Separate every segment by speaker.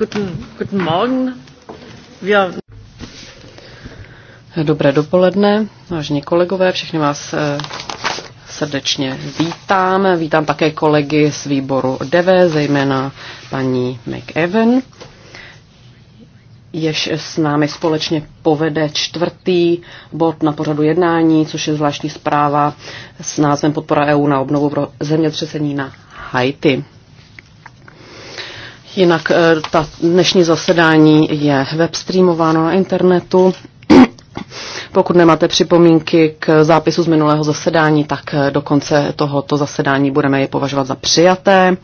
Speaker 1: Guten, guten Morgen. Wir... Dobré dopoledne, vážení kolegové, všechny vás eh, srdečně vítám. Vítám také kolegy z výboru DV, zejména paní McEwen, jež s námi společně povede čtvrtý bod na pořadu jednání, což je zvláštní zpráva s názvem Podpora EU na obnovu pro zemětřesení na Haiti. Jinak eh, ta dnešní zasedání je webstreamováno na internetu. Pokud nemáte připomínky k zápisu z minulého zasedání, tak eh, do konce tohoto zasedání budeme je považovat za přijaté.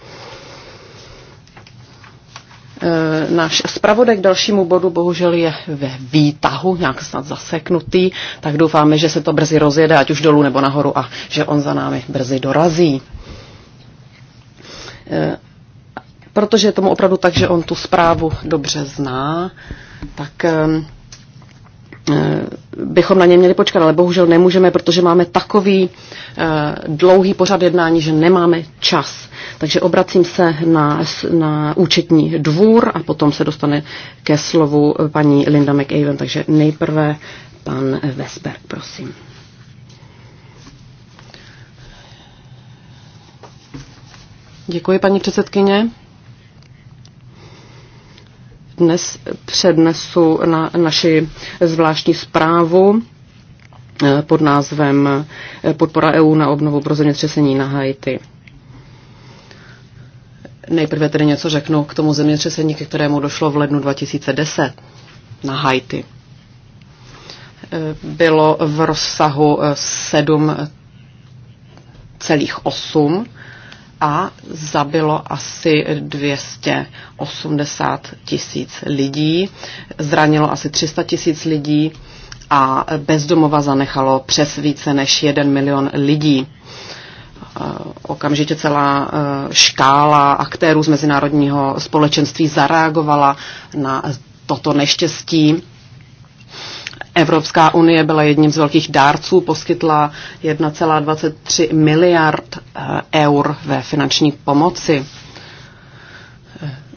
Speaker 1: Eh, náš zpravodaj k dalšímu bodu bohužel je ve výtahu, nějak snad zaseknutý, tak doufáme, že se to brzy rozjede, ať už dolů nebo nahoru a že on za námi brzy dorazí protože je tomu opravdu tak, že on tu zprávu dobře zná, tak ehm, eh, bychom na ně měli počkat, ale bohužel nemůžeme, protože máme takový eh, dlouhý pořad jednání, že nemáme čas. Takže obracím se na, na účetní dvůr a potom se dostane ke slovu paní Linda McAven. Takže nejprve pan Vesberg, prosím. Děkuji, paní předsedkyně. Dnes přednesu na naši zvláštní zprávu eh, pod názvem eh, Podpora EU na obnovu pro zemětřesení na Haiti. Nejprve tedy něco řeknu k tomu zemětřesení, ke kterému došlo v lednu 2010 na Haiti. Eh, bylo v rozsahu 7,8 a zabilo asi 280 tisíc lidí, zranilo asi 300 tisíc lidí a bezdomova zanechalo přes více než 1 milion lidí. E, okamžitě celá e, škála aktérů z mezinárodního společenství zareagovala na toto neštěstí Evropská unie byla jedním z velkých dárců, poskytla 1,23 miliard eh, eur ve finanční pomoci.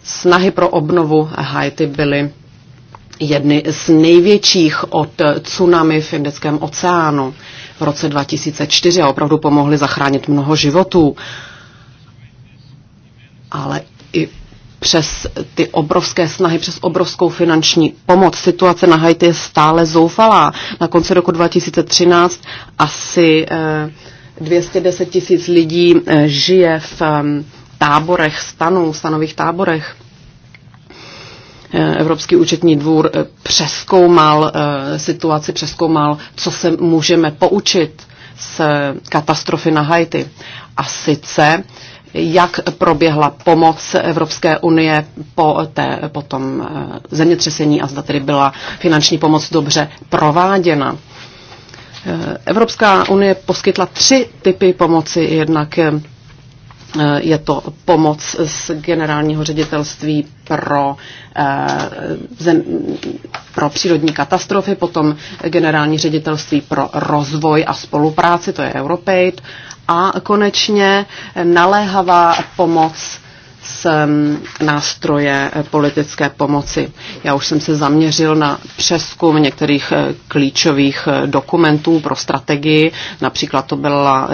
Speaker 1: Snahy pro obnovu Haiti byly jedny z největších od tsunami v Indickém oceánu v roce 2004 a opravdu pomohly zachránit mnoho životů. Ale přes ty obrovské snahy, přes obrovskou finanční pomoc. Situace na Haiti je stále zoufalá. Na konci roku 2013 asi 210 eh, tisíc lidí eh, žije v eh, táborech, stanů, stanových táborech. Evropský účetní dvůr přeskoumal situaci, přeskoumal, co se můžeme poučit z katastrofy na Haiti. A sice jak proběhla pomoc Evropské unie po, té, po tom eh, zemětřesení a zda tedy byla finanční pomoc dobře prováděna. Eh, Evropská unie poskytla tři typy pomoci. Jednak eh, je to pomoc z generálního ředitelství pro, zem, pro přírodní katastrofy, potom generální ředitelství pro rozvoj a spolupráci, to je Europaid, a konečně naléhavá pomoc s mm, nástroje eh, politické pomoci. Já už jsem se zaměřil na přeskum některých eh, klíčových eh, dokumentů pro strategii, například to byla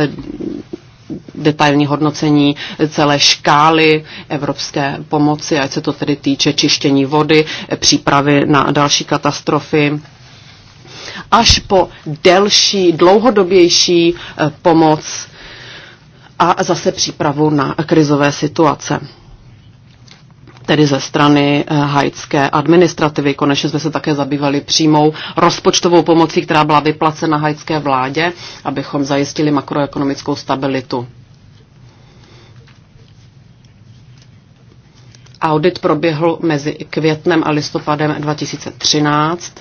Speaker 1: detailní hodnocení celé škály evropské pomoci, ať se to tedy týče čištění vody, přípravy na další katastrofy, až po delší, dlouhodobější pomoc a zase přípravu na krizové situace tedy ze strany eh, haitské administrativy. Konečně jsme se také zabývali přímou rozpočtovou pomocí, která byla vyplacena haitské vládě, abychom zajistili makroekonomickou stabilitu. Audit proběhl mezi květnem a listopadem 2013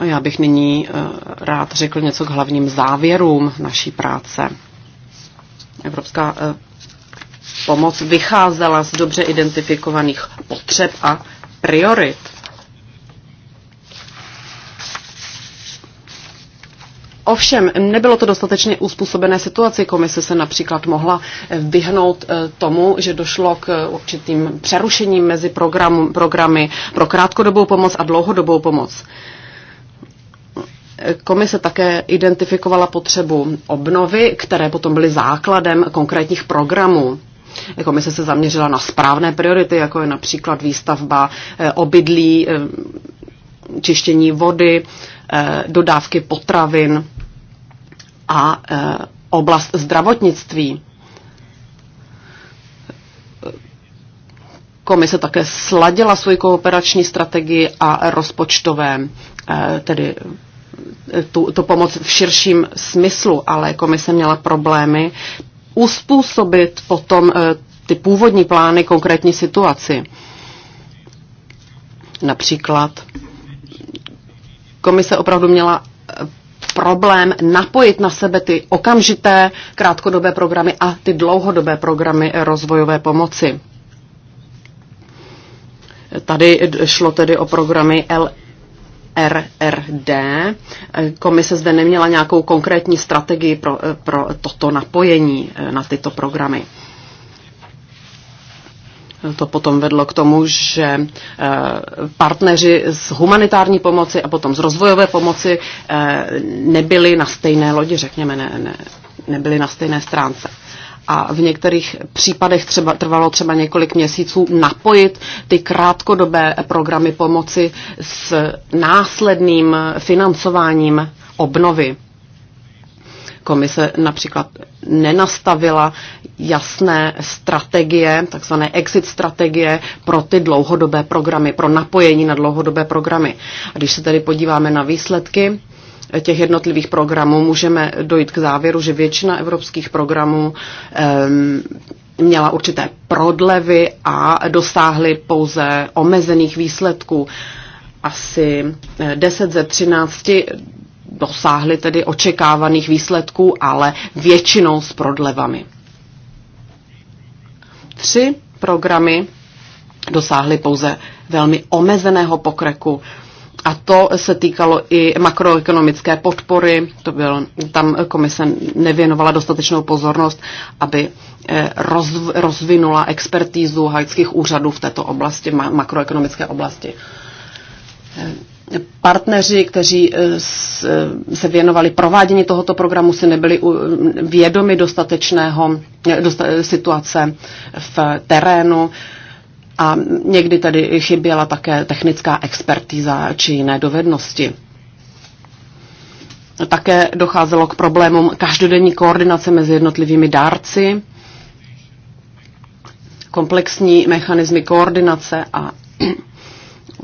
Speaker 1: já bych nyní eh, rád řekl něco k hlavním závěrům naší práce. Evropská eh, pomoc vycházela z dobře identifikovaných potřeb a priorit. Ovšem, nebylo to dostatečně uspůsobené situaci. Komise se například mohla vyhnout eh, tomu, že došlo k určitým přerušením mezi programy pro krátkodobou pomoc a dlouhodobou pomoc. Komise také identifikovala potřebu obnovy, které potom byly základem konkrétních programů. Komise se zaměřila na správné priority, jako je například výstavba eh, obydlí, eh, čištění vody, eh, dodávky potravin a oblast zdravotnictví. Komise také sladila svoji kooperační strategii a rozpočtové tedy tu, tu pomoc v širším smyslu, ale komise měla problémy uspůsobit potom eh, ty původní plány konkrétní situaci. Například komise opravdu měla eh, problém napojit na sebe ty okamžité krátkodobé programy a ty dlouhodobé programy rozvojové pomoci. Tady šlo tedy o programy RRD. Komise zde neměla nějakou konkrétní strategii pro, pro toto napojení eh, na tyto programy. To potom vedlo k tomu, že eh, partneři z humanitární pomoci a potom z rozvojové pomoci eh, nebyli na stejné lodi, řekněme, ne, ne, nebyli na stejné stránce a v některých případech třeba trvalo třeba několik měsíců napojit ty krátkodobé programy pomoci s následným financováním obnovy. Komise například nenastavila jasné strategie, takzvané exit strategie pro ty dlouhodobé programy, pro napojení na dlouhodobé programy. A když se tedy podíváme na výsledky, těch jednotlivých programů můžeme dojít k závěru, že většina evropských programů měla určité prodlevy a dosáhly pouze omezených výsledků. Asi 10 eh, ze 13 dosáhly tedy očekávaných výsledků, ale většinou s prodlevami. Tři programy dosáhly pouze velmi omezeného pokreku a to se týkalo i makroekonomické podpory. To byl, tam komise nevěnovala dostatečnou pozornost, aby eh, rozv, rozvinula expertízu hajckých úřadů v této oblasti, makroekonomické oblasti. Eh, partneři, kteří eh, se věnovali provádění tohoto programu, si nebyli vědomi dostatečného dosta, situace v terénu a někdy tady chyběla také technická expertíza či jiné dovednosti. Také docházelo k problémům každodenní koordinace mezi jednotlivými dárci, komplexní mechanismy koordinace a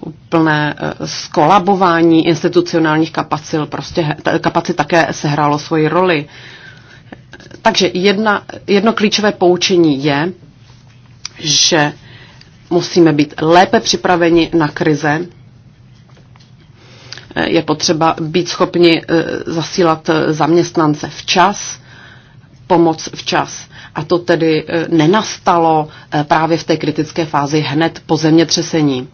Speaker 1: úplné eh, skolabování institucionálních kapacil, prostě kapacit také sehrálo svoji roli. Takže jedna, jedno klíčové poučení je, že musíme být lépe připraveni na krize. Eh, je potřeba být schopni eh, zasílat eh, zaměstnance včas, pomoc včas. A to tedy nenastalo právě v té kritické fázi hned po zemětřesení.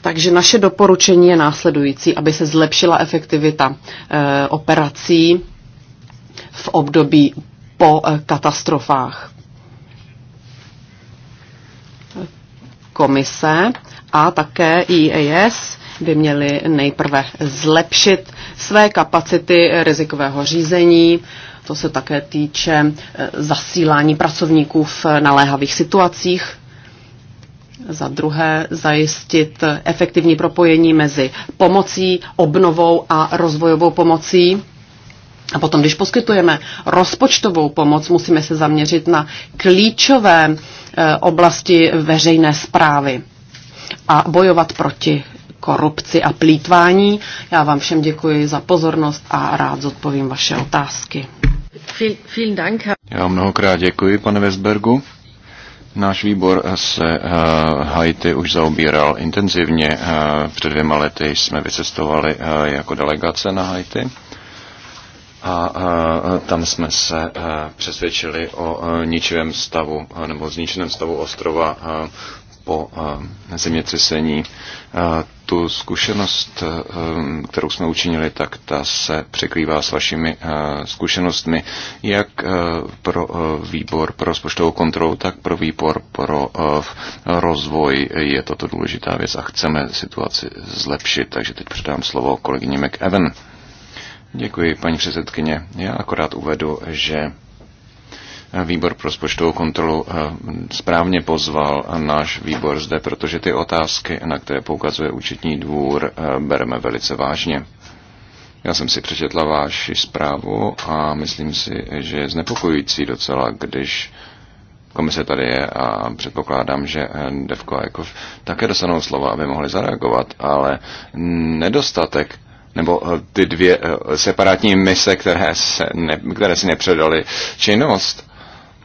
Speaker 1: Takže naše doporučení je následující, aby se zlepšila efektivita operací v období po katastrofách. komise a také EAS by měly nejprve zlepšit své kapacity rizikového řízení. To se také týče eh, zasílání pracovníků v naléhavých situacích. Za druhé zajistit efektivní propojení mezi pomocí, obnovou a rozvojovou pomocí a potom, když poskytujeme rozpočtovou pomoc, musíme se zaměřit na klíčové eh, oblasti veřejné zprávy a bojovat proti korupci a plítvání. Já vám všem děkuji za pozornost a rád zodpovím vaše otázky.
Speaker 2: Já mnohokrát děkuji, pane Westbergu. Náš výbor se uh, Haiti už zaobíral intenzivně. Uh, před dvěma lety jsme vycestovali uh, jako delegace na Haiti a tam jsme se přesvědčili o ničivém stavu nebo zničeném stavu ostrova po zemětřesení. Tu zkušenost, kterou jsme učinili, tak ta se překrývá s vašimi zkušenostmi, jak pro výbor pro rozpočtovou kontrolu, tak pro výbor pro rozvoj. Je toto důležitá věc a chceme situaci zlepšit, takže teď předám slovo kolegyni McEwen. Děkuji, paní předsedkyně. Já akorát uvedu, že výbor pro rozpočtovou kontrolu eh, správně pozval náš výbor zde, protože ty otázky, na které poukazuje účetní dvůr, eh, bereme velice vážně. Já jsem si přečetla váši zprávu a myslím si, že je znepokojující docela, když komise tady je a předpokládám, že eh, Devko a Jakov také dostanou slova, aby mohli zareagovat, ale nedostatek nebo eh, ty dvě eh, separátní mise, které, se ne, které si nepředali činnost,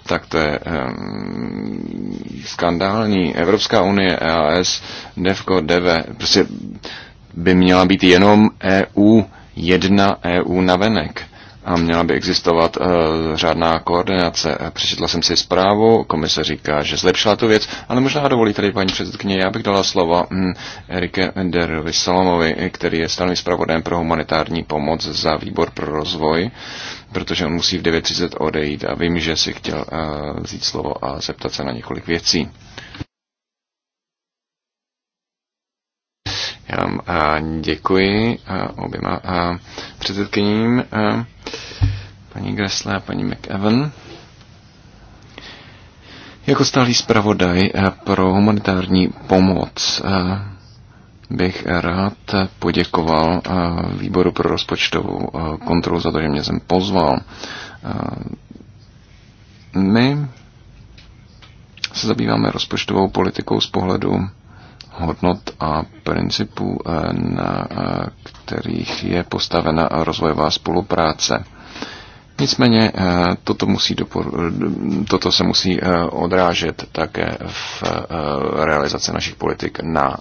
Speaker 2: tak to je um, skandální. Evropská unie, EAS, DEVCO, DEVE, prostě by měla být jenom EU, jedna EU navenek a měla by existovat eh, řádná koordinace. Eh, přečetla jsem si zprávu, komise říká, že zlepšila tu věc, ale možná dovolí tady paní předsedkyně, já bych dala slova hm, Erike Derovi Salomovi, eh, který je stálým zpravodajem pro humanitární pomoc za výbor pro rozvoj, protože on musí v 9.30 odejít a vím, že si chtěl vzít slovo a zeptat se na několik věcí. Já vám děkuji oběma předsedkyním, paní Gressle a paní McEwan. Jako stálý zpravodaj pro humanitární pomoc bych rád poděkoval výboru pro rozpočtovou kontrolu za to, že mě jsem pozval. My se zabýváme rozpočtovou politikou z pohledu hodnot a principů, eh, na eh, kterých je postavena rozvojová spolupráce. Nicméně eh, toto, musí dopor- toto se musí odrážet také v realizaci našich politik na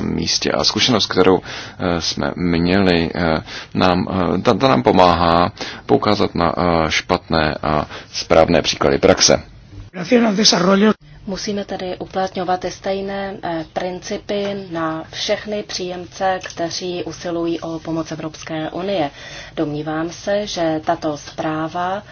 Speaker 2: místě. A zkušenost, kterou jsme měli, nám, ta, ta nám pomáhá poukázat na špatné a
Speaker 3: správné příklady praxe. Musíme tedy uplatňovat stejné eh, principy na všechny příjemce, kteří usilují o pomoc Evropské unie. Domnívám se, že tato zpráva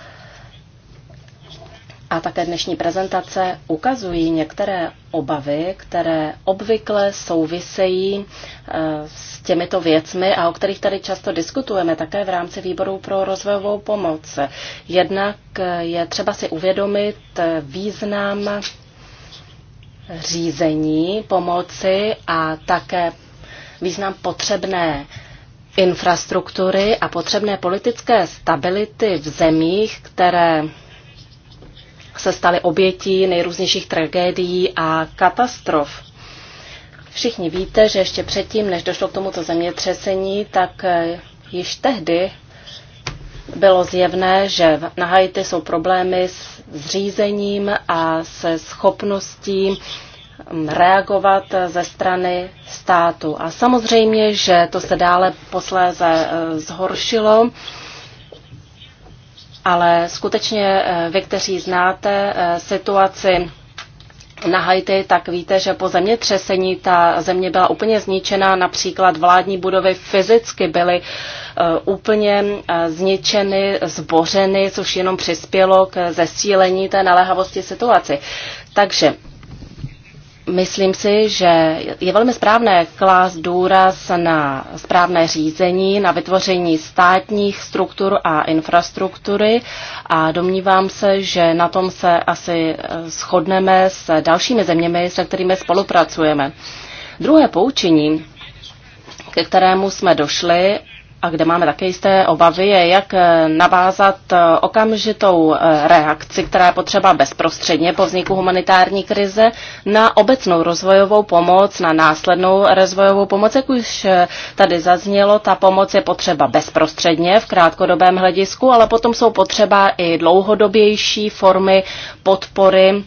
Speaker 3: a také dnešní prezentace ukazují některé obavy, které obvykle souvisejí eh, s těmito věcmi a o kterých tady často diskutujeme také v rámci výboru pro rozvojovou pomoc. Jednak eh, je třeba si uvědomit význam řízení pomoci a také význam potřebné infrastruktury a potřebné politické stability v zemích, které se staly obětí nejrůznějších tragédií a katastrof. Všichni víte, že ještě předtím, než došlo k tomuto zemětřesení, tak eh, již tehdy bylo zjevné, že na Haiti jsou problémy s zřízením a se schopností mm, reagovat ze strany státu. A samozřejmě, že to se dále posléze e, zhoršilo, ale skutečně e, vy, kteří znáte e, situaci na Haiti, tak víte, že po zemětřesení ta země byla úplně zničena, například vládní budovy fyzicky byly e, úplně e, zničeny, zbořeny, což jenom přispělo k zesílení té naléhavosti situaci. Takže Myslím si, že je velmi správné klást důraz na správné řízení, na vytvoření státních struktur a infrastruktury a domnívám se, že na tom se asi eh, shodneme s dalšími zeměmi, se kterými spolupracujeme. Druhé poučení, ke kterému jsme došli a kde máme také jisté obavy, je, jak eh, navázat eh, okamžitou eh, reakci, která je potřeba bezprostředně po vzniku humanitární krize, na obecnou rozvojovou pomoc, na následnou rozvojovou pomoc. Jak už tady zaznělo, ta pomoc je potřeba bezprostředně v krátkodobém hledisku, ale potom jsou potřeba i dlouhodobější formy podpory,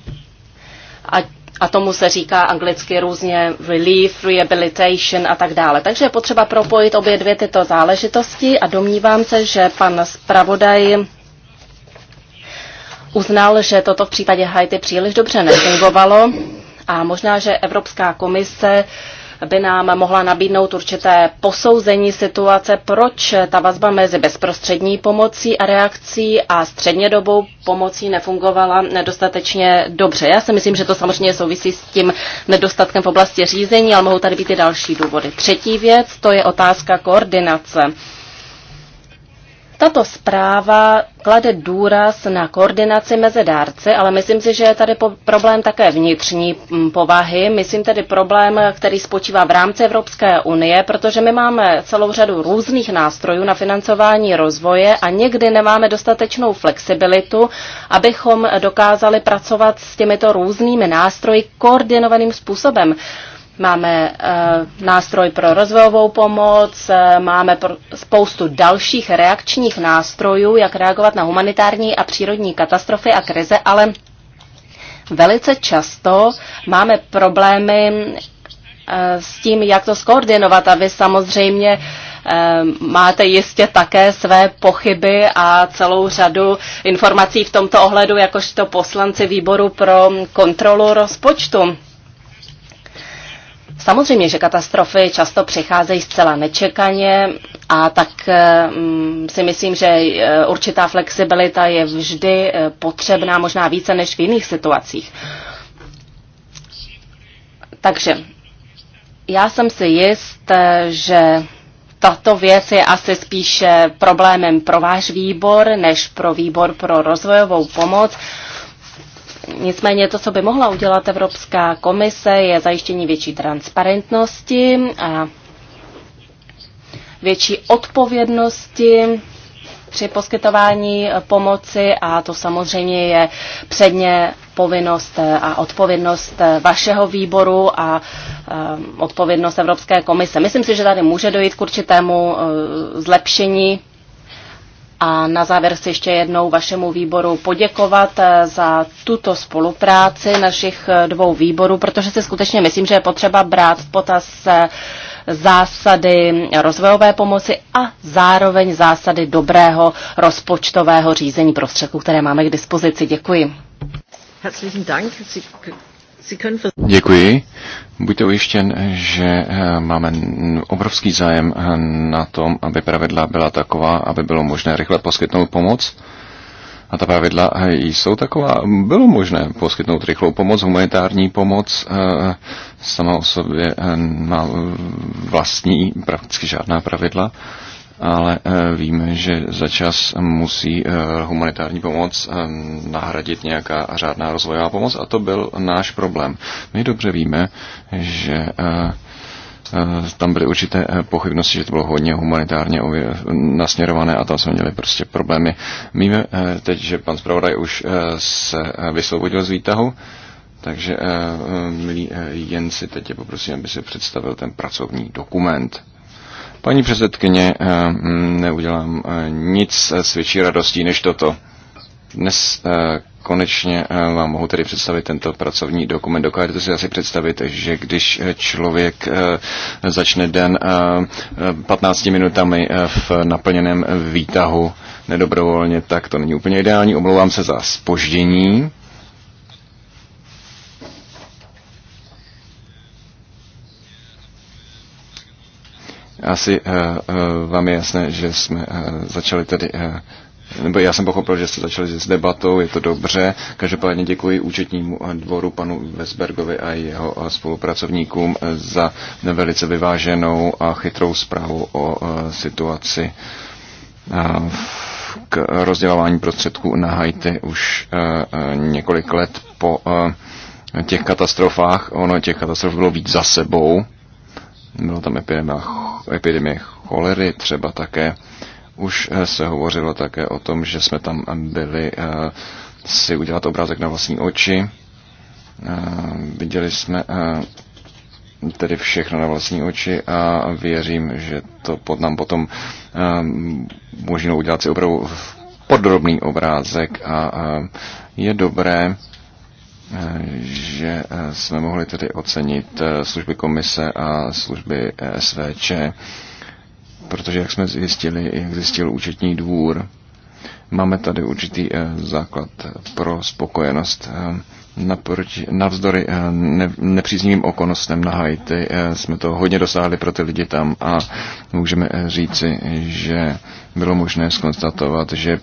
Speaker 3: ať a tomu se říká anglicky různě relief, rehabilitation a tak dále. Takže je potřeba propojit obě dvě tyto záležitosti a domnívám se, že pan zpravodaj uznal, že toto v případě Haiti příliš dobře nefungovalo a možná, že Evropská komise uh, by nám mohla nabídnout určité posouzení situace, proč ta vazba mezi bezprostřední pomocí a reakcí a střednědobou pomocí nefungovala nedostatečně dobře. Já si myslím, že to samozřejmě souvisí s tím nedostatkem v oblasti řízení, ale mohou tady být i další důvody. Třetí věc, to je otázka koordinace. Tato zpráva klade důraz na koordinaci mezi dárci, ale myslím si, že je tady problém také vnitřní mm, povahy. Myslím tedy problém, který spočívá v rámci Evropské unie, protože my máme celou řadu různých nástrojů na financování rozvoje a někdy nemáme dostatečnou flexibilitu, abychom dokázali pracovat s těmito různými nástroji koordinovaným způsobem. Máme eh, nástroj pro rozvojovou pomoc, eh, máme spoustu dalších reakčních nástrojů, jak reagovat na humanitární a přírodní katastrofy a krize, ale velice často máme problémy eh, s tím, jak to skoordinovat. A vy samozřejmě máte jistě také své pochyby a celou řadu informací v tomto ohledu, jakožto poslanci výboru pro kontrolu rozpočtu. Samozřejmě, že katastrofy často přicházejí zcela nečekaně a tak eh, mm, si myslím, že eh, určitá flexibilita je vždy eh, potřebná, možná více než v jiných situacích. Takže já jsem si jist, že tato věc je asi spíše problémem pro váš výbor než pro výbor pro rozvojovou pomoc. Nicméně to, co by mohla udělat Evropská komise, je zajištění větší transparentnosti a větší odpovědnosti při poskytování pomoci a to samozřejmě je předně povinnost a odpovědnost vašeho výboru a eh, odpovědnost Evropské komise. Myslím si, že tady může dojít k určitému eh, zlepšení a na závěr se ještě jednou vašemu výboru poděkovat eh, za tuto spolupráci našich eh, dvou výborů, protože si skutečně myslím, že je potřeba brát v potaz eh, zásady rozvojové pomoci a zároveň zásady dobrého rozpočtového řízení prostředků, které máme k dispozici. Děkuji. Herzlichen Dank. Děkuji.
Speaker 2: Buďte ujištěn, že eh, máme obrovský zájem eh, na tom, aby pravidla byla taková, aby bylo možné rychle poskytnout pomoc. A ta pravidla eh, jsou taková. Bylo možné poskytnout rychlou pomoc, humanitární pomoc. Sama o sobě má vlastní prakticky žádná pravidla ale eh, víme, že za čas musí eh, humanitární pomoc eh, nahradit nějaká řádná rozvojová pomoc a to byl náš problém. My dobře víme, že tam byly určité pochybnosti, že to bylo hodně humanitárně nasměrované a tam jsme měli prostě problémy. Víme teď, že pan zpravodaj už se vysvobodil z výtahu, takže milí Jenci, teď je poprosím, aby si představil ten pracovní dokument. Paní předsedkyně, eh, mm, neudělám eh, nic eh, s větší radostí než toto. Dnes konečně vám mohu tedy představit tento pracovní dokument. Dokážete si asi představit, že když člověk začne den 15 minutami v naplněném výtahu nedobrovolně, tak to není úplně ideální. Omlouvám se za spoždění Asi eh, eh, vám je jasné, že jsme eh, začali tedy nebo já jsem pochopil, že jste začali s debatou, je to dobře. Každopádně děkuji účetnímu dvoru panu Vesbergovi a jeho spolupracovníkům za velice vyváženou a chytrou zprávu o situaci k rozdělování prostředků na Haiti už několik let po těch katastrofách. Ono těch katastrof bylo víc za sebou byla tam epidemie, epidemie cholery třeba také. Už eh, se hovořilo také o tom, že jsme tam byli eh, si udělat obrázek na vlastní oči. Eh, viděli jsme tedy všechno na vlastní oči a věřím, že to pod nám potom možno udělat si opravdu podrobný obrázek a je dobré že eh, jsme mohli tedy ocenit eh, služby komise a služby eh, SVČ, protože jak jsme zjistili, jak zjistil účetní dvůr, máme tady určitý základ pro spokojenost. Naproti, navzdory ne, nepříznivým okolnostem na Haiti jsme to hodně dosáhli pro ty lidi tam a můžeme říci, že bylo možné skonstatovat, že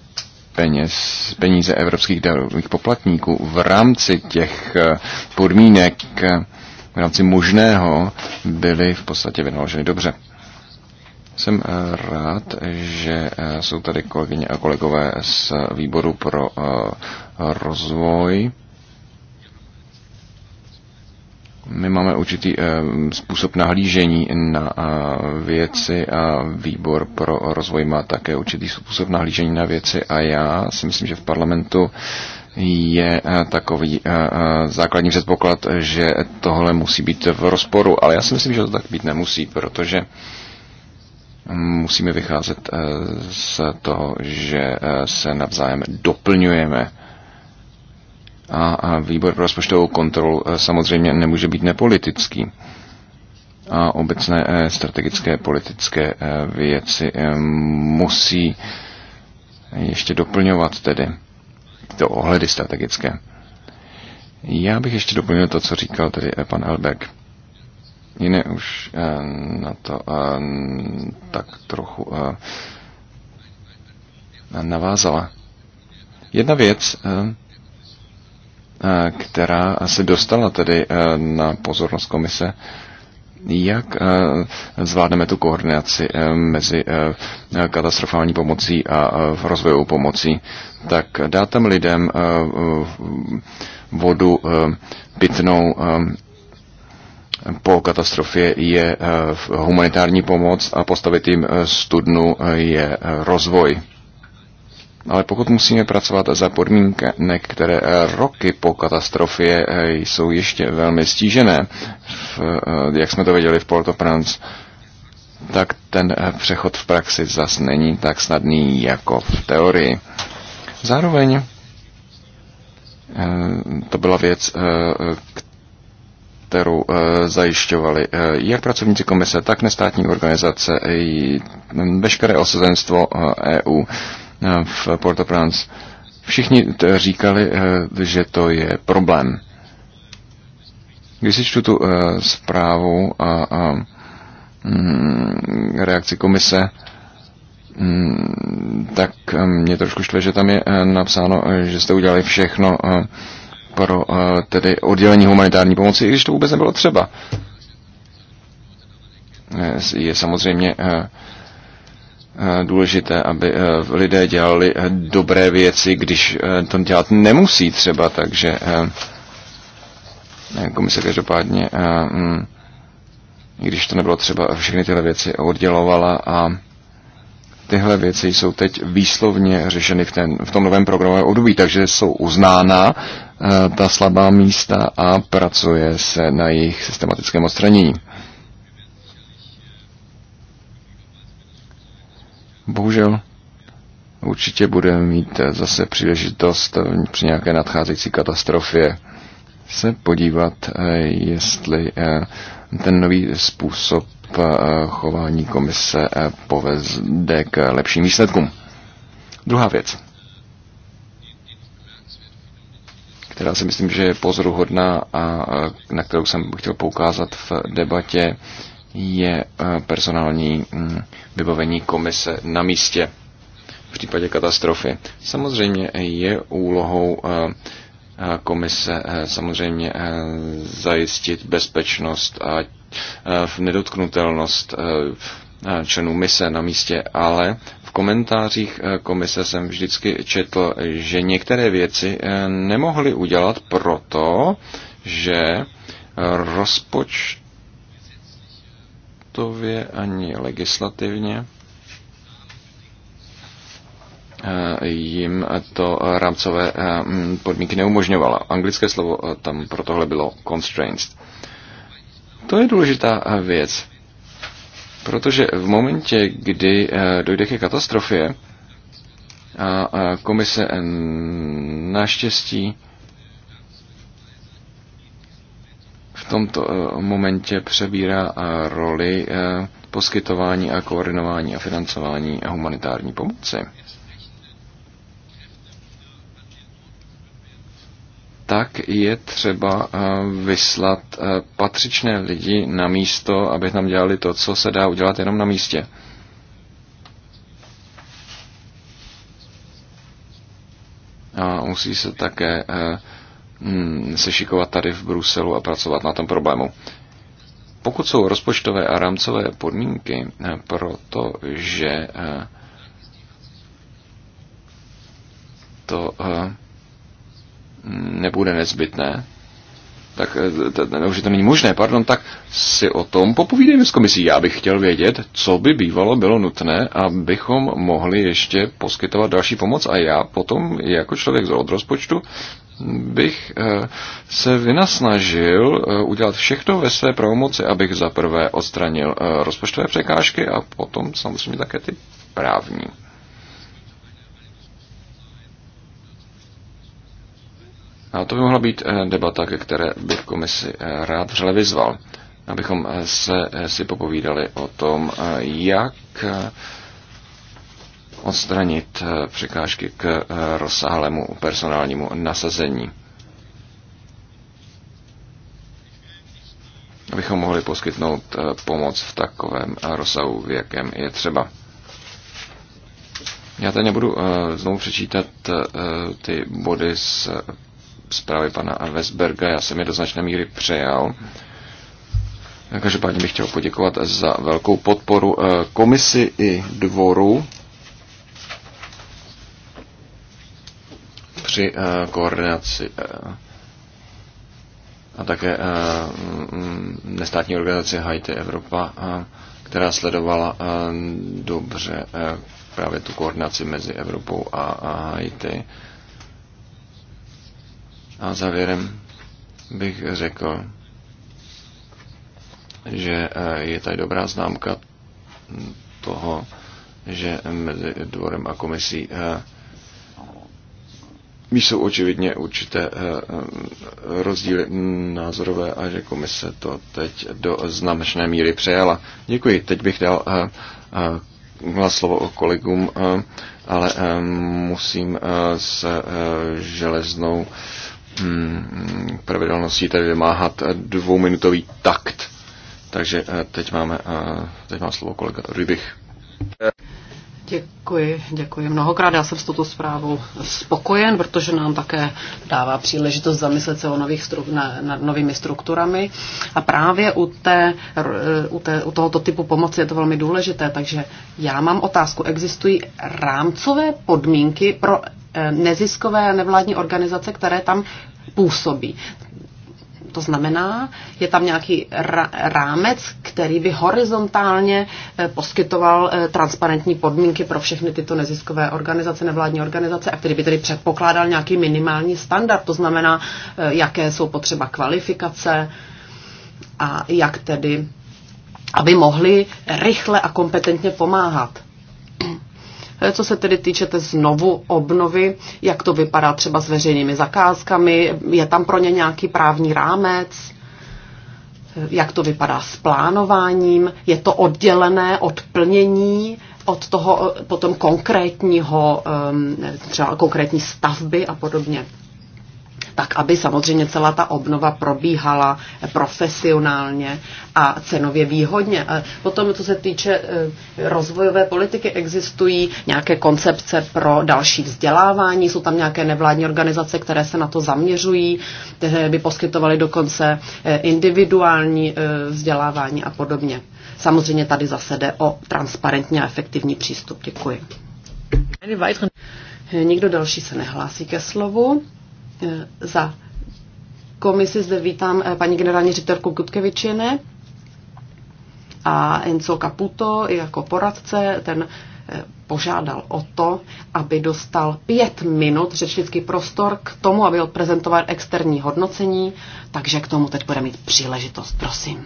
Speaker 2: peněz, peníze evropských darových poplatníků v rámci těch eh, podmínek, eh, v rámci možného, byly v podstatě vynaloženy dobře. Jsem eh, rád, že jsou tady kolegyně a kolegové z výboru pro rozvoj my máme určitý eh, způsob nahlížení na eh, věci a výbor pro rozvoj má také určitý způsob nahlížení na věci a já si myslím, že v parlamentu je eh, takový základní předpoklad, že tohle musí být v rozporu, ale já si myslím, že to tak být nemusí, protože musíme vycházet z toho, že se navzájem doplňujeme a výbor pro rozpočtovou kontrolu e, samozřejmě nemůže být nepolitický. A obecné e, strategické politické e, věci musí ještě doplňovat tedy to ohledy strategické. Já bych ještě doplnil to, co říkal tedy pan Elbek. Jiné už na to tak trochu navázala. Jedna věc, která se dostala tedy na pozornost komise, jak zvládneme tu koordinaci mezi katastrofální pomocí a rozvojovou pomocí, tak dát tam lidem vodu pitnou po katastrofě je humanitární pomoc a postavit jim studnu je rozvoj. Ale pokud musíme pracovat za podmínky, které eh, roky po katastrofě eh, jsou ještě velmi stížené, eh, jak jsme to viděli v Port-au-Prince, tak ten přechod v praxi zas není tak snadný jako v teorii. Zároveň to byla věc, kterou zajišťovali jak pracovníci komise, tak nestátní organizace, i veškeré osazenstvo EU. E v Port-au-Prince. Všichni říkali, eh, že to je problém. Když si čtu tu eh, zprávu a, a mm, reakci komise, mm, tak eh, mě trošku štve, že tam je napsáno, že jste udělali všechno pro tedy oddělení humanitární pomoci, i když to vůbec nebylo třeba. Je samozřejmě Eh, důležité, aby eh, lidé dělali eh, dobré věci, když to dělat nemusí třeba, takže komise každopádně, mm, i když to nebylo třeba, všechny tyhle věci oddělovala a tyhle věci jsou teď výslovně řešeny v, ten, v tom novém programovém období, takže jsou uznána ta slabá místa a pracuje se na jejich systematickém odstranění. Bohužel určitě budeme mít zase příležitost při nějaké nadcházející katastrofě se podívat, jestli eh, ten nový způsob eh, chování komise eh, povede k lepším výsledkům. Druhá věc, která si myslím, že je pozoruhodná a na kterou jsem chtěl poukázat v debatě, je eh, personální mm, vybavení komise na místě v případě katastrofy. Samozřejmě je úlohou eh, eh, komise samozřejmě zajistit bezpečnost a nedotknutelnost členů mise na místě, ale v komentářích komise jsem vždycky četl, že některé věci nemohly udělat proto, že rozpočt hodnotově, ani legislativně e, jim to rámcové e, podmínky neumožňovala. Anglické slovo e, tam pro tohle bylo constraints. To je důležitá věc, protože v momentě, kdy dojde ke katastrofě, a komise naštěstí tomto eh, momentě přebírá eh, roli eh, poskytování a koordinování a financování a humanitární pomoci. tak je třeba vyslat patřičné lidi na místo, aby tam dělali to, co se dá udělat jenom na místě. A musí se také Hm, se šikovat tady v Bruselu a pracovat na tom problému. Pokud jsou rozpočtové a rámcové podmínky, eh, protože eh, to eh, nebude nezbytné, tak už je to není možné, pardon, tak si o tom popovídejme s komisí. Já bych chtěl vědět, co by bývalo bylo nutné, abychom mohli ještě poskytovat další pomoc a já potom jako člověk z rozpočtu bych eh, se vynasnažil eh, udělat všechno ve své pravomoci, abych za prvé odstranil eh, rozpočtové překážky a potom samozřejmě také ty právní. A to by mohla být debata, ke které bych komisi rád vřele vyzval, abychom se si popovídali o tom, jak odstranit eh, překážky k eh, rozsáhlému personálnímu nasazení. Abychom mohli poskytnout eh, pomoc v takovém rozsahu, v jakém je třeba. Já tady nebudu znovu přečítat ty body z zprávy pana Westberga, já jsem je do značné míry přejal. Každopádně bych chtěl poděkovat za velkou podporu komisi i dvoru při eh, koordinaci eh, a také eh, mm, nestátní organizace Haiti Evropa, která sledovala dobře právě tu koordinaci mezi Evropou a Haiti. A závěrem bych řekl, že je tady dobrá známka toho, že mezi dvorem a komisí Víš, jsou očividně určité eh, eh, rozdíly názorové a že komise to teď do značné míry přejala. Děkuji. Teď bych dal eh, hlas slovo o kolegům, ale musím s železnou hm, pravidelností tady vymáhat dvouminutový takt. Takže teď, máme, teď má slovo kolega Rybich.
Speaker 1: Děkuji, děkuji mnohokrát. Já jsem s touto zprávou spokojen, protože nám také dává příležitost zamyslet se o nových stru, na, nad novými strukturami. A právě u, té, eh, u, té, u tohoto typu pomoci je to velmi důležité. Takže já mám otázku. Existují rámcové podmínky pro eh, neziskové a nevládní organizace, které tam působí. To znamená, je tam nějaký rámec, který by horizontálně eh, poskytoval eh, transparentní podmínky pro všechny tyto neziskové organizace, nevládní organizace a který by tedy předpokládal nějaký minimální standard. To znamená, eh, jaké jsou potřeba kvalifikace a jak tedy, aby mohli rychle a kompetentně pomáhat. Co se tedy týče té znovu obnovy, jak to vypadá třeba s veřejnými zakázkami, je tam pro ně nějaký právní rámec? Jak to vypadá s plánováním? Je to oddělené od plnění? od toho eh, potom konkrétního, ehm, třeba konkrétní stavby a podobně tak aby samozřejmě celá ta obnova probíhala profesionálně a cenově výhodně. A potom, co se týče e, rozvojové politiky, existují nějaké koncepce pro další vzdělávání, jsou tam nějaké nevládní organizace, které se na to zaměřují, které by poskytovaly dokonce e, individuální e, vzdělávání a podobně. Samozřejmě tady zase jde o transparentní a efektivní přístup. Děkuji. Nikdo další se nehlásí ke slovu. E, za komisi zde vítám e, paní generální ředitelku Kutkevičiny a Enzo Caputo jako poradce, ten e, požádal o to, aby dostal pět minut řečnický prostor k tomu, aby odprezentoval externí hodnocení, takže k tomu teď bude mít příležitost, prosím.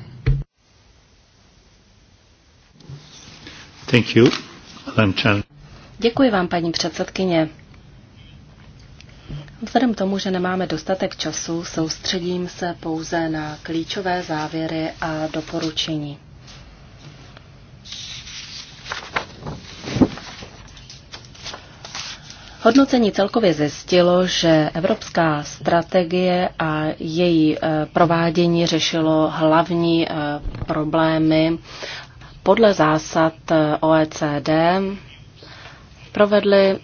Speaker 4: Thank you.
Speaker 3: Děkuji vám, paní předsedkyně. Vzhledem k tomu, že nemáme dostatek času, soustředím se pouze na klíčové závěry a doporučení. Hodnocení celkově zjistilo, že evropská strategie a její eh, provádění řešilo hlavní eh, problémy podle zásad eh, OECD provedly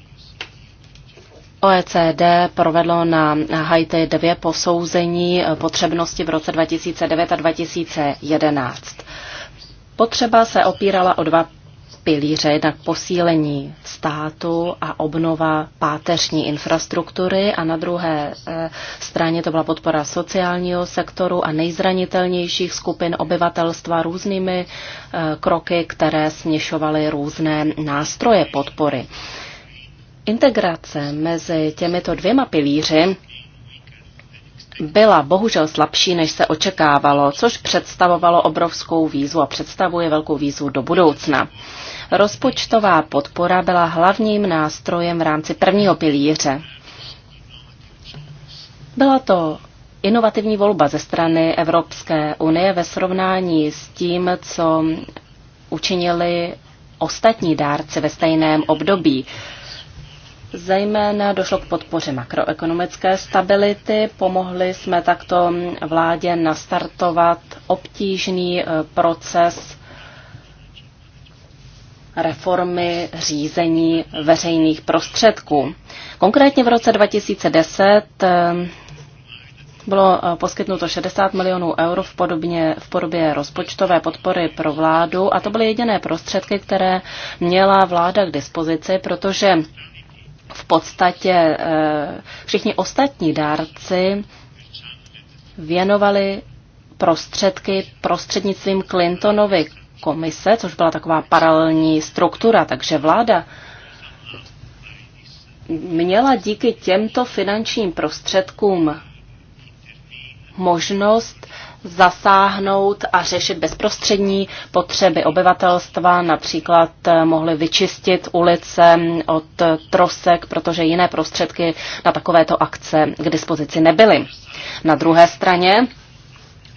Speaker 3: OECD provedlo na Haiti dvě posouzení potřebnosti v roce 2009 a 2011. Potřeba se opírala o dva pilíře, jednak posílení státu a obnova páteřní infrastruktury a na druhé eh, straně to byla podpora sociálního sektoru a nejzranitelnějších skupin obyvatelstva různými eh, kroky, které směšovaly různé nástroje podpory integrace mezi těmito dvěma pilíři byla bohužel slabší, než se očekávalo, což představovalo obrovskou výzvu a představuje velkou výzvu do budoucna. Rozpočtová podpora byla hlavním nástrojem v rámci prvního pilíře. Byla to inovativní volba ze strany Evropské unie ve srovnání s tím, co učinili ostatní dárci ve stejném období. Zejména došlo k podpoře makroekonomické stability, pomohli jsme takto vládě nastartovat obtížný eh, proces reformy řízení veřejných prostředků. Konkrétně v roce 2010 eh, bylo eh, poskytnuto 60 milionů eur v, podobně, v podobě rozpočtové podpory pro vládu a to byly jediné prostředky, které měla vláda k dispozici, protože v podstatě eh, všichni ostatní dárci věnovali prostředky prostřednictvím Clintonovy komise, což byla taková paralelní struktura, takže vláda měla díky těmto finančním prostředkům možnost zasáhnout a řešit bezprostřední potřeby obyvatelstva, například eh, mohli vyčistit ulice od trosek, protože jiné prostředky na takovéto akce k dispozici nebyly. Na druhé straně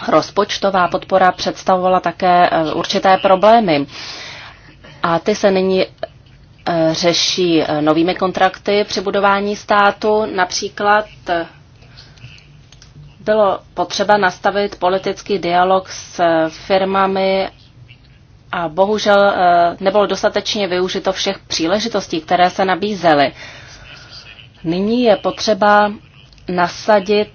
Speaker 3: rozpočtová podpora představovala také eh, určité problémy. A ty se nyní eh, řeší novými kontrakty při budování státu, například bylo potřeba nastavit politický dialog s firmami a bohužel eh, nebylo dostatečně využito všech příležitostí, které se nabízely. Nyní je potřeba nasadit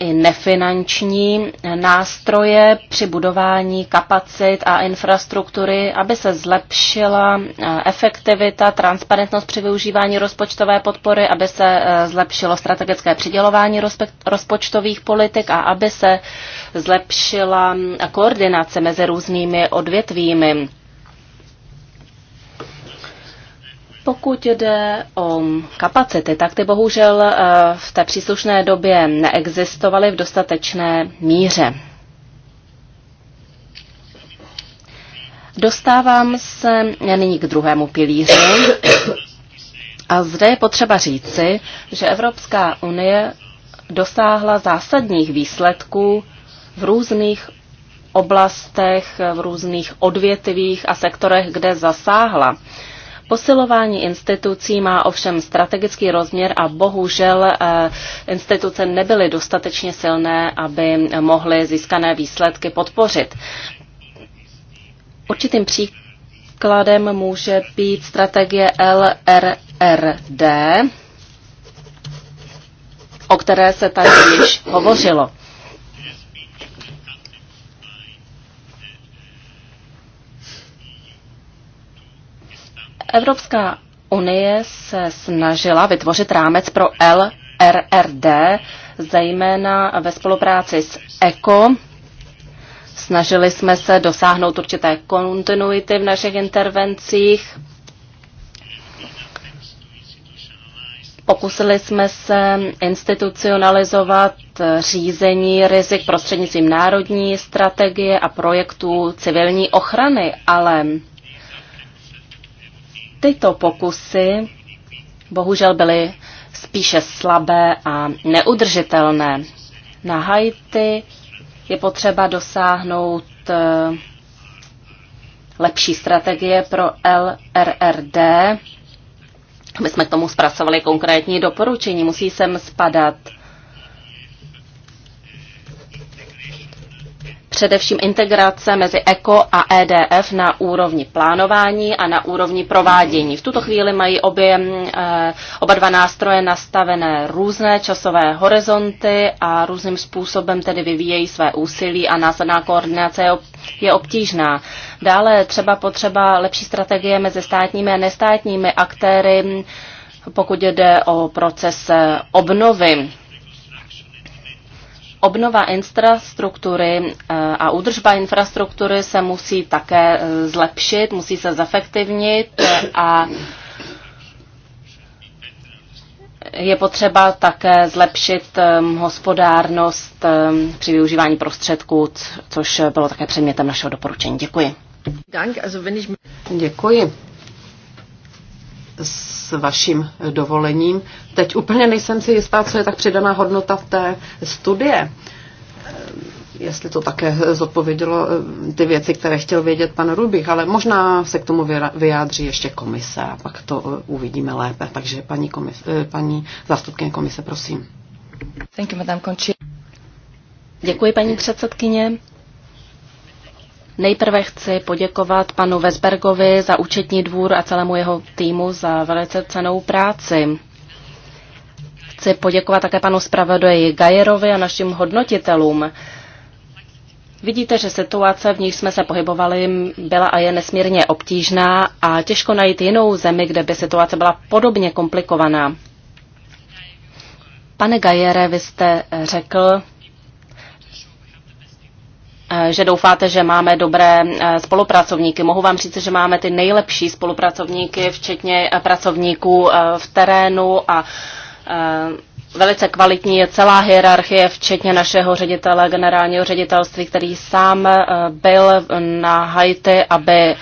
Speaker 3: i nefinanční nástroje při budování kapacit a infrastruktury, aby se zlepšila eh, efektivita, transparentnost při využívání rozpočtové podpory, aby se eh, zlepšilo strategické přidělování rozpočtových politik a aby se zlepšila koordinace mezi různými odvětvími. Pokud jde o kapacity, tak ty bohužel eh, v té příslušné době neexistovaly v dostatečné míře. Dostávám se nyní k druhému pilíři. A zde je potřeba říci, že Evropská unie dosáhla zásadních výsledků v různých oblastech, v různých odvětvích a sektorech, kde zasáhla. Posilování institucí má ovšem strategický rozměr a bohužel eh, instituce nebyly dostatečně silné, aby mohly získané výsledky podpořit. Určitým příkladem může být strategie LRRD, o které se tady již hovořilo. Evropská unie se snažila vytvořit rámec pro LRRD, zejména ve spolupráci s ECO. Snažili jsme se dosáhnout určité kontinuity v našich intervencích. Pokusili jsme se institucionalizovat řízení rizik prostřednictvím národní strategie a projektů civilní ochrany, ale Tyto pokusy bohužel byly spíše slabé a neudržitelné. Na Haiti je potřeba dosáhnout eh, lepší strategie pro LRRD, my jsme k tomu zpracovali konkrétní doporučení. Musí sem spadat především integrace mezi ECO a EDF na úrovni plánování a na úrovni provádění. V tuto chvíli mají obě, eh, oba dva nástroje nastavené různé časové horizonty a různým způsobem tedy vyvíjejí své úsilí a následná koordinace je obtížná. Dále třeba potřeba lepší strategie mezi státními a nestátními aktéry, pokud jde o proces eh, obnovy. Obnova infrastruktury eh, a údržba infrastruktury se musí také eh, zlepšit, musí se zefektivnit eh, a je potřeba také zlepšit hospodárnost při využívání prostředků,
Speaker 1: což bylo také předmětem našeho doporučení. Děkuji. Děkuji. S vaším dovolením Teď úplně nejsem si jistá, co je tak přidaná hodnota v té studie. Eh, jestli to také zodpovědělo eh, ty věci, které chtěl vědět pan Rubich, ale možná se k tomu vyjádří ještě komise a pak to eh, uvidíme lépe. Takže paní, komise, paní zástupkyně komise, prosím.
Speaker 5: Thank you, madam
Speaker 3: Děkuji, paní předsedkyně. Nejprve chci poděkovat panu Vesbergovi za účetní dvůr a celému jeho týmu za velice cenou práci. Chci poděkovat také panu zpravodaji Gajerovi a našim hodnotitelům. Vidíte, že situace, v níž jsme se pohybovali, byla a je nesmírně obtížná a těžko najít jinou zemi, kde by situace byla podobně komplikovaná. Pane Gajere, vy jste řekl, eh, že doufáte, že máme dobré eh, spolupracovníky. Mohu vám říct, že máme ty nejlepší spolupracovníky, včetně eh, pracovníků v terénu a Eh, velice kvalitní je celá hierarchie, včetně našeho ředitele, generálního ředitelství, který sám eh, byl na Haiti, aby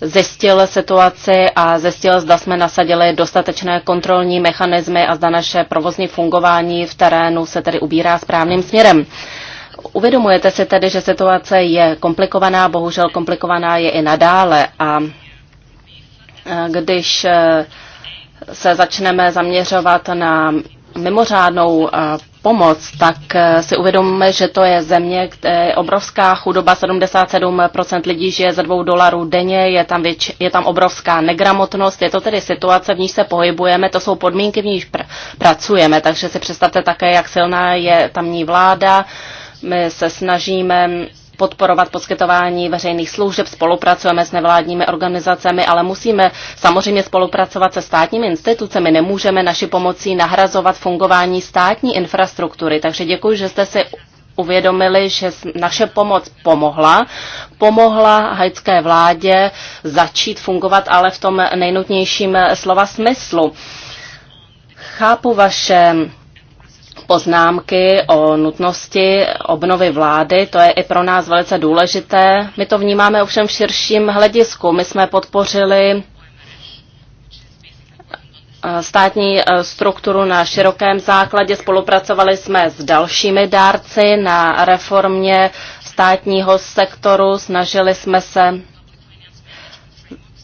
Speaker 3: zjistil situaci a zjistil, zda jsme nasadili dostatečné kontrolní mechanismy a zda naše provozní fungování v terénu se tedy ubírá správným směrem. Uvědomujete si tedy, že situace je komplikovaná, bohužel komplikovaná je i nadále a eh, když se začneme zaměřovat na mimořádnou eh, pomoc, tak eh, si uvědomíme, že to je země, kde je obrovská chudoba, 77% lidí žije za dvou dolarů denně, je tam, větš, je tam obrovská negramotnost, je to tedy situace, v níž se pohybujeme, to jsou podmínky, v níž pr- pracujeme, takže si představte také, jak silná je tamní vláda, my se snažíme podporovat poskytování veřejných služeb, spolupracujeme s nevládními organizacemi, ale musíme samozřejmě spolupracovat se státními institucemi. Nemůžeme naši pomocí nahrazovat fungování státní infrastruktury. Takže děkuji, že jste si uvědomili, že naše pomoc pomohla. Pomohla haitské vládě začít fungovat, ale v tom nejnutnějším slova smyslu. Chápu vaše poznámky o nutnosti obnovy vlády. To je i pro nás velice důležité. My to vnímáme ovšem v širším hledisku. My jsme podpořili eh, státní eh, strukturu na širokém základě. Spolupracovali jsme s dalšími dárci na reformě státního sektoru. Snažili jsme se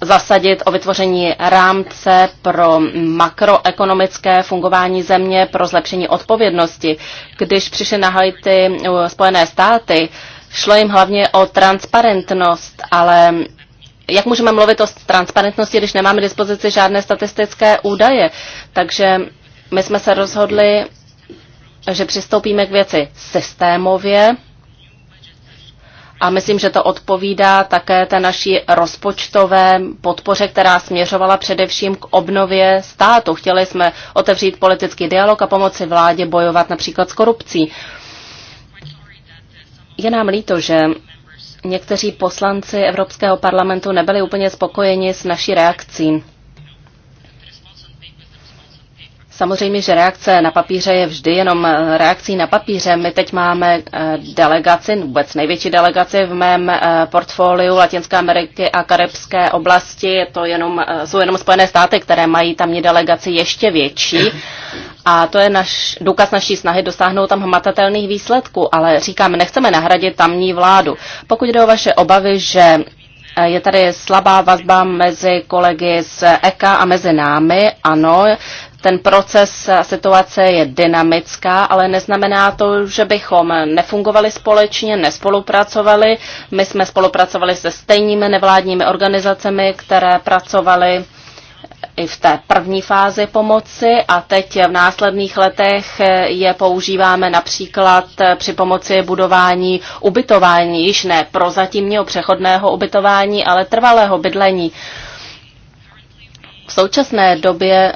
Speaker 3: zasadit o vytvoření rámce pro makroekonomické fungování země pro zlepšení odpovědnosti. Když přišly na Haiti eh, Spojené státy, šlo jim hlavně o transparentnost, ale jak můžeme mluvit o transparentnosti, když nemáme dispozici žádné statistické údaje? Takže my jsme se rozhodli, že přistoupíme k věci systémově a myslím, že to odpovídá také té naší rozpočtové podpoře, která směřovala především k obnově státu. Chtěli jsme otevřít politický dialog a pomoci vládě bojovat například s korupcí. Je nám líto, že někteří poslanci Evropského parlamentu nebyli úplně spokojeni s naší reakcí. Samozřejmě, že reakce na papíře je vždy jenom eh, reakcí na papíře. My teď máme eh, delegaci, vůbec největší delegaci v mém eh, portfoliu Latinské Ameriky a Karibské oblasti. to jenom, jsou jenom Spojené státy, které mají tamní delegaci ještě větší. A to je naš, důkaz naší snahy dosáhnout tam hmatatelných výsledků. Ale říkáme, nechceme nahradit tamní vládu. Pokud jde o vaše obavy, že je tady slabá vazba mezi kolegy z EKA a mezi námi. Ano, ten proces a eh, situace je dynamická, ale neznamená to, že bychom nefungovali společně, nespolupracovali. My jsme spolupracovali se stejnými nevládními organizacemi, které pracovaly i v té první fázi pomoci a teď v následných letech je používáme například při pomoci budování ubytování, již ne prozatímního přechodného ubytování, ale trvalého bydlení. V současné době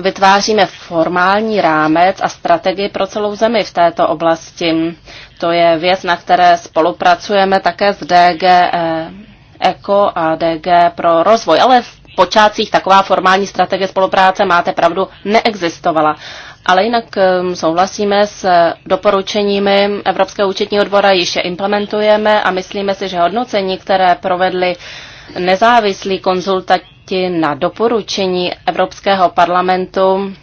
Speaker 3: vytváříme formální rámec a strategii pro celou zemi v této oblasti. To je věc, na které spolupracujeme také s DG eh, Eko a DG pro rozvoj, ale v počátcích taková formální strategie spolupráce, máte pravdu, neexistovala. Ale jinak eh, souhlasíme s doporučeními Evropského účetního dvora, již je implementujeme a myslíme si, že hodnocení, které provedli nezávislí konzultanti, odpovědi na doporučení Evropského parlamentu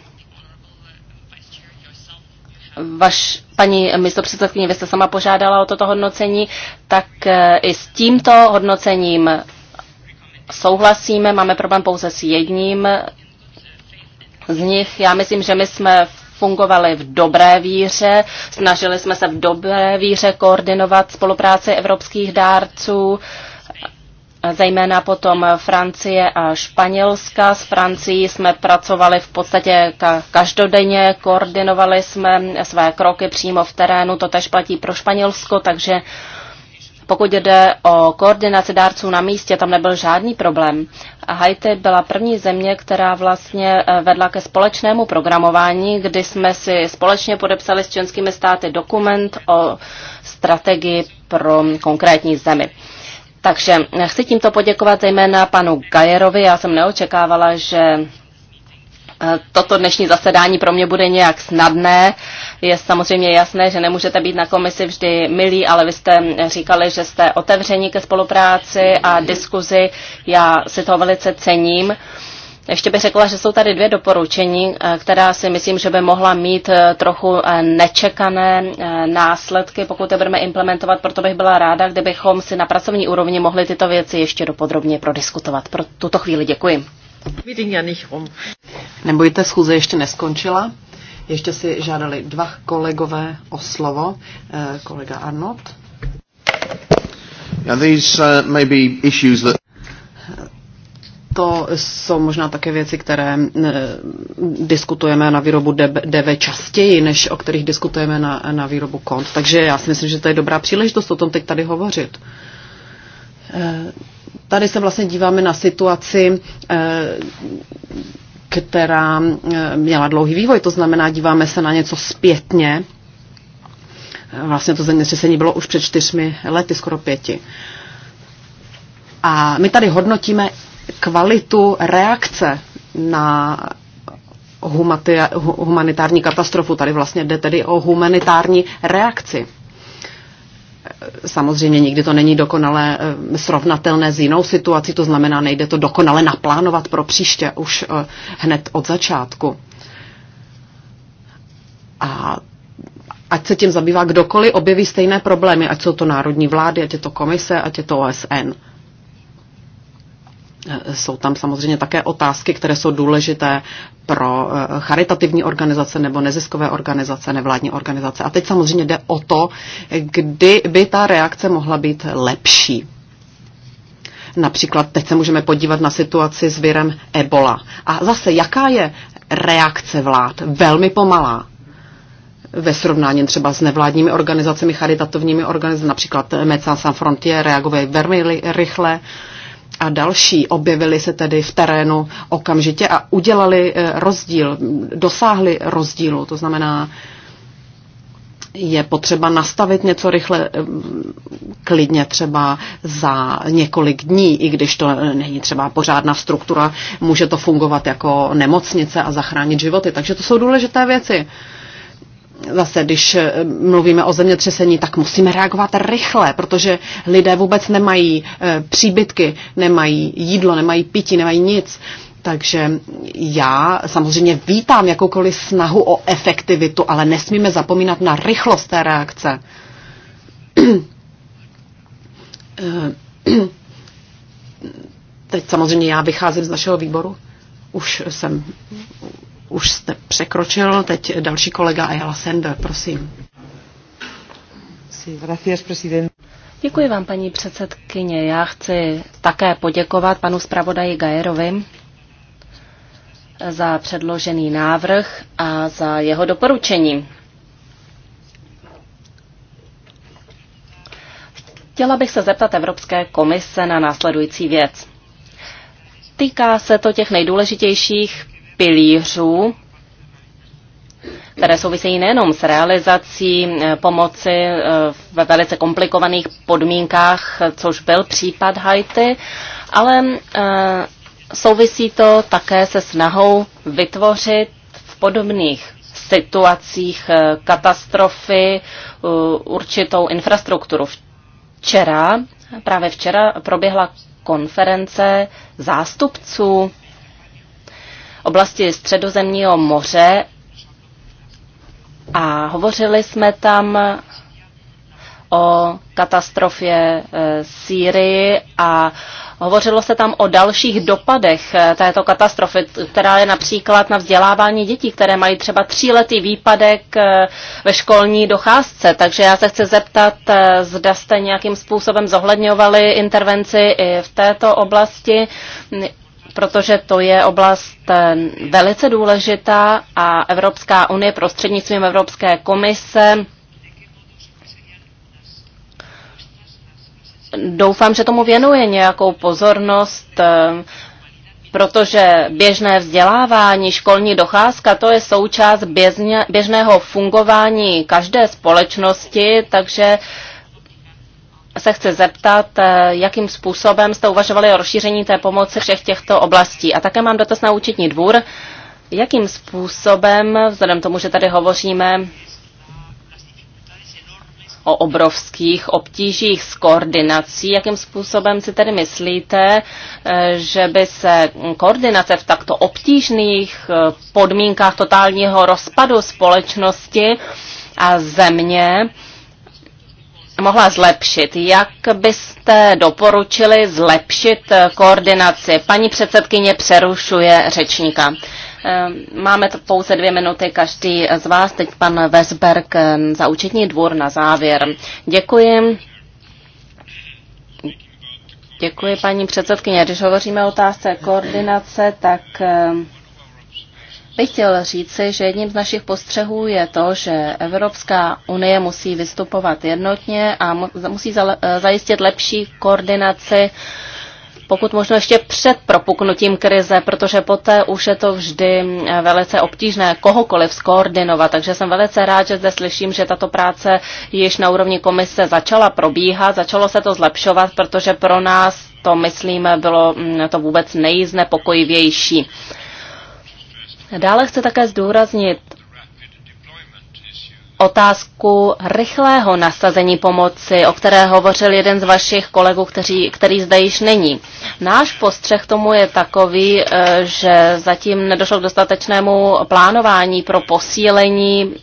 Speaker 3: vaš, paní místopředsedkyně, vy jste sama požádala o toto hodnocení, tak eh, i s tímto hodnocením souhlasíme, máme problém pouze s jedním z nich. Já myslím, že my jsme fungovali v dobré víře, snažili jsme se v dobré víře koordinovat spolupráci evropských dárců. Uh, zejména potom Francie a Španělska. S Francií jsme pracovali v podstatě každodenně, koordinovali jsme své kroky přímo v terénu, to tež platí pro Španělsko, takže pokud jde o koordinaci dárců na místě, tam nebyl žádný problém. A Haiti byla první země, která vlastně eh, vedla ke společnému programování, kdy jsme si společně podepsali s členskými státy dokument o strategii pro konkrétní zemi. Takže chci tímto poděkovat jména panu Gajerovi. Já jsem neočekávala, že eh, toto dnešní zasedání pro mě bude nějak snadné. Je samozřejmě jasné, že nemůžete být na komisi vždy milí, ale vy jste říkali, že jste otevření ke spolupráci a diskuzi. Já si to velice cením. Ještě bych řekla, že jsou tady dvě doporučení, eh, která si myslím, že by mohla mít eh, trochu eh, nečekané následky, pokud je budeme implementovat. Proto bych byla ráda, kdybychom si na pracovní úrovni mohli tyto věci ještě dopodrobně prodiskutovat.
Speaker 1: Pro tuto chvíli děkuji. Nebojte, schůze ještě neskončila. Ještě si žádali dva kolegové o slovo. Kolega Arnold.
Speaker 6: Now these uh, may be issues that
Speaker 1: to jsou možná také věci, které eh, diskutujeme na výrobu DV častěji, než o kterých diskutujeme na, na výrobu kont. Takže já si myslím, že to je dobrá příležitost o tom teď tady hovořit. Eh, tady se vlastně díváme na situaci, eh, která měla dlouhý vývoj, to znamená, díváme se na něco zpětně. Vlastně to zemětřesení bylo už před čtyřmi lety, skoro pěti. A my tady hodnotíme kvalitu reakce na humanitární katastrofu. Tady vlastně jde tedy o humanitární reakci. Samozřejmě nikdy to není dokonale eh, srovnatelné s jinou situací, to znamená, nejde to dokonale naplánovat pro příště už eh, hned od začátku. A ať se tím zabývá kdokoliv, objeví stejné problémy, ať jsou to národní vlády, ať je to komise, ať je to OSN. Eh, jsou tam samozřejmě také otázky, které jsou důležité pro eh, charitativní organizace nebo neziskové organizace, nevládní organizace. A teď samozřejmě jde o to, kdy by ta reakce mohla být lepší. Například teď se můžeme podívat na situaci s virem Ebola. A zase, jaká je reakce vlád? Velmi pomalá ve srovnání třeba s nevládními organizacemi, charitativními organizacemi, například Médecins Sans Frontier reagovali velmi rychle, a další objevili se tedy v terénu okamžitě a udělali eh, rozdíl, dosáhli rozdílu. To znamená, je potřeba nastavit něco rychle, eh, klidně třeba za několik dní, i když to není třeba pořádná struktura, může to fungovat jako nemocnice a zachránit životy. Takže to jsou důležité věci. Uh, zase, když eh, mluvíme o zemětřesení, tak musíme reagovat rychle, protože lidé vůbec nemají eh, příbytky, nemají jídlo, nemají pití, nemají nic. Takže já samozřejmě vítám jakoukoliv snahu o efektivitu, ale nesmíme zapomínat na rychlost té reakce. Eh, teď samozřejmě já vycházím z našeho výboru. Už jsem už jste překročil. Teď další kolega Ayala Sender, prosím.
Speaker 3: Děkuji vám, paní předsedkyně. Já chci také poděkovat panu zpravodaji Gajerovi za předložený návrh a za jeho doporučení. Chtěla bych se zeptat Evropské komise na následující věc. Týká se to těch nejdůležitějších pilířů, které souvisejí nejenom s realizací eh, pomoci eh, ve velice komplikovaných podmínkách, což byl případ Haiti, ale eh, souvisí to také se snahou vytvořit v podobných situacích katastrofy určitou infrastrukturu. Včera, právě včera proběhla konference zástupců oblasti Středozemního moře a hovořili jsme tam o katastrofě e, Sýrii a hovořilo se tam o dalších dopadech e, této katastrofy, která je například na vzdělávání dětí, které mají třeba tříletý výpadek e, ve školní docházce. Takže já se chci zeptat, zda jste nějakým způsobem zohledňovali intervenci i v této oblasti protože to je oblast eh, velice důležitá a Evropská unie prostřednictvím Evropské komise doufám, že tomu věnuje nějakou pozornost, eh, protože běžné vzdělávání, školní docházka, to je součást běžného fungování každé společnosti, takže se chci zeptat, eh, jakým způsobem jste uvažovali o rozšíření té pomoci všech těchto oblastí. A také mám dotaz na účetní dvůr. Jakým způsobem, vzhledem tomu, že tady hovoříme o obrovských obtížích s koordinací. Jakým způsobem si tedy myslíte, eh, že by se koordinace v takto obtížných eh, podmínkách totálního rozpadu společnosti a země mohla zlepšit. Jak byste doporučili zlepšit eh, koordinaci? Paní předsedkyně přerušuje řečníka. Eh, máme to pouze dvě minuty každý z vás. Teď pan Vesberg eh, za účetní dvůr na závěr. Děkuji. Děkuji, paní předsedkyně. Když hovoříme o otázce koordinace, tak bych chtěl říci, že jedním z našich postřehů je to, že Evropská unie musí vystupovat jednotně a musí eh, zajistit lepší koordinaci pokud možno ještě před propuknutím krize, protože poté už je to vždy eh, velice obtížné kohokoliv skoordinovat. Takže jsem velice rád, že zde slyším, že tato práce již na úrovni komise začala probíhat, začalo se to zlepšovat, protože pro nás to, myslím, bylo mm, to vůbec nejznepokojivější. Dále chci také zdůraznit otázku rychlého nasazení pomoci, o které hovořil jeden z vašich kolegů, kteří, který zde již není. Náš postřeh tomu je takový, eh, že zatím nedošlo k dostatečnému plánování pro posílení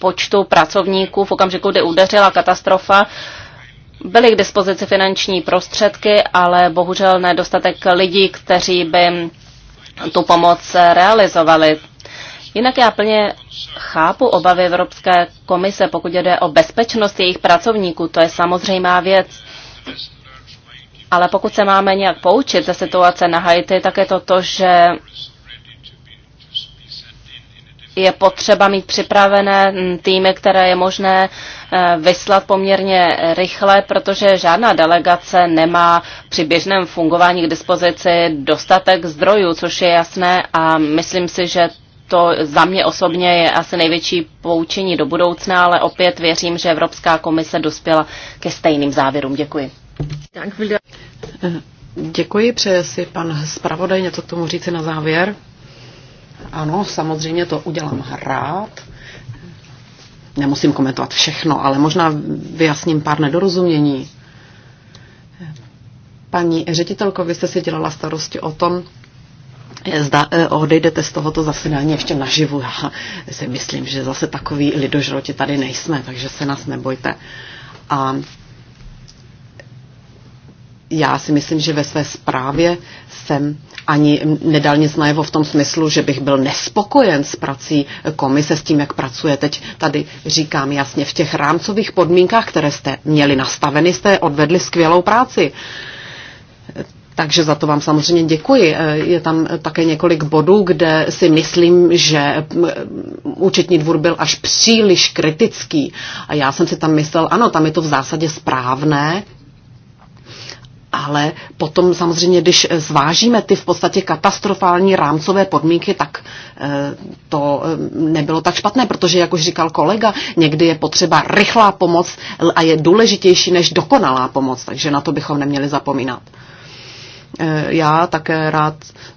Speaker 3: počtu pracovníků v okamžiku, kdy udeřila katastrofa. Byly k dispozici finanční prostředky, ale bohužel nedostatek lidí, kteří by tu pomoc realizovali. Jinak já plně chápu obavy Evropské komise, pokud jde o bezpečnost jejich pracovníků, to je samozřejmá věc. Ale pokud se máme nějak poučit ze situace na Haiti, tak je to to, že je potřeba mít připravené mm, týmy, které je možné eh, vyslat poměrně rychle, protože žádná delegace nemá při běžném fungování k dispozici dostatek zdrojů, což je jasné a myslím si, že to za mě osobně je asi největší poučení do budoucna, ale opět věřím, že Evropská komise dospěla
Speaker 1: ke stejným závěrům. Děkuji. Děkuji, přeje si pan zpravodaj něco k tomu říci na závěr. Ano, samozřejmě to udělám rád. Nemusím komentovat všechno, ale možná vyjasním pár nedorozumění. Paní ředitelko, vy jste si dělala starosti o tom, Zda eh, odejdete z tohoto zasedání ještě naživu. Já si myslím, že zase takový lidožroti tady nejsme, takže se nás nebojte. A já si myslím, že ve své zprávě jsem ani nedal nic najevo v tom smyslu, že bych byl nespokojen s prací komise, s tím, jak pracuje. Teď tady říkám jasně, v těch rámcových podmínkách, které jste měli nastaveny, jste odvedli skvělou práci. Takže za to vám samozřejmě děkuji. Je tam také několik bodů, kde si myslím, že účetní dvůr byl až příliš kritický. A já jsem si tam myslel, ano, tam je to v zásadě správné, ale potom samozřejmě, když zvážíme ty v podstatě katastrofální rámcové podmínky, tak eh, to eh, nebylo tak špatné, protože, jak už říkal kolega, někdy je potřeba rychlá pomoc a je důležitější než dokonalá pomoc, takže na to bychom neměli zapomínat. Eh, já také rád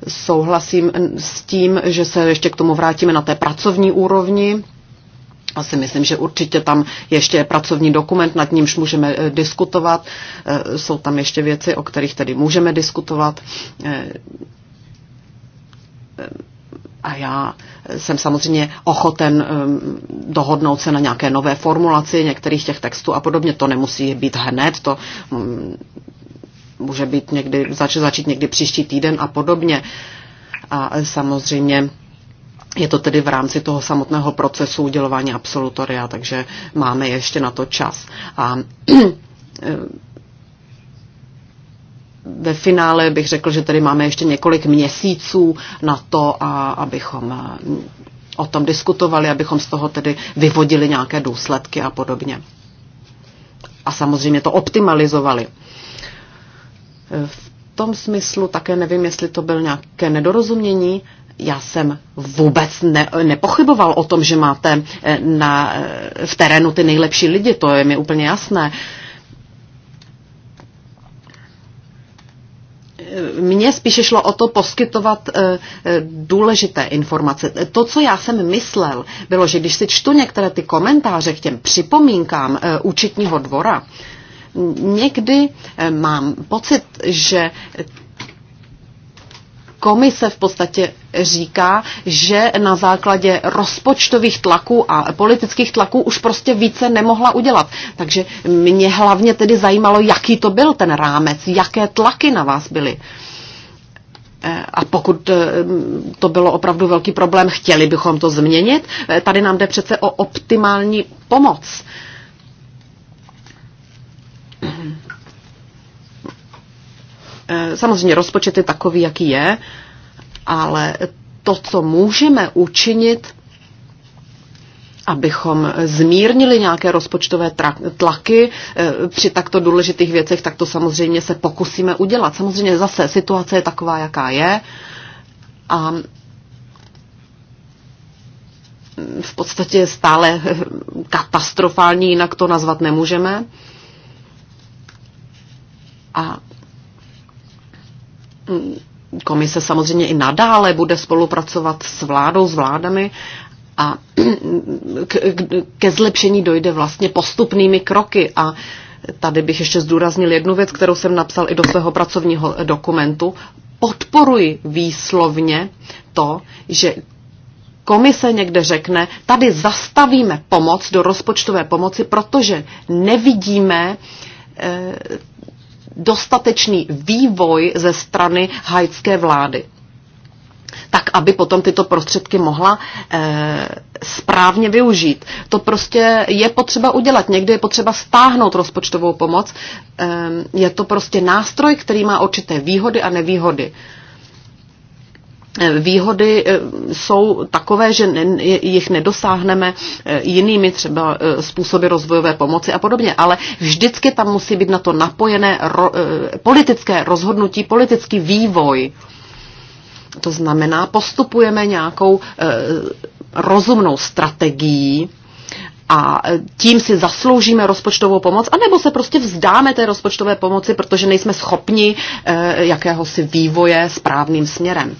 Speaker 1: souhlasím s tím, že se ještě k tomu vrátíme na té pracovní úrovni a si myslím, že určitě tam ještě je pracovní dokument, nad nímž můžeme eh, diskutovat. Eh, jsou tam ještě věci, o kterých tedy můžeme diskutovat. Eh, a já jsem samozřejmě ochoten dohodnout se na nějaké nové formulaci některých těch textů a podobně. To nemusí být hned, to mm, může být někdy, začít, začít někdy příští týden a podobně. A samozřejmě je to tedy v rámci toho samotného procesu udělování absolutoria, takže máme ještě na to čas. A eh, ve finále bych řekl, že tady máme ještě několik měsíců na to, a abychom eh, o tom diskutovali, abychom z toho tedy vyvodili nějaké důsledky a podobně. A samozřejmě to optimalizovali. Eh, v tom smyslu také nevím, jestli to byl nějaké nedorozumění já jsem vůbec ne, nepochyboval o tom, že máte eh, na, eh, v terénu ty nejlepší lidi, to je mi úplně jasné. Eh, mně spíše šlo o to poskytovat důležité informace. To, co já jsem myslel, bylo, že když si čtu některé ty komentáře k těm připomínkám účetního dvora, někdy mám pocit, že komise v podstatě říká, že na základě rozpočtových tlaků a politických tlaků už prostě více nemohla udělat. Takže mě hlavně tedy zajímalo, jaký to byl ten rámec, jaké tlaky na vás byly. Eh, a pokud eh, to bylo opravdu velký problém, chtěli bychom to změnit. Eh, tady nám jde přece o optimální pomoc. Eh, samozřejmě rozpočet je takový, jaký je, ale to, co můžeme učinit, abychom zmírnili nějaké rozpočtové tlaky eh, při takto důležitých věcech, tak to samozřejmě se pokusíme udělat. Samozřejmě zase situace je taková, jaká je a v podstatě stále katastrofální, jinak to nazvat nemůžeme. A Komise samozřejmě i nadále bude spolupracovat s vládou, s vládami a ke zlepšení dojde vlastně postupnými kroky a tady bych ještě zdůraznil jednu věc, kterou jsem napsal i do svého pracovního dokumentu. Podporuji výslovně to, že komise někde řekne, tady zastavíme pomoc do rozpočtové pomoci, protože nevidíme eh, dostatečný vývoj ze strany haitské vlády tak aby potom tyto prostředky mohla e, správně využít. To prostě je potřeba udělat. Někdy je potřeba stáhnout rozpočtovou pomoc. E, je to prostě nástroj, který má určité výhody a nevýhody. E, výhody eh, jsou takové, že jich nedosáhneme eh, jinými třeba eh, způsoby rozvojové pomoci a podobně, ale vždycky tam musí být na to napojené ro, politické rozhodnutí, politický vývoj. To znamená, postupujeme nějakou rozumnou strategií, a tím si zasloužíme rozpočtovou pomoc, anebo se prostě vzdáme té rozpočtové pomoci, protože nejsme schopni jakéhosi vývoje správným směrem.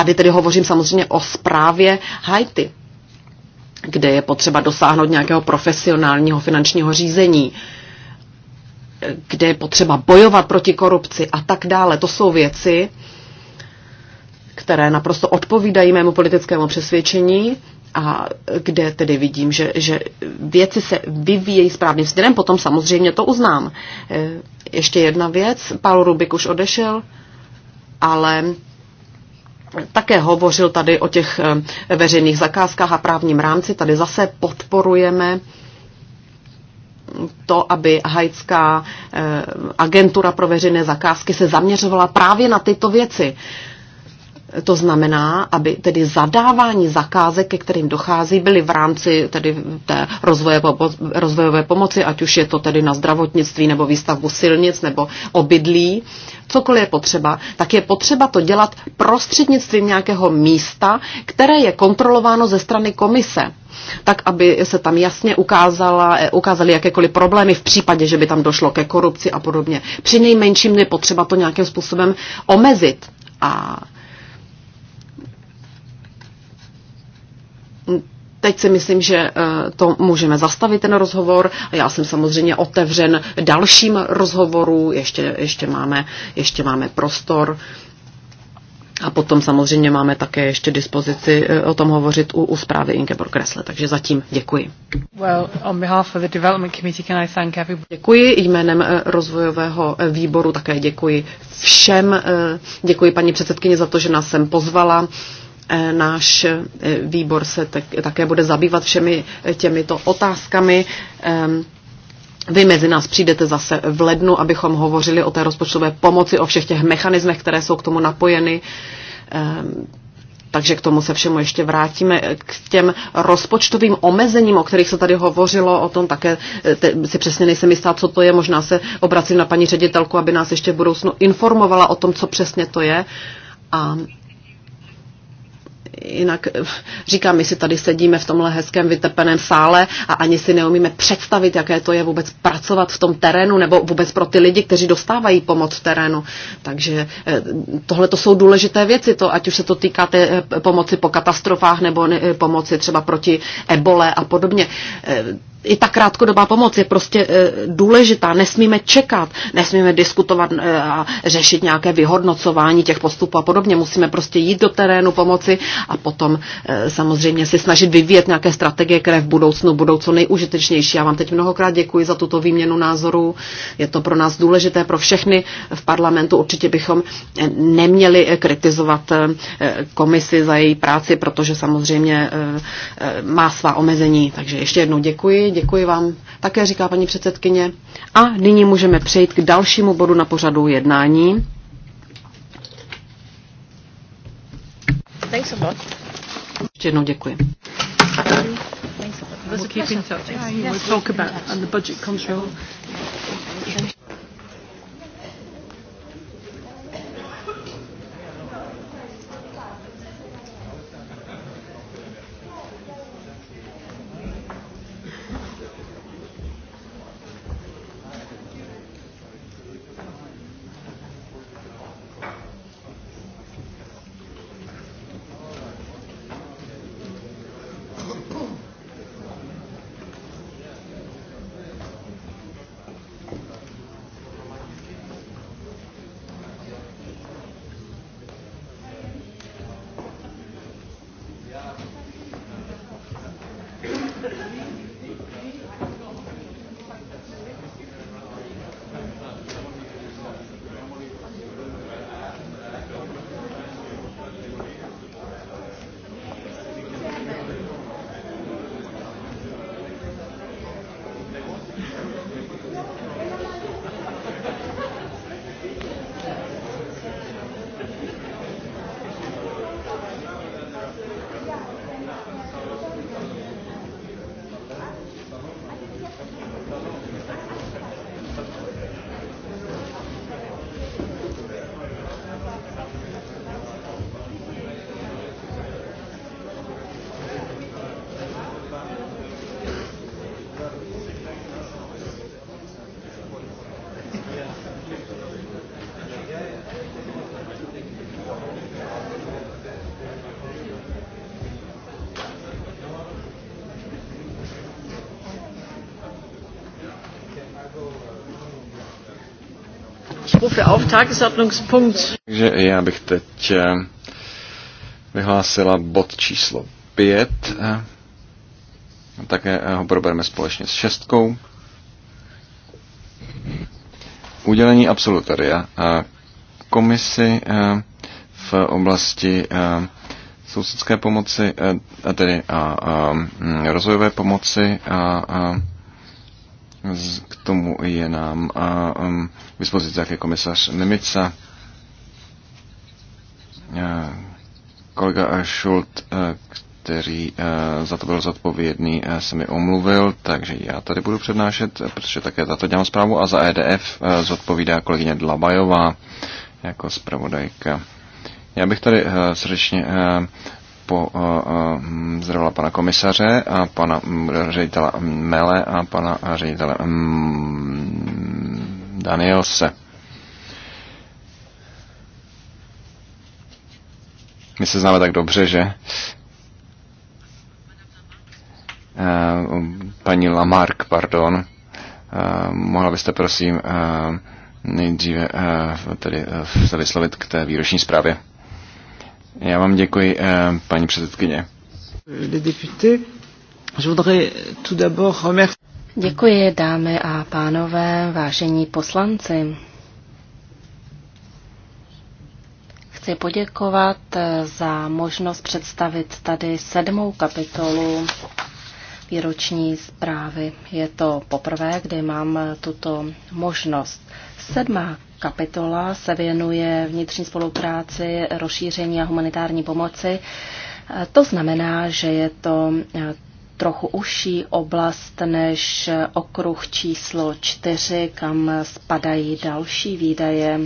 Speaker 1: Tady tedy hovořím samozřejmě o zprávě Haiti, kde je potřeba dosáhnout nějakého profesionálního finančního řízení, kde je potřeba bojovat proti korupci a tak dále. To jsou věci, které naprosto odpovídají mému politickému přesvědčení a kde tedy vidím, že, že věci se vyvíjejí správným směrem, potom samozřejmě to uznám. E, ještě jedna věc, Paul Rubik už odešel, ale také hovořil tady o těch eh, veřejných zakázkách a právním rámci. Tady zase podporujeme to, aby hajická eh, agentura pro veřejné zakázky se zaměřovala právě na tyto věci. To znamená, aby tedy zadávání zakázek, ke kterým dochází, byly v rámci tedy té rozvojové pomoci, ať už je to tedy na zdravotnictví nebo výstavbu silnic nebo obydlí, cokoliv je potřeba, tak je potřeba to dělat prostřednictvím nějakého místa, které je kontrolováno ze strany komise tak aby se tam jasně ukázala, eh, ukázaly jakékoliv problémy v případě, že by tam došlo ke korupci a podobně. Při nejmenším je potřeba to nějakým způsobem omezit. A Teď si myslím, že eh, to můžeme zastavit, ten rozhovor. Já jsem samozřejmě otevřen dalším rozhovoru, ještě, ještě, máme, ještě máme prostor. A potom samozřejmě máme také ještě dispozici eh, o tom hovořit u, u zprávy Ingeborg Kresle. Takže zatím děkuji. Well, on behalf of the development committee can I thank everybody. Děkuji jménem eh, rozvojového výboru, také děkuji všem. Děkuji paní předsedkyně za to, že nás sem pozvala. Eh, náš eh, výbor se také bude zabývat všemi eh, těmito otázkami. Ehm, vy mezi nás přijdete zase v lednu, abychom hovořili o té rozpočtové pomoci, o všech těch mechanismech, které jsou k tomu napojeny. Ehm, takže k tomu se všemu ještě vrátíme. K těm rozpočtovým omezením, o kterých se tady hovořilo, o tom také te, si přesně nejsem jistá, co to je. Možná se obracím na paní ředitelku, aby nás ještě v budoucnu informovala o tom, co přesně to je. A jinak říkám, my si tady sedíme v tomhle hezkém vytepeném sále a ani si neumíme představit, jaké to je vůbec pracovat v tom terénu nebo vůbec pro ty lidi, kteří dostávají pomoc v terénu. Takže eh, tohle to jsou důležité věci, to, ať už se to týká té eh, pomoci po katastrofách nebo eh, pomoci třeba proti ebole a podobně i ta krátkodobá pomoc je prostě e, důležitá. Nesmíme čekat, nesmíme diskutovat e, a řešit nějaké vyhodnocování těch postupů a podobně. Musíme prostě jít do terénu pomoci a potom eh, samozřejmě si snažit vyvíjet nějaké strategie, které v budoucnu budou co nejúžitečnější. Já vám teď mnohokrát děkuji za tuto výměnu názorů. Je to pro nás důležité, pro všechny v parlamentu. Určitě bychom eh, neměli eh, kritizovat komisi za její práci, protože samozřejmě má svá omezení. Takže ještě jednou děkuji, děkuji vám také, říká paní předsedkyně. A nyní můžeme přejít k dalšímu bodu na pořadu jednání. Thanks a lot.
Speaker 7: Ještě jednou děkuji. We'll keep in touch. Yeah, we'll talk about and the budget control. Takže
Speaker 2: já bych teď eh, vyhlásila bod číslo 5. Eh, také eh, ho probereme společně s šestkou. Udělení absolutaria komisi v oblasti sousedské pomoci, a tedy a, a mm, rozvojové pomoci a, a k tomu je nám a, um, k také komisař Nemica. Kolega Schult, který za to byl zodpovědný, se mi omluvil, takže já tady budu přednášet, protože také za to dělám zprávu a za EDF zodpovídá kolegyně Dlabajová jako zpravodajka. Já bych tady srdečně po eh, eh, zdravila pana komisaře a pana eh, ředitele Mele a pana ředitele mm, Danielse. My se známe tak dobře, že? Paní Lamarck, pardon. Mohla byste prosím nejdříve tedy se vyslovit k té výroční zprávě. Já vám děkuji, eh, paní předsedkyně.
Speaker 3: Děkuji, dámy a pánové, vážení poslanci. Chci poděkovat eh, za možnost představit tady sedmou kapitolu výroční zprávy. Je to poprvé, kdy mám eh, tuto možnost. Sedmá kapitola se věnuje vnitřní spolupráci, rozšíření a humanitární pomoci. To znamená, že je to eh, trochu užší oblast než okruh číslo čtyři, kam spadají další výdaje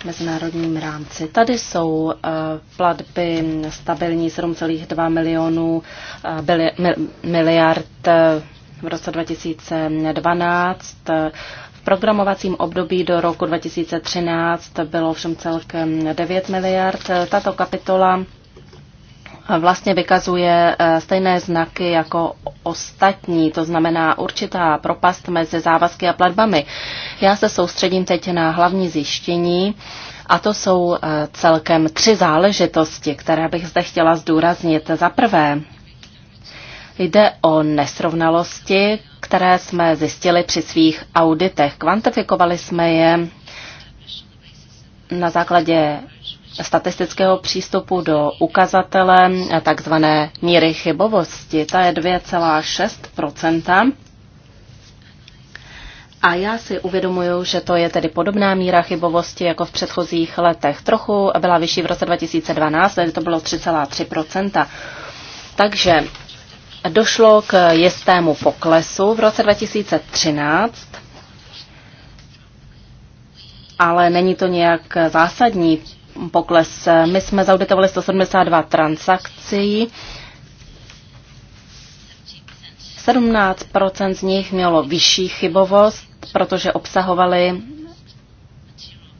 Speaker 3: v mezinárodním rámci. Tady jsou eh, platby stabilní 7,2 milionů, eh, miliard v roce 2012. V programovacím období do roku 2013 bylo všem celkem 9 miliard. Tato kapitola vlastně vykazuje eh, stejné znaky jako ostatní, to znamená určitá propast mezi závazky a platbami. Já se soustředím teď na hlavní zjištění a to jsou eh, celkem tři záležitosti, které bych zde chtěla zdůraznit. Za prvé, Jde o nesrovnalosti, které jsme zjistili při svých auditech. Kvantifikovali jsme je na základě statistického přístupu do ukazatele takzvané míry chybovosti. Ta je 2,6 a já si uvědomuju, že to je tedy podobná míra chybovosti jako v předchozích letech. Trochu byla vyšší v roce 2012, tedy to bylo 3,3 Takže došlo k jistému poklesu v roce 2013, ale není to nějak zásadní pokles. My jsme zauditovali 172 transakcí, 17 z nich mělo vyšší chybovost, protože obsahovaly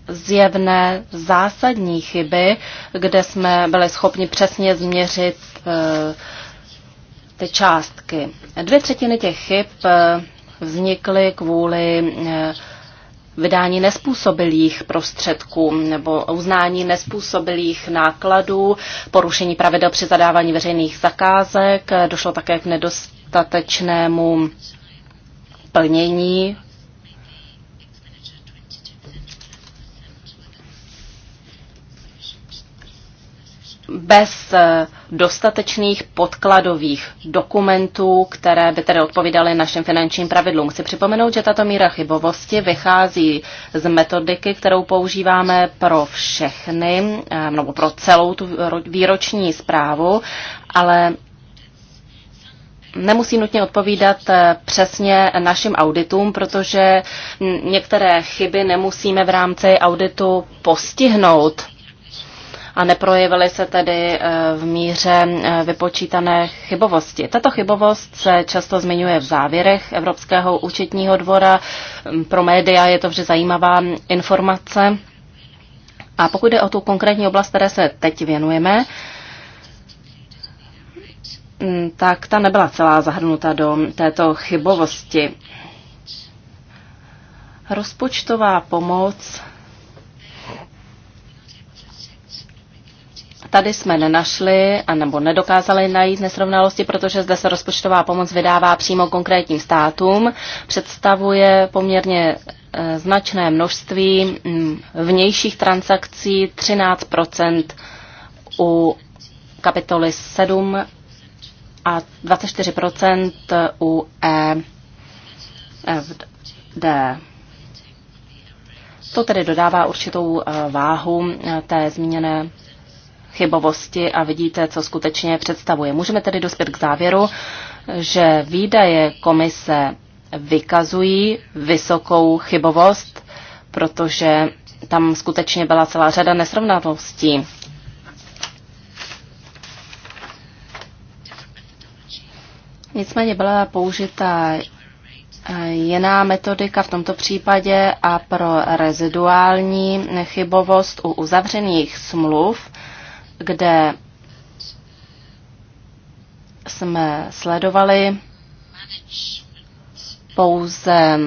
Speaker 3: zjevné zásadní chyby, kde jsme byli schopni přesně změřit eh, ty částky. Dvě třetiny těch chyb eh, vznikly kvůli eh, vydání nespůsobilých prostředků nebo uznání nespůsobilých nákladů, porušení pravidel při zadávání veřejných zakázek, eh, došlo také k nedostatečnému plnění bez eh, dostatečných podkladových dokumentů, které by tedy odpovídaly našim finančním pravidlům. Chci připomenout, že tato míra chybovosti vychází z metodiky, kterou používáme pro všechny, eh, nebo pro celou tu výroční zprávu, ale nemusí nutně odpovídat eh, přesně našim auditům, protože hm, některé chyby nemusíme v rámci auditu postihnout a neprojevily se tedy eh, v míře eh, vypočítané chybovosti. Tato chybovost se často zmiňuje v závěrech Evropského účetního dvora. Mm, pro média je to vždy zajímavá informace. A pokud jde o tu konkrétní oblast, které se teď věnujeme, mm, tak ta nebyla celá zahrnuta do této chybovosti. Rozpočtová pomoc Tady jsme nenašli, a nebo nedokázali najít nesrovnalosti, protože zde se rozpočtová pomoc vydává přímo konkrétním státům. Představuje poměrně e, značné množství mm, vnějších transakcí, 13 u kapitoly 7 a 24 u EFD. E, to tedy dodává určitou e, váhu té zmíněné chybovosti a vidíte, co skutečně představuje. Můžeme tedy dospět k závěru, že výdaje komise vykazují vysokou chybovost, protože tam skutečně byla celá řada nesrovnatelností. Nicméně byla použita jiná metodika v tomto případě a pro reziduální chybovost u uzavřených smluv kde jsme sledovali pouze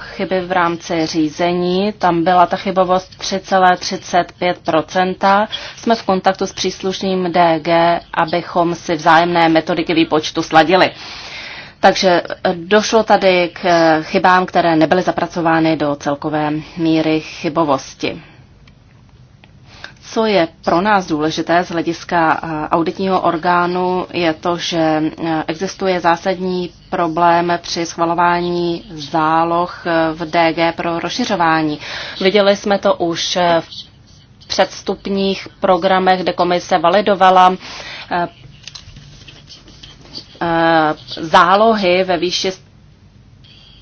Speaker 3: chyby v rámci řízení. Tam byla ta chybovost 3,35 Jsme v kontaktu s příslušným DG, abychom si vzájemné metodiky výpočtu sladili. Takže došlo tady k chybám, které nebyly zapracovány do celkové míry chybovosti. Co je pro nás důležité z hlediska eh, auditního orgánu, je to, že eh, existuje zásadní problém při schvalování záloh eh, v DG pro rozšiřování. Viděli jsme to už v předstupních programech, kde komise validovala zálohy ve výši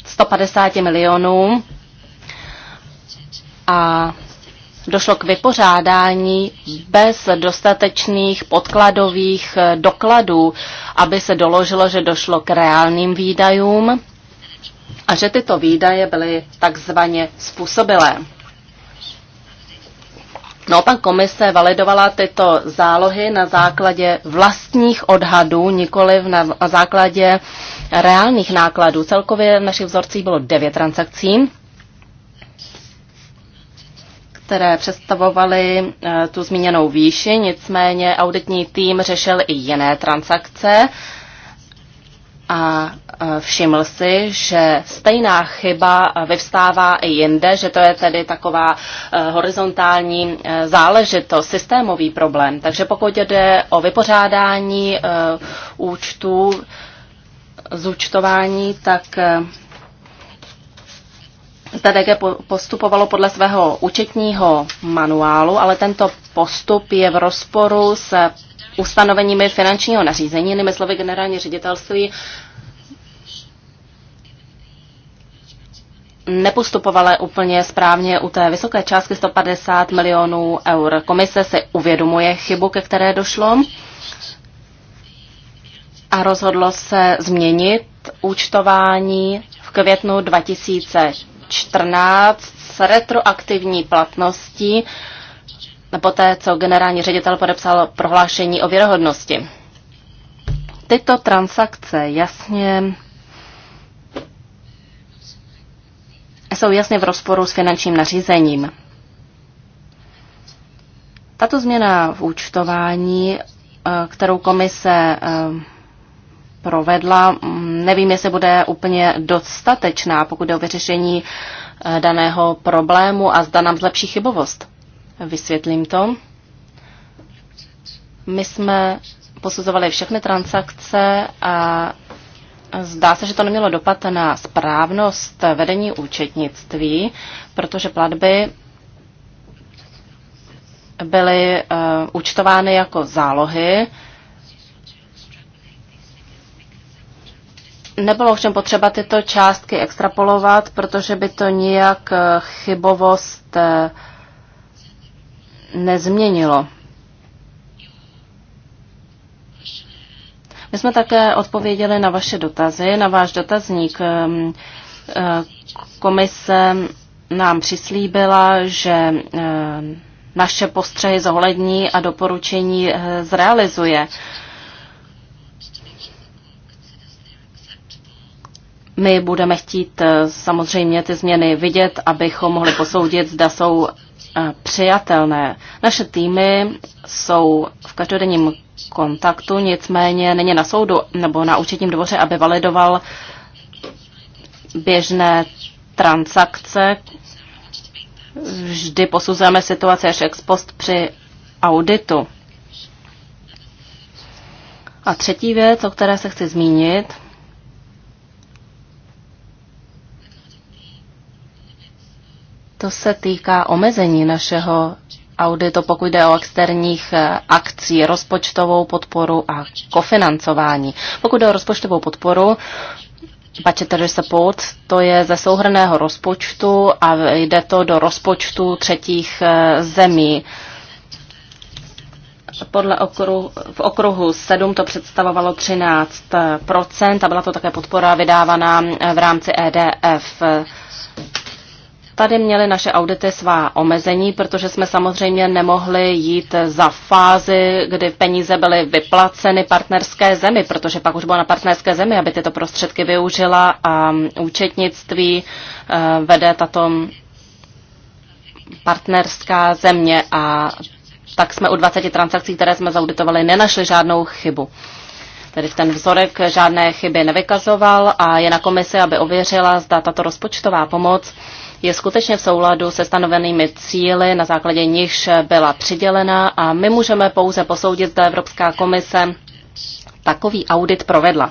Speaker 3: 150 milionů a došlo k vypořádání bez dostatečných podkladových eh, dokladů, aby se doložilo, že došlo k reálným výdajům a že tyto výdaje byly takzvaně způsobilé. No, pan komise validovala tyto zálohy na základě vlastních odhadů, nikoli na základě reálných nákladů. Celkově v našich vzorcích bylo devět transakcí které představovaly eh, tu zmíněnou výši, nicméně auditní tým řešil i jiné transakce a eh, všiml si, že stejná chyba vyvstává i jinde, že to je tedy taková eh, horizontální záležitost, systémový problém. Takže pokud jde o vypořádání účtů, zúčtování, tak zda DG postupovalo podle svého účetního manuálu, ale tento postup je v rozporu s ustanoveními finančního nařízení. Jinými slovy, generální ředitelství nepostupovala úplně správně u té vysoké částky 150 milionů eur. Komise se uvědomuje chybu, ke které došlo a rozhodlo se změnit účtování v květnu 2000 2014 s retroaktivní platností no, poté, co generální ředitel podepsal prohlášení o věrohodnosti. Tyto transakce jasně jsou jasně v rozporu s finančním nařízením. Tato změna v účtování, eh, kterou komise eh, provedla, nevím, jestli bude úplně dostatečná, pokud je o vyřešení eh, daného problému a zda nám zlepší chybovost. Vysvětlím to. My jsme posuzovali všechny transakce a Zdá se, že to nemělo dopad na správnost vedení účetnictví, protože platby byly uh, účtovány jako zálohy nebylo ovšem potřeba tyto částky extrapolovat, protože by to nijak eh, chybovost eh, nezměnilo. My jsme také odpověděli na vaše dotazy, na váš dotazník. Eh, komise nám přislíbila, že naše postřehy zohlední a doporučení zrealizuje. My budeme chtít eh, samozřejmě ty změny vidět, abychom mohli posoudit, zda jsou eh, přijatelné. Naše týmy jsou v každodenním kontaktu, nicméně není na soudu nebo na účetním dvoře, aby validoval běžné transakce. Vždy posuzujeme situaci až ex post při auditu. A třetí věc, o které se chci zmínit, To se týká omezení našeho auditu, pokud jde o externích eh, akcí, rozpočtovou podporu a kofinancování. Pokud jde o rozpočtovou podporu, budgetary support, to je ze souhrného rozpočtu a jde to do rozpočtu třetích eh, zemí. Podle okruhu, v okruhu 7 to představovalo 13 eh, a byla to také podpora vydávaná v rámci EDF. Tady měly naše audity svá omezení, protože jsme samozřejmě nemohli jít za fázi, kdy peníze byly vyplaceny partnerské zemi, protože pak už bylo na partnerské zemi, aby tyto prostředky využila a účetnictví eh, vede tato partnerská země a tak jsme u 20 transakcí, které jsme zauditovali, nenašli žádnou chybu. Tedy ten vzorek žádné chyby nevykazoval a je na komisi, aby ověřila, zda tato rozpočtová pomoc je skutečně v souladu se stanovenými cíly, na základě nichž byla přidělena a my můžeme pouze posoudit, zda Evropská komise takový audit provedla.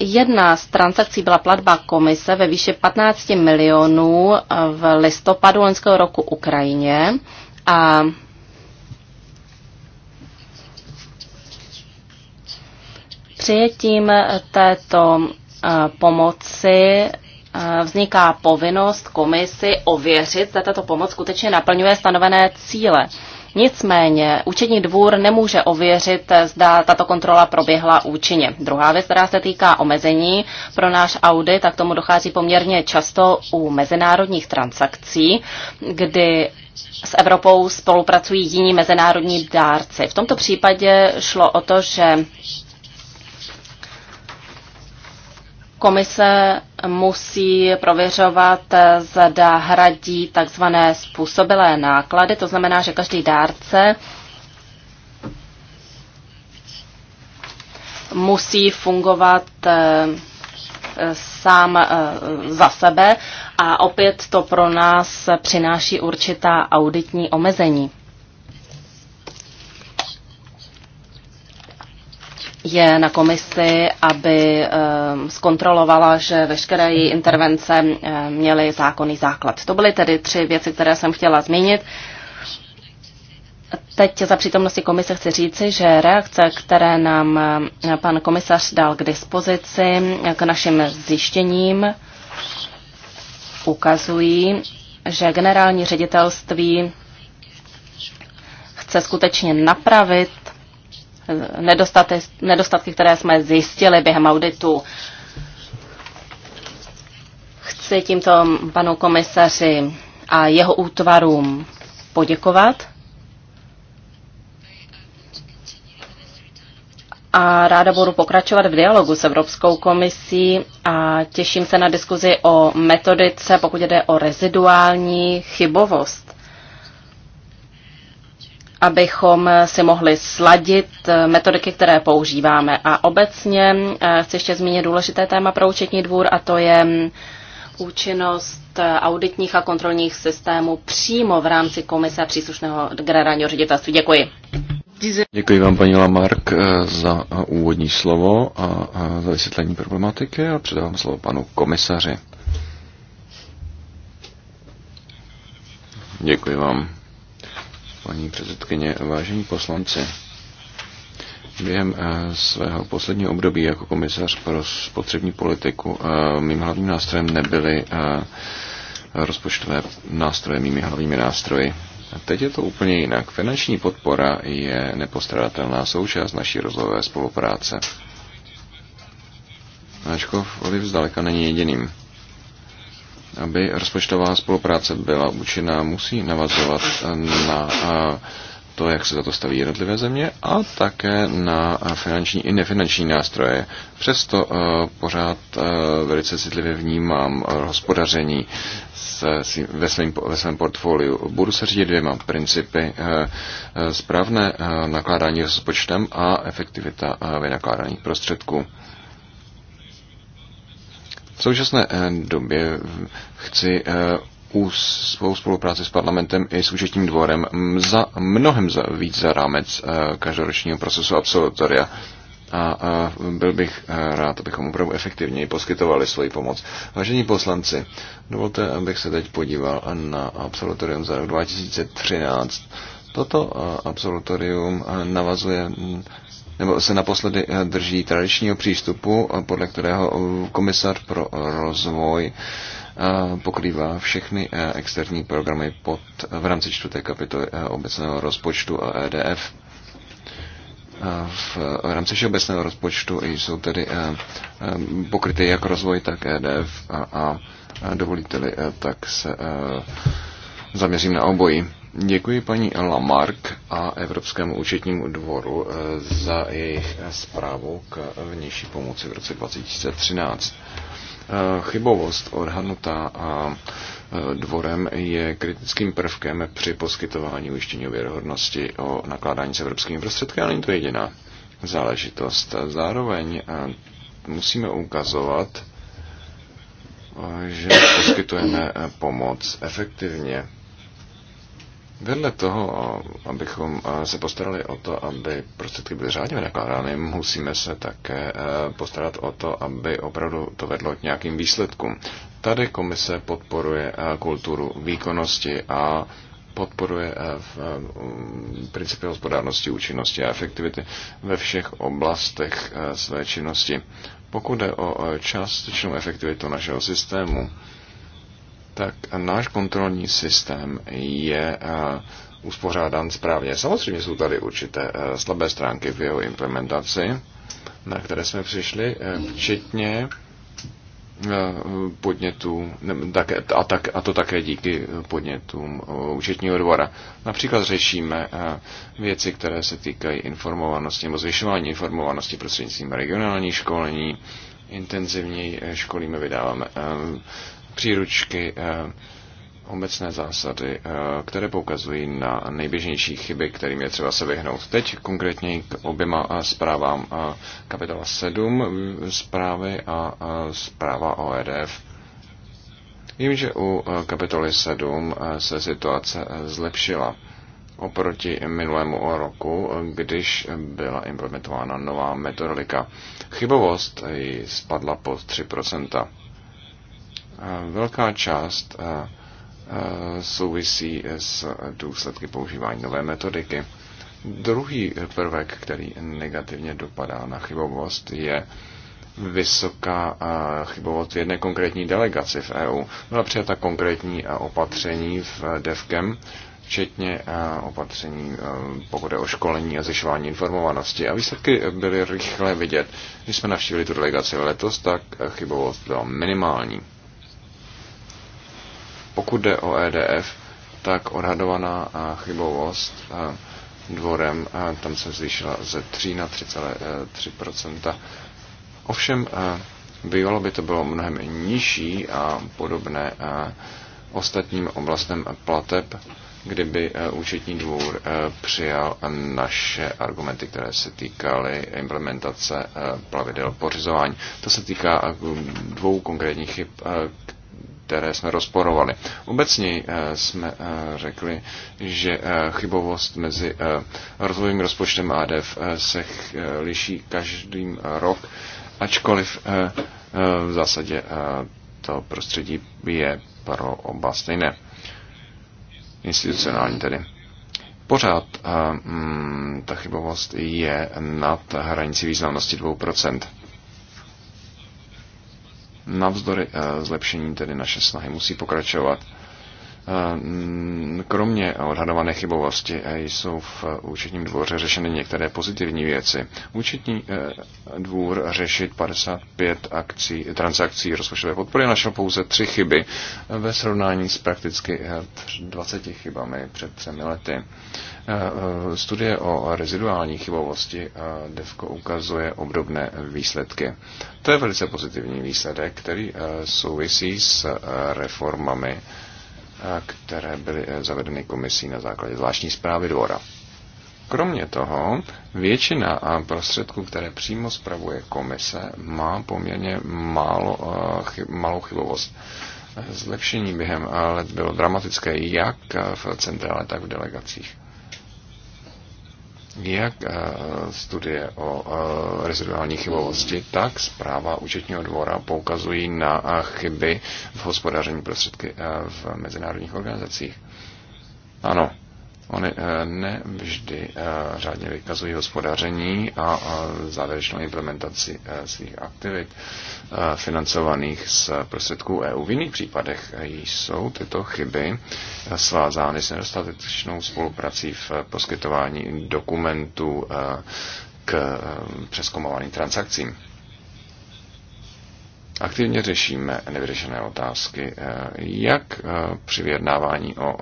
Speaker 3: Jedna z transakcí byla platba komise ve výši 15 milionů v listopadu loňského roku Ukrajině a přijetím této Eh, pomoci eh, vzniká povinnost komisi ověřit, zda tato pomoc skutečně naplňuje stanovené cíle. Nicméně účetní dvůr nemůže ověřit, eh, zda tato kontrola proběhla účinně. Druhá věc, která se týká omezení pro náš audit, tak tomu dochází poměrně často u mezinárodních transakcí, kdy s Evropou spolupracují jiní mezinárodní dárci. V tomto případě šlo o to, že Komise musí prověřovat, zda hradí takzvané způsobilé náklady, to znamená, že každý dárce musí fungovat eh, sám eh, za sebe a opět to pro nás přináší určitá auditní omezení. je na komisi, aby ehm, zkontrolovala, že veškeré její intervence ehm, měly zákonný základ. To byly tedy tři věci, které jsem chtěla zmínit. Teď za přítomnosti komise chci říci, že reakce, které nám ehm, pan komisař dal k dispozici k našim zjištěním, ukazují, že generální ředitelství chce skutečně napravit nedostaty, nedostatky, které jsme zjistili během auditu. Chci tímto panu komisaři a jeho útvarům poděkovat. A ráda budu pokračovat v dialogu s Evropskou komisí a těším se na diskuzi o metodice, pokud jde o reziduální chybovost abychom si mohli sladit eh, metodiky, které používáme. A obecně eh, chci ještě zmínit důležité téma pro účetní dvůr a to je mm, účinnost eh, auditních a kontrolních systémů přímo v rámci komise příslušného generálního ředitelství. Děkuji.
Speaker 2: Děkuji vám, paní Lamark, za úvodní slovo a za vysvětlení problematiky a předávám slovo panu komisaři. Děkuji vám paní předsedkyně, vážení poslanci. Během eh, svého posledního období jako komisař pro spotřební politiku eh, mým hlavním nástrojem nebyly eh, rozpočtové nástroje, mými hlavními nástroji. Teď je to úplně jinak. Finanční podpora je nepostradatelná součást naší rozvojové spolupráce. Ačkov Oliv zdaleka není jediným aby rozpočtová spolupráce byla účinná, musí navazovat na to, jak se za to staví jednotlivé země a také na finanční i nefinanční nástroje. Přesto pořád velice citlivě vnímám hospodaření ve, svém, ve svém portfoliu. Budu se řídit dvěma principy. Správné nakládání s rozpočtem a efektivita vynakládaných prostředků současné eh, době chci eh, svou spolupráci s parlamentem i s účetním dvorem za mnohem za, víc za rámec eh, každoročního procesu absolutoria a byl bych rád, abychom opravdu efektivněji poskytovali svoji pomoc. Vážení poslanci, dovolte, abych se teď podíval na absolutorium za rok 2013. Toto absolutorium navazuje nebo se naposledy eh, drží tradičního přístupu, eh, podle kterého eh, komisar pro rozvoj pokrývá všechny externí programy pod, v rámci čtvrté kapitoly obecného rozpočtu a EDF. V rámci všeobecného rozpočtu jsou tedy pokryty jak rozvoj, tak EDF a, a dovolíte-li, tak se zaměřím na obojí. Děkuji paní Lamark a Evropskému účetnímu dvoru eh, za jejich eh, zprávu k eh, vnější pomoci v roce 2013. Chybovost odhadnutá dvorem je kritickým prvkem při poskytování ujištění o věrohodnosti o nakládání s evropskými prostředky, ale není to jediná záležitost. Zároveň musíme ukazovat, že poskytujeme pomoc efektivně Vedle toho, abychom se postarali o to, aby prostředky byly řádně vynakládány, musíme se také e, postarat o to, aby opravdu to vedlo k nějakým výsledkům. Tady komise podporuje e, kulturu výkonnosti a podporuje e, v principy hospodárnosti, účinnosti a efektivity ve všech oblastech své činnosti. Pokud jde o částečnou efektivitu našeho systému, tak náš kontrolní systém je eh, uspořádán správně. Samozřejmě jsou tady určité eh, slabé stránky v jeho implementaci, na které jsme přišli, eh, včetně podnětů, a, to také díky podnětům účetního dvora. Například řešíme věci, které se týkají informovanosti nebo zvyšování informovanosti prostřednictvím regionální školení, intenzivněji školíme, vydáváme příručky, eh, obecné zásady, eh, které poukazují na nejběžnější chyby, kterým je třeba se vyhnout. Teď konkrétně k oběma eh, zprávám kapitola 7 zprávy a zpráva o EDF. Vím, že u kapitoly 7 se situace zlepšila oproti minulému roku, když byla implementována nová metodika. Chybovost spadla pod 3% velká část souvisí s důsledky používání nové metodiky. Druhý prvek, který negativně dopadá na chybovost, je vysoká chybovost v jedné konkrétní delegaci v EU. Byla přijata konkrétní opatření v DEVKEM, včetně opatření, pokud je o školení a zvyšování informovanosti. A výsledky byly rychle vidět. Když jsme navštívili tu delegaci letos, tak chybovost byla minimální. Pokud jde o EDF, tak odhadovaná eh, chybovost eh, dvorem, eh, tam se zvýšila ze 3 na 3,3 Ovšem, bývalo by to bylo mnohem nižší a podobné ostatním oblastem plateb, kdyby účetní dvůr přijal naše argumenty, které se týkaly implementace plavidel pořizování. To se týká dvou konkrétních chyb, které jsme rozporovali. Obecně eh, jsme eh, řekli, že eh, chybovost mezi rozvojovým rozpočtem a ADF se liší každým rok, ačkoliv v zásadě to prostředí je pro oba stejné. Institucionální tedy. Pořád mm, ta chybovost je nad hranicí významnosti 2%. Navzdory eh, zlepšení tedy naše snahy musí pokračovat. Ehm, kromě odhadované chybovosti eh, jsou v eh, účetním dvoře řešeny některé pozitivní věci. Účetní eh, dvůr řešit 55 akcí, transakcí rozpočtové podpory našel pouze tři chyby ve srovnání s prakticky 20 chybami před třemi lety. Studie o reziduální chybovosti DEFCO ukazuje obdobné výsledky. To je velice pozitivní výsledek, který souvisí s reformami které byly eh, zavedeny komisí na základě zvláštní zprávy dvora. Kromě toho, většina eh, prostředků, které přímo spravuje komise, má poměrně málo, eh, malou chybovost. Zlepšení během let bylo dramatické jak v centrále, tak v delegacích jak eh, studie o eh, reziduální chybovosti, tak zpráva účetního dvora poukazují na eh, chyby v hospodaření prostředky v mezinárodních organizacích. Ano, Oni eh, ne vždy eh, řádně vykazují hospodaření a závěrečnou implementaci eh, svých aktivit financovaných z prostředků EU. V jiných případech jsou tyto chyby svázány s nedostatečnou spoluprací v poskytování dokumentů k přeskomování transakcím aktivně řešíme nevyřešené otázky, eh, jak eh, při vyjednávání o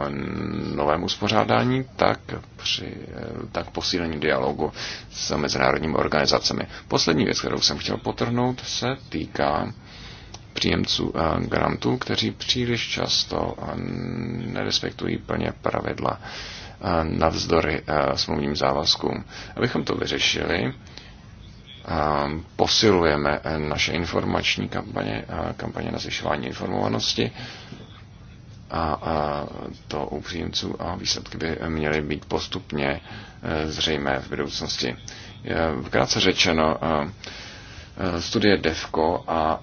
Speaker 2: novém uspořádání, tak, při, eh, tak posílení dialogu s mezinárodními organizacemi. Poslední věc, kterou jsem chtěl potrhnout, se týká příjemců grantů, kteří příliš často nerespektují plně pravidla navzdory smluvním závazkům. Abychom to vyřešili, posilujeme naše informační kampaně, kampaně na zvyšování informovanosti a to u příjemců a výsledky by měly být postupně e, zřejmé v budoucnosti. Krátce řečeno, e, e, studie DEFCO a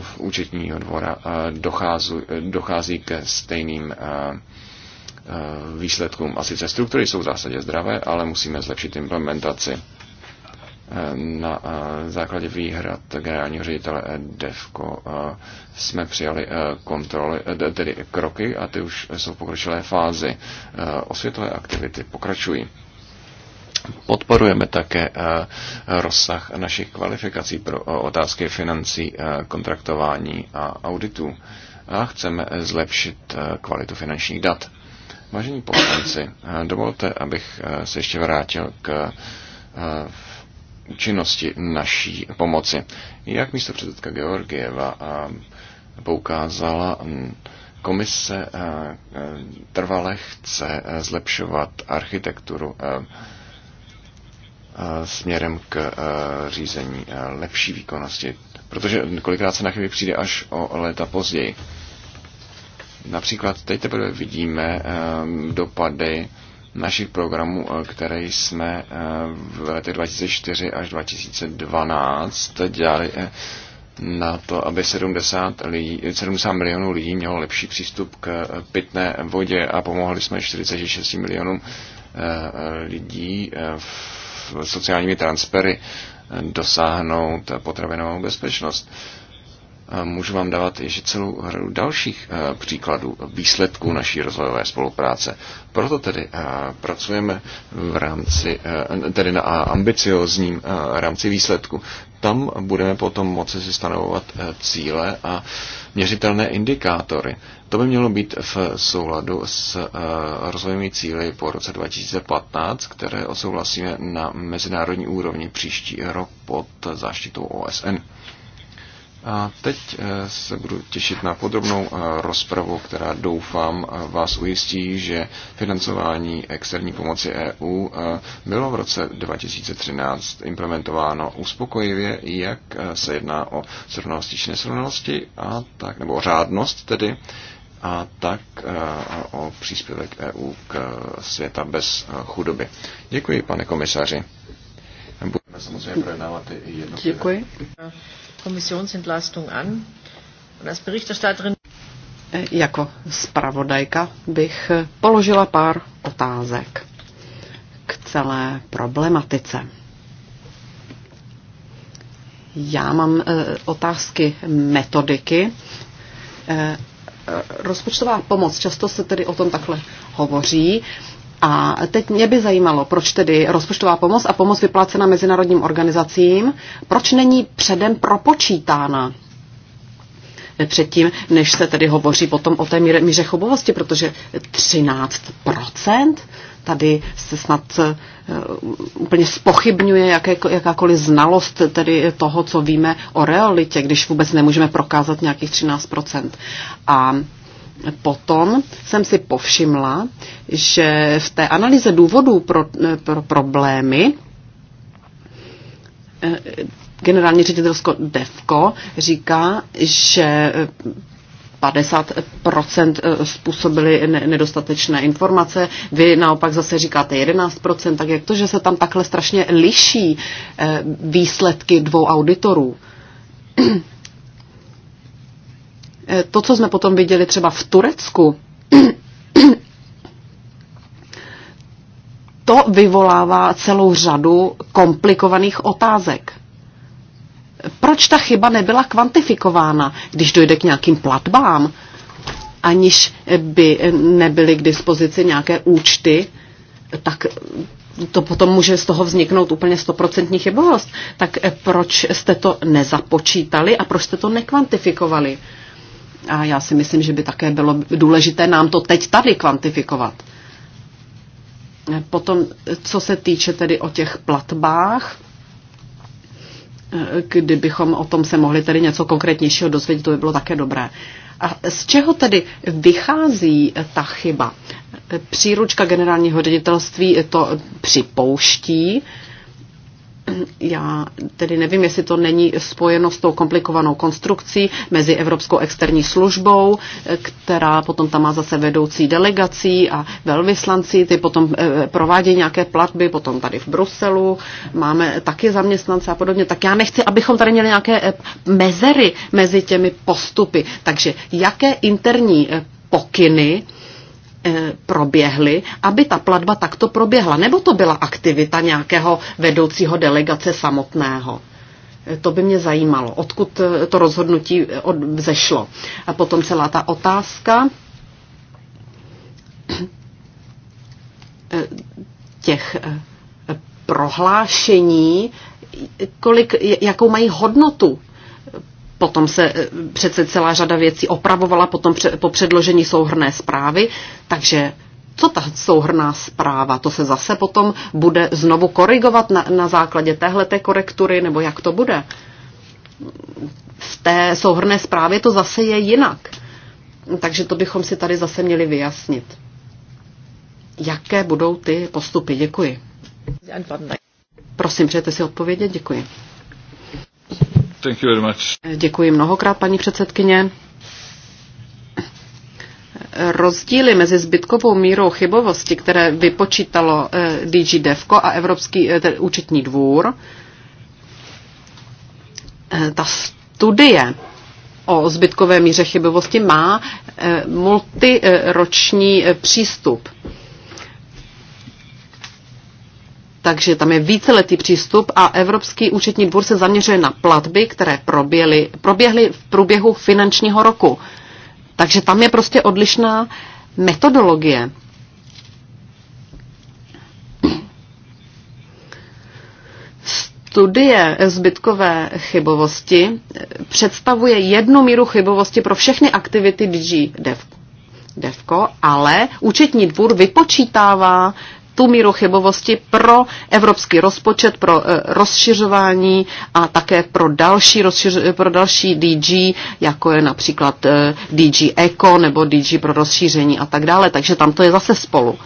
Speaker 2: v účetního dvora dochází, dochází ke stejným výsledkům. A sice struktury jsou v zásadě zdravé, ale musíme zlepšit implementaci na eh, základě výhrad generálního ředitele DEFCO eh, jsme přijali eh, kontroly, tedy kroky a ty už jsou v pokročilé fázi. Osvětové aktivity pokračují. Podporujeme také rozsah našich kvalifikací pro otázky financí, kontraktování a auditů a chceme zlepšit kvalitu finančních dat. Vážení poslanci, dovolte, abych se ještě vrátil k účinnosti naší pomoci. Jak místo předsedka Georgieva poukázala, komise trvale chce zlepšovat architekturu směrem k řízení lepší výkonnosti, protože kolikrát se na chyby přijde až o léta později. Například teď teprve vidíme dopady našich programů, eh, které jsme eh, v letech 2004 až 2012 dělali eh, na to, aby 70, lidí, 70 milionů lidí mělo lepší přístup k pitné vodě a pomohli jsme 46 milionům lidí v sociálními transfery dosáhnout potravinovou bezpečnost. Můžu vám dávat ještě celou hru dalších e, příkladů výsledků naší rozvojové spolupráce. Proto tedy e, pracujeme v rámci, e, tedy na ambiciozním rámci výsledku. Tam budeme potom moci si stanovovat cíle a měřitelné indikátory. To by mělo být v souladu s rozvojovými cíly po roce 2015, které odsouhlasíme na mezinárodní úrovni příští rok pod záštitou OSN. A teď eh, se budu těšit na podrobnou eh, rozpravu, která doufám eh, vás ujistí, že financování externí pomoci EU bylo v roce 2013 implementováno uspokojivě, jak se jedná o srovnalosti či nesrovnalosti, a tak, nebo řádnost tedy, a tak o příspěvek EU k světa bez chudoby. Děkuji, pane komisaři. Budeme samozřejmě projednávat i jednotlivé. Děkuji.
Speaker 7: Kommissionsentlastung
Speaker 1: an. Und als Berichterstatterin e, jako zpravodajka bych e, položila pár otázek k celé problematice. Já mám e, otázky metodiky. rozpočtová pomoc, často se tedy o tom takhle hovoří. A teď mě by zajímalo, proč tedy rozpočtová pomoc a pomoc vyplácena mezinárodním organizacím, proč není předem propočítána předtím, než se tedy hovoří potom o té míře, míře chobovosti, protože 13% tady se snad eh, úplně spochybňuje jaké, jakákoliv znalost tedy toho, co víme o realitě, když vůbec nemůžeme prokázat nějakých 13%. A Potom jsem si povšimla, že v té analýze důvodů pro, pro problémy eh, generální ředitelsko DEVKO říká, že 50% eh, způsobily nedostatečné informace, vy naopak zase říkáte 11%, tak jak to, že se tam takhle strašně liší eh, výsledky dvou auditorů? Eh, to, co jsme potom viděli třeba v Turecku, to vyvolává celou řadu komplikovaných otázek. Proč ta chyba nebyla kvantifikována, když dojde k nějakým platbám, aniž by nebyly k dispozici nějaké účty, tak to potom může z toho vzniknout úplně stoprocentní chybovost. Tak eh, proč jste to nezapočítali a proč jste to nekvantifikovali? A já si myslím, že by také bylo důležité nám to teď tady kvantifikovat. Potom, co se týče tedy o těch platbách, kdybychom o tom se mohli tedy něco konkrétnějšího dozvědět, to by bylo také dobré. A z čeho tedy vychází ta chyba? Příručka generálního ředitelství to připouští, já tedy nevím, jestli to není spojeno s tou komplikovanou konstrukcí mezi Evropskou externí službou, která potom tam má zase vedoucí delegací a velvyslanci, ty potom eh, provádějí nějaké platby, potom tady v Bruselu máme taky zaměstnance a podobně. Tak já nechci, abychom tady měli nějaké eh, mezery mezi těmi postupy. Takže jaké interní eh, pokyny E, proběhly, aby ta platba takto proběhla? Nebo to byla aktivita nějakého vedoucího delegace samotného? E, to by mě zajímalo, odkud e, to rozhodnutí vzešlo. A potom celá ta otázka těch prohlášení, kolik, jakou mají hodnotu Potom se eh, přece celá řada věcí opravovala potom po předložení souhrné zprávy, takže co ta souhrná zpráva? To se zase potom bude znovu korigovat na, na základě téhle té korektury, nebo jak to bude? V té souhrné zprávě to zase je jinak. Takže to bychom si tady zase měli vyjasnit. Jaké budou ty postupy? Děkuji. Prosím, přejete si odpovědět? Děkuji.
Speaker 4: Thank you very much.
Speaker 1: Děkuji mnohokrát, paní předsedkyně. Rozdíly mezi zbytkovou mírou chybovosti, které vypočítalo eh, DG DEVCO a Evropský eh, účetní dvůr, eh, ta studie o zbytkové míře chybovosti má multiroční přístup. Takže tam je víceletý přístup a Evropský účetní dvůr se zaměřuje na platby, které proběhly, proběhly v průběhu finančního roku. Takže tam je prostě odlišná metodologie. studie zbytkové chybovosti představuje jednu míru chybovosti pro všechny aktivity DG DEVCO, e ale účetní dvůr vypočítává tu míru chybovosti pro evropský rozpočet, pro eh, rozšiřování a také pro další, rozšiř, pro další DG, jako je například eh, DG Eco nebo DG pro rozšíření a tak dále. Takže tam to je zase spolu.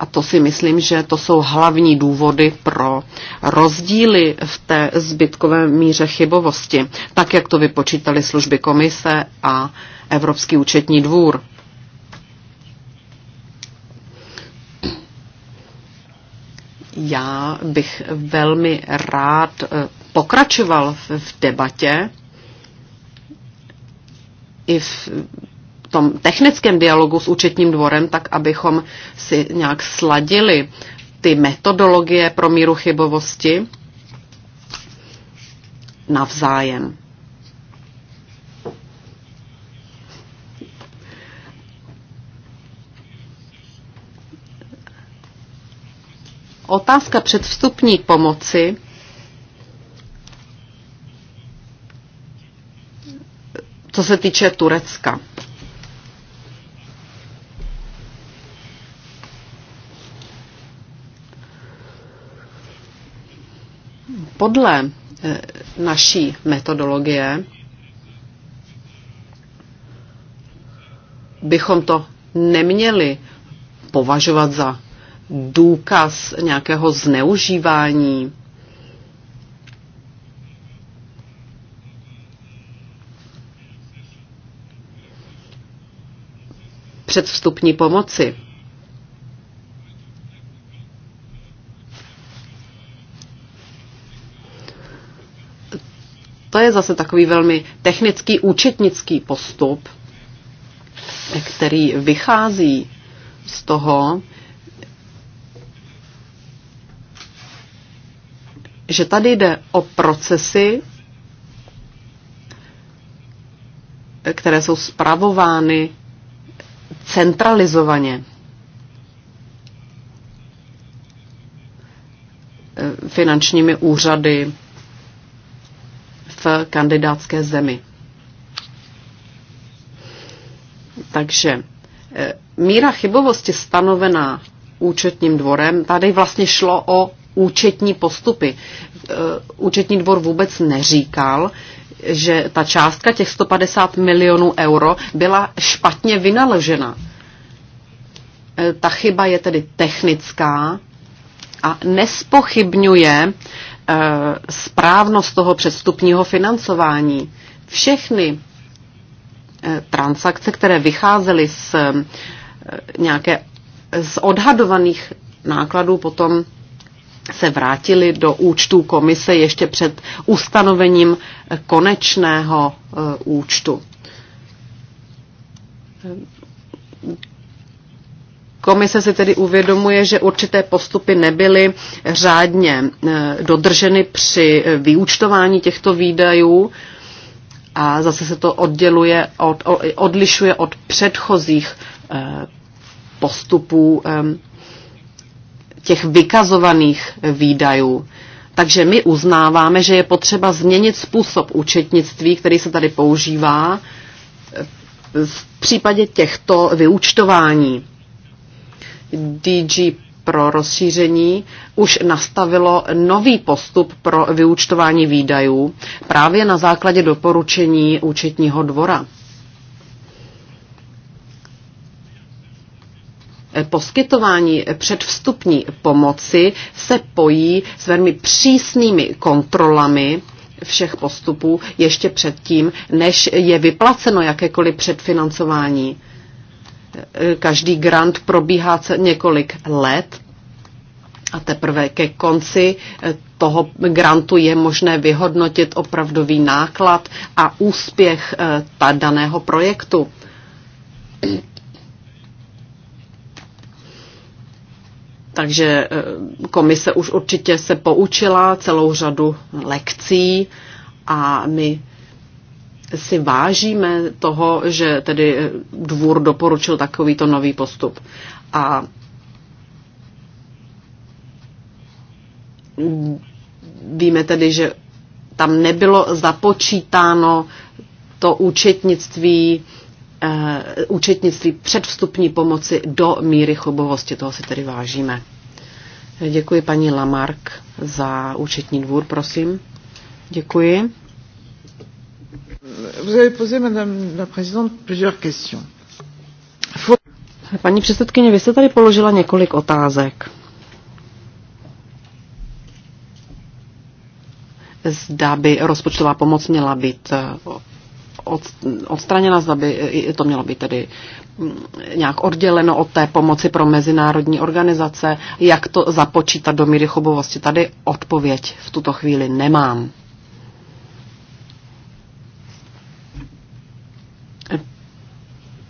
Speaker 1: A to si myslím, že to jsou hlavní důvody pro rozdíly v té zbytkové míře chybovosti, tak jak to vypočítali služby komise a Evropský účetní dvůr. já bych velmi rád eh, pokračoval v debatě i v tom technickém dialogu s účetním dvorem, tak abychom si nějak sladili ty metodologie pro míru chybovosti navzájem. otázka předvstupní pomoci co se týče Turecka. Podle eh, naší metodologie bychom to neměli považovat za důkaz nějakého zneužívání. předvstupní pomoci. To je zase takový velmi technický účetnický postup, který vychází z toho, že tady jde o procesy, které jsou spravovány centralizovaně. finančními úřady v kandidátské zemi. Takže eh, míra chybovosti stanovená účetním dvorem, tady vlastně šlo o účetní postupy. Eh, účetní dvor vůbec neříkal, že ta částka těch 150 milionů euro byla špatně vynaložena. Eh, ta chyba je tedy technická a nespochybňuje eh, správnost toho předstupního financování. Všechny transakce, které vycházely z nějaké z odhadovaných nákladů potom se vrátili do účtů komise ještě před ustanovením konečného eh, účtu. Komise si tedy uvědomuje, že určité postupy nebyly řádně eh, dodrženy při eh, vyúčtování těchto výdajů a zase se to odděluje od, odlišuje od předchozích postupů těch vykazovaných výdajů. Takže my uznáváme, že je potřeba změnit způsob účetnictví, který se tady používá eh, v případě těchto vyúčtování. DG pro rozšíření už nastavilo nový postup pro vyúčtování výdajů právě na základě doporučení účetního dvora. Eh, poskytování eh, předvstupní pomoci se pojí s velmi přísnými kontrolami všech postupů ještě předtím, než je vyplaceno jakékoliv předfinancování. Eh, každý grant probíhá několik let a teprve ke konci toho grantu je možné vyhodnotit opravdový náklad a úspěch ta daného projektu. Takže eh, komise už určitě se poučila celou řadu lekcí a my si vážíme toho, že tedy eh, dvůr doporučil takovýto nový postup. A víme tedy, že tam nebylo započítáno to účetnictví Eh, účetnictví předvstupní pomoci do míry chobovosti. Toho si tedy vážíme. Děkuji paní Lamark za účetní dvůr, prosím. Děkuji.
Speaker 6: Vous avez posé, madame la présidente, plusieurs questions.
Speaker 1: Paní předsedkyně, vy jste tady položila několik otázek. Zda by rozpočtová pomoc měla být eh, odstraněna, zda by to mělo být tedy mm, nějak odděleno od té pomoci pro mezinárodní organizace, jak to započítat do míry chobovosti. Tady odpověď v tuto chvíli nemám.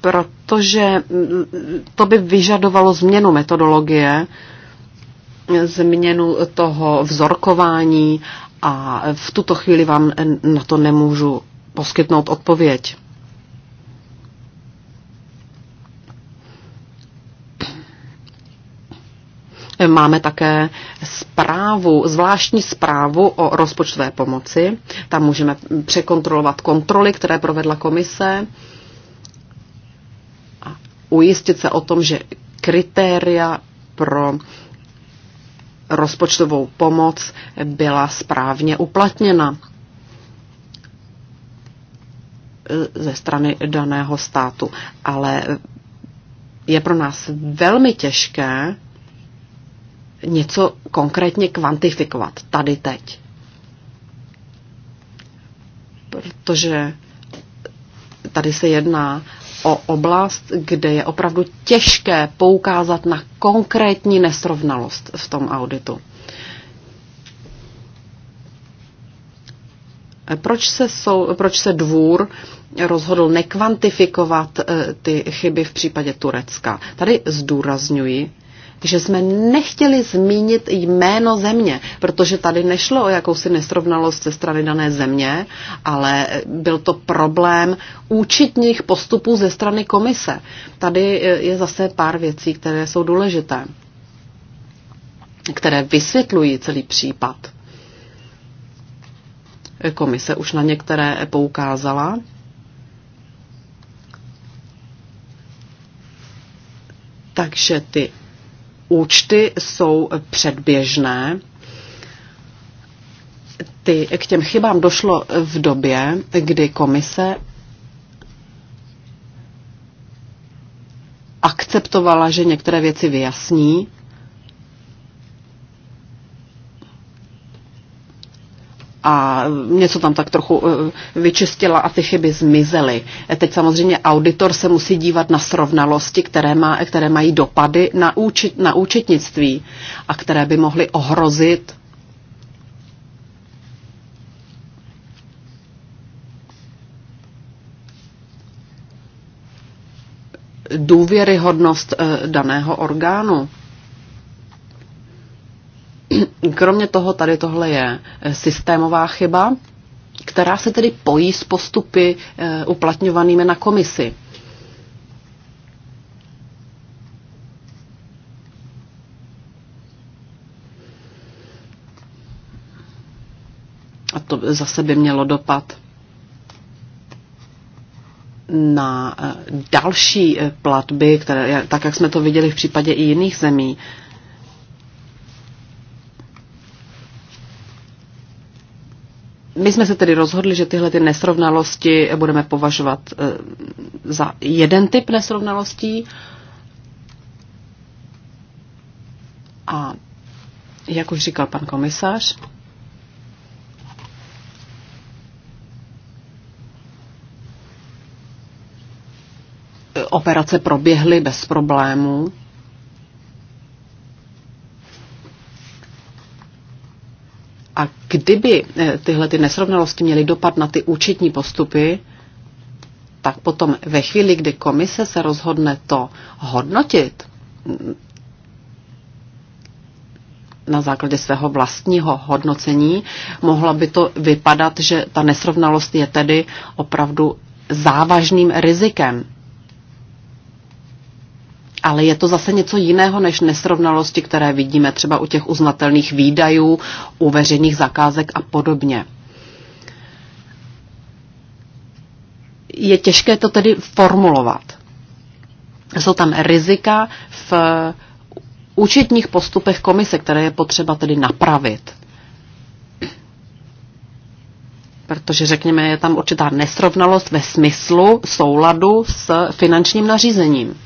Speaker 1: Protože mm, to by vyžadovalo změnu metodologie, změnu toho vzorkování a v tuto chvíli vám na to nemůžu poskytnout odpověď. Máme také zprávu, zvláštní zprávu o rozpočtové pomoci. Tam můžeme překontrolovat kontroly, které provedla komise a ujistit se o tom, že kritéria pro rozpočtovou pomoc byla správně uplatněna. Eh, ze strany daného státu. Ale je pro nás velmi těžké něco konkrétně kvantifikovat tady teď. Protože tady se jedná o oblast, kde je opravdu těžké poukázat na konkrétní nesrovnalost v tom auditu. Proč se, sou, proč se dvůr rozhodl nekvantifikovat eh, ty chyby v případě Turecka. Tady zdůrazňuji, že jsme nechtěli zmínit jméno země, protože tady nešlo o jakousi nesrovnalost ze strany dané země, ale byl to problém účetních postupů ze strany komise. Tady eh, je zase pár věcí, které jsou důležité, které vysvětlují celý případ. Komise už na některé poukázala. Takže ty účty jsou předběžné. Ty, k těm chybám došlo v době, kdy komise akceptovala, že některé věci vyjasní a něco tam tak trochu eh, vyčistila a ty chyby zmizely. Teď samozřejmě auditor se musí dívat na srovnalosti, které, má, které mají dopady na, účet, na účetnictví a které by mohly ohrozit důvěryhodnost eh, daného orgánu. Kromě toho tady tohle je eh, systémová chyba, která se tedy pojí s postupy eh, uplatňovanými na komisi. A to zase by mělo dopad na eh, další platby, které, tak jak jsme to viděli v případě i jiných zemí. My jsme se tedy rozhodli, že tyhle ty nesrovnalosti budeme považovat eh, za jeden typ nesrovnalostí. A jak už říkal pan komisař, operace proběhly bez problémů. A kdyby eh, tyhle ty nesrovnalosti měly dopad na ty účetní postupy, tak potom ve chvíli, kdy komise se rozhodne to hodnotit mm, na základě svého vlastního hodnocení, mohla by to vypadat, že ta nesrovnalost je tedy opravdu závažným rizikem. Ale je to zase něco jiného než nesrovnalosti, které vidíme třeba u těch uznatelných výdajů, u veřejných zakázek a podobně. Je těžké to tedy formulovat. Jsou tam rizika v účetních postupech komise, které je potřeba tedy napravit. Protože, řekněme, je tam určitá nesrovnalost ve smyslu souladu s finančním nařízením.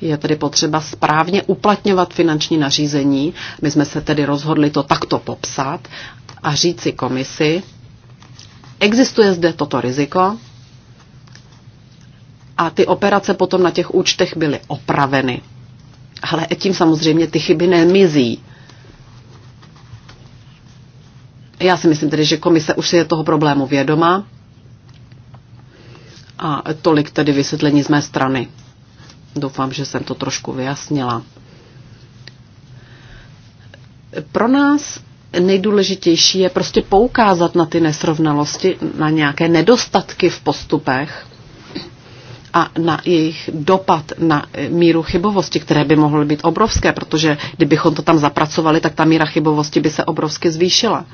Speaker 1: Je tedy potřeba správně uplatňovat finanční nařízení. My jsme se tedy rozhodli to takto popsat a říci komisi, existuje zde toto riziko a ty operace potom na těch účtech byly opraveny. Ale tím samozřejmě ty chyby nemizí. Já si myslím tedy, že komise už si je toho problému vědoma. A tolik tedy vysvětlení z mé strany. Doufám, že jsem to trošku vyjasnila. Pro nás nejdůležitější je prostě poukázat na ty nesrovnalosti, na nějaké nedostatky v postupech a na jejich dopad na míru chybovosti, které by mohly být obrovské, protože kdybychom to tam zapracovali, tak ta míra chybovosti by se obrovsky zvýšila.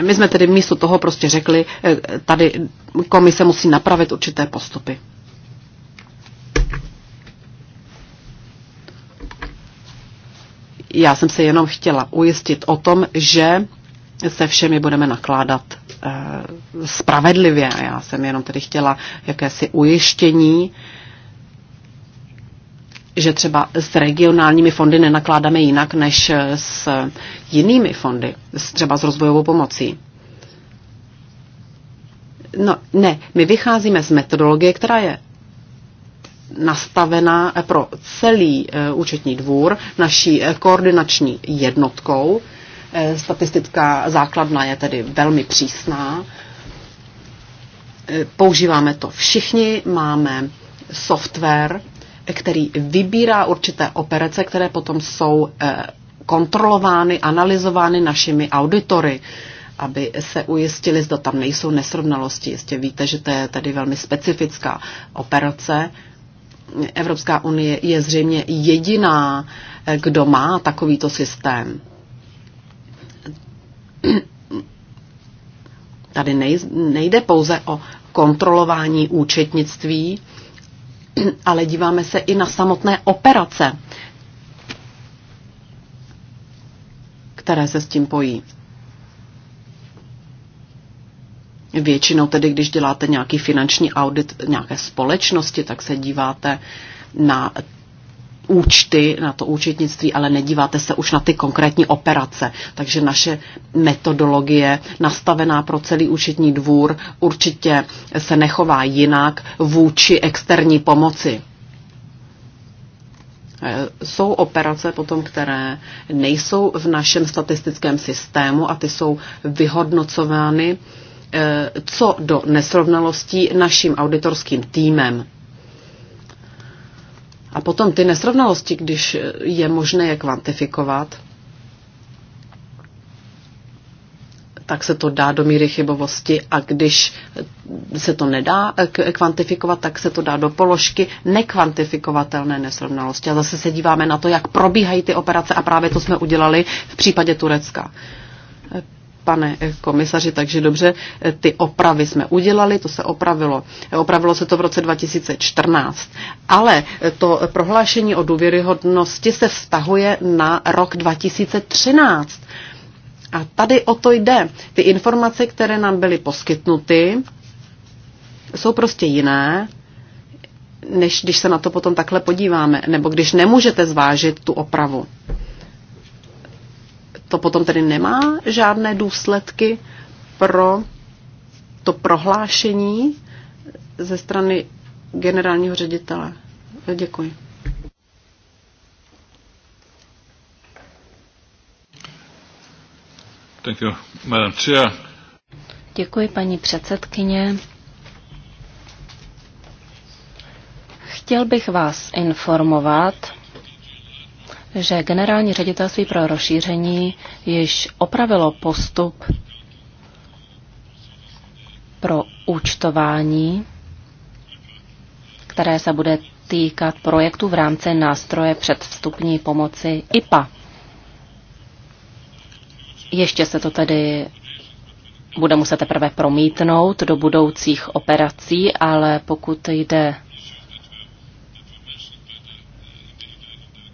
Speaker 1: My jsme tedy místo toho prostě řekli, eh, tady komise musí napravit určité postupy. Já jsem se jenom chtěla ujistit o tom, že se všemi budeme nakládat eh, spravedlivě. Já jsem jenom tedy chtěla jakési ujištění, že třeba s regionálními fondy nenakládáme jinak než s jinými fondy, třeba s rozvojovou pomocí. No ne, my vycházíme z metodologie, která je nastavená pro celý e, účetní dvůr naší e, koordinační jednotkou. E, statistická základna je tedy velmi přísná. Používáme to všichni, máme software, který vybírá určité operace, které potom jsou eh, kontrolovány, analyzovány našimi auditory, aby se ujistili, zda tam nejsou nesrovnalosti. Jistě víte, že to je tady velmi specifická operace. Evropská unie je zřejmě jediná, eh, kdo má takovýto systém. Tady nejde pouze o kontrolování účetnictví, ale díváme se i na samotné operace, které se s tím pojí. Většinou tedy, když děláte nějaký finanční audit nějaké společnosti, tak se díváte na účty, na to účetnictví, ale nedíváte se už na ty konkrétní operace. Takže naše metodologie nastavená pro celý účetní dvůr určitě se nechová jinak vůči externí pomoci. E, jsou operace potom, které nejsou v našem statistickém systému a ty jsou vyhodnocovány e, co do nesrovnalostí naším auditorským týmem. A potom ty nesrovnalosti, když je možné je kvantifikovat, tak se to dá do míry chybovosti a když se to nedá eh, kvantifikovat, tak se to dá do položky nekvantifikovatelné nesrovnalosti. A zase se díváme na to, jak probíhají ty operace a právě to jsme udělali v případě Turecka pane komisaři, takže dobře, ty opravy jsme udělali, to se opravilo. Opravilo se to v roce 2014. Ale to prohlášení o důvěryhodnosti se vztahuje na rok 2013. A tady o to jde. Ty informace, které nám byly poskytnuty, jsou prostě jiné, než když se na to potom takhle podíváme, nebo když nemůžete zvážit tu opravu to potom tedy nemá žádné důsledky pro to prohlášení ze strany generálního ředitele. Děkuji.
Speaker 4: Thank you, Madam Chair.
Speaker 3: Děkuji, paní předsedkyně. Chtěl bych vás informovat, že generální ředitelství pro rozšíření již opravilo postup pro účtování, které se bude týkat projektu v rámci nástroje předvstupní pomoci IPA. Ještě se to tedy bude muset teprve promítnout do budoucích operací, ale pokud jde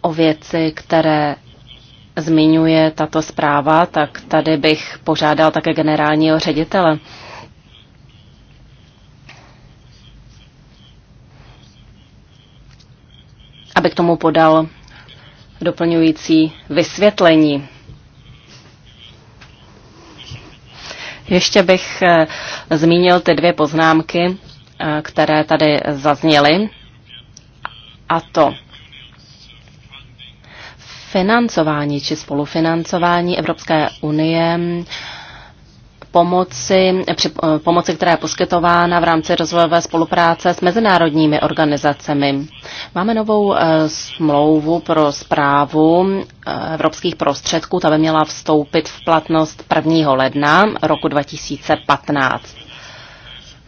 Speaker 3: o věci, které zmiňuje tato zpráva, tak tady bych požádal také generálního ředitele. aby k tomu podal doplňující vysvětlení. Ještě bych eh, zmínil ty dvě poznámky, eh, které tady zazněly. A to financování či spolufinancování Evropské unie pomoci, při eh, pomoci, která je poskytována v rámci rozvojové spolupráce s mezinárodními organizacemi. Máme novou eh, smlouvu pro zprávu eh, evropských prostředků, ta by měla vstoupit v platnost 1. ledna roku 2015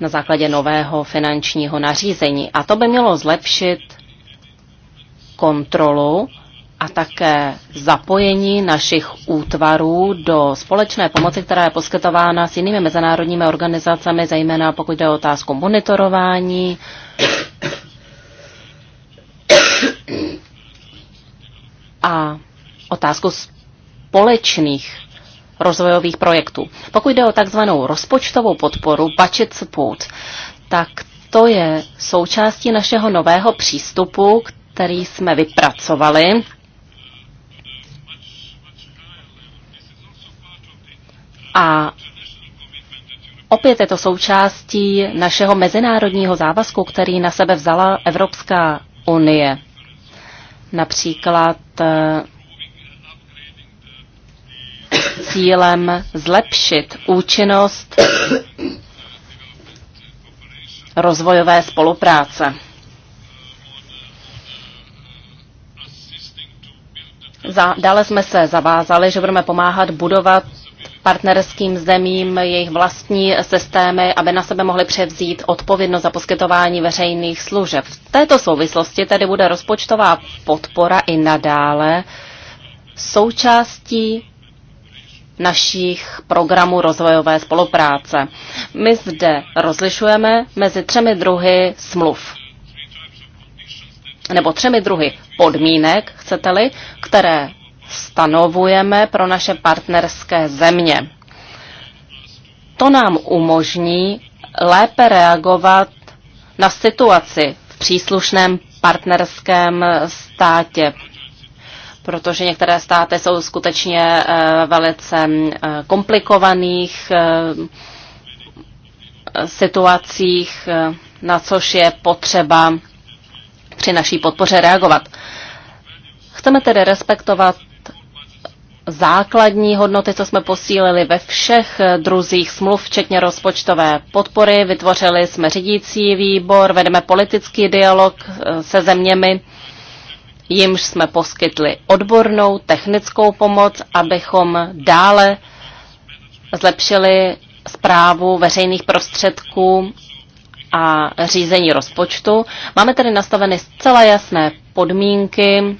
Speaker 3: na základě nového finančního nařízení. A to by mělo zlepšit kontrolu a také zapojení našich útvarů do společné pomoci, která je poskytována s jinými mezinárodními organizacemi, zejména pokud jde o otázku monitorování. a otázku společných rozvojových projektů. Pokud jde o takzvanou rozpočtovou podporu, budget support, tak to je součástí našeho nového přístupu, který jsme vypracovali A opět je to součástí našeho mezinárodního závazku, který na sebe vzala Evropská unie. Například eh, cílem zlepšit účinnost rozvojové spolupráce. Za, dále jsme se zavázali, že budeme pomáhat budovat partnerským zemím jejich vlastní systémy, aby na sebe mohly převzít odpovědnost za poskytování veřejných služeb. V této souvislosti tedy bude rozpočtová podpora i nadále součástí našich programů rozvojové spolupráce. My zde rozlišujeme mezi třemi druhy smluv nebo třemi druhy podmínek, chcete-li, které stanovujeme pro naše partnerské země. To nám umožní lépe reagovat na situaci v příslušném partnerském státě, protože některé státy jsou skutečně eh, velice eh, komplikovaných eh, situacích, na což je potřeba při naší podpoře reagovat. Chceme tedy respektovat základní hodnoty, co jsme posílili ve všech druzích smluv, včetně rozpočtové podpory. Vytvořili jsme řídící výbor, vedeme politický dialog eh, se zeměmi, jimž jsme poskytli odbornou technickou pomoc, abychom dále zlepšili zprávu veřejných prostředků a řízení rozpočtu. Máme tedy nastaveny zcela jasné podmínky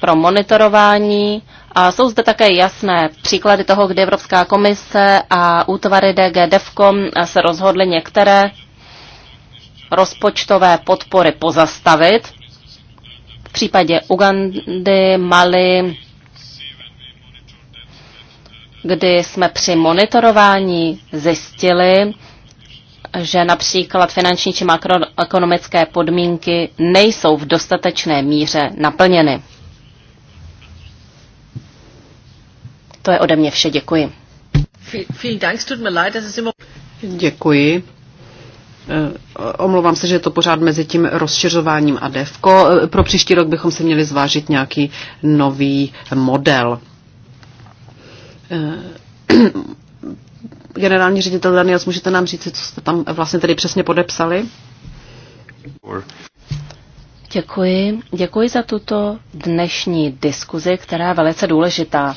Speaker 3: pro monitorování a jsou zde také jasné příklady toho, kdy Evropská komise a útvary DG DEVCOM se rozhodly některé rozpočtové podpory pozastavit. V případě Ugandy, Mali, kdy jsme při monitorování zjistili, že například finanční či makroekonomické podmínky nejsou v dostatečné míře naplněny.
Speaker 1: To je ode mě vše. Děkuji. Děkuji. Eh, omlouvám se, že je to pořád mezi tím rozšiřováním a devko. Eh, pro příští rok bychom si měli zvážit nějaký nový model. Eh, generální ředitel Daniel, můžete nám říct, co jste tam vlastně tedy přesně podepsali?
Speaker 3: Děkuji. Děkuji za tuto dnešní diskuzi, která je velice důležitá.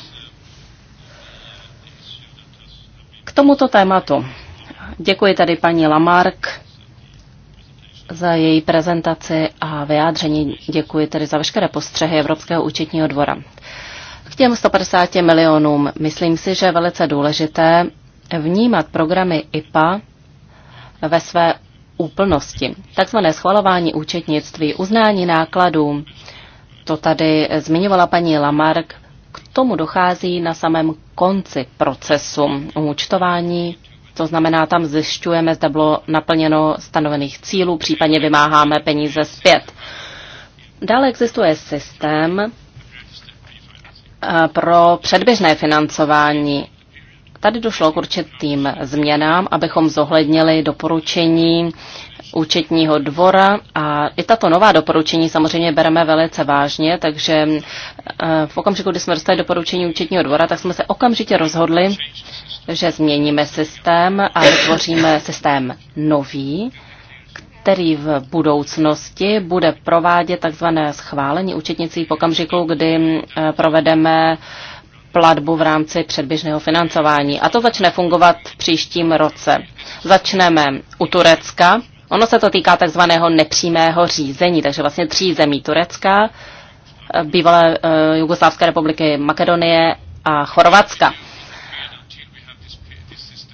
Speaker 3: tomuto tématu. Děkuji tady paní Lamark za její prezentaci a vyjádření. Děkuji tedy za veškeré postřehy Evropského účetního dvora. K těm 150 milionům myslím si, že je velice důležité vnímat programy IPA ve své úplnosti. Takzvané schvalování účetnictví, uznání nákladů, to tady zmiňovala paní Lamark, k tomu dochází na samém konci procesu účtování, to znamená, tam zjišťujeme, zda bylo naplněno stanovených cílů, případně vymáháme peníze zpět. Dále existuje systém eh, pro předběžné financování Tady došlo k určitým změnám, abychom zohlednili doporučení účetního dvora a i tato nová doporučení samozřejmě bereme velice vážně, takže eh, v okamžiku, kdy jsme dostali doporučení účetního dvora, tak jsme se okamžitě rozhodli, že změníme systém a vytvoříme systém nový, který v budoucnosti bude provádět takzvané schválení účetnicí v okamžiku, kdy eh, provedeme uh, platbu v rámci předběžného financování. A to začne fungovat v příštím roce. Začneme u Turecka. Ono se to týká takzvaného nepřímého řízení, takže vlastně tří zemí Turecka, bývalé eh, Jugoslávské republiky Makedonie a Chorvatska.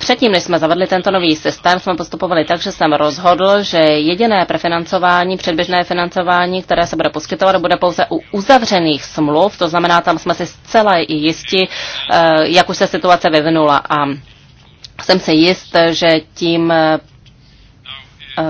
Speaker 3: Předtím, než jsme zavedli tento nový systém, jsme postupovali tak, že jsem rozhodl, že jediné prefinancování, předběžné financování, které se bude poskytovat, bude pouze u uzavřených smluv, to znamená, tam jsme si zcela jisti, eh, jak už se situace vyvinula a jsem si jist, že tím eh,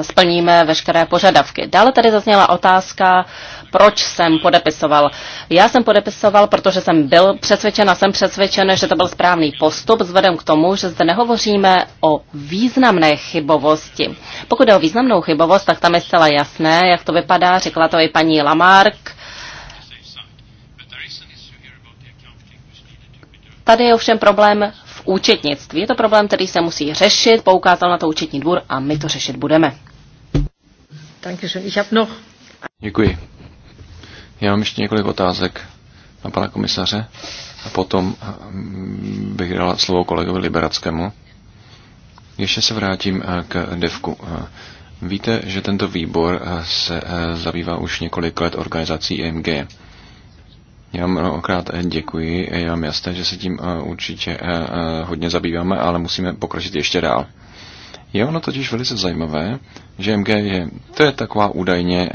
Speaker 3: splníme veškeré požadavky. Dále tady zazněla otázka proč jsem podepisoval. Já jsem podepisoval, protože jsem byl přesvědčen a jsem přesvědčen, že to byl správný postup, vzhledem k tomu, že zde nehovoříme o významné chybovosti. Pokud je o významnou chybovost, tak tam je zcela jasné, jak to vypadá, řekla to i paní Lamarck. Tady je ovšem problém v účetnictví. Je to problém, který se musí řešit, poukázal na to účetní dvůr a my to řešit budeme.
Speaker 2: Děkuji. Já mám ještě několik otázek na pana komisaře a potom eh, bych dala slovo kolegovi Liberackému. Ještě se vrátím eh, k devku. Eh, víte, že tento výbor se zabývá už několik let organizací EMG. Já vám mnohokrát děkuji, je vám jasné, že se tím určitě hodně zabýváme, ale musíme pokročit ještě dál. Je ono totiž velice zajímavé, že je to je taková údajně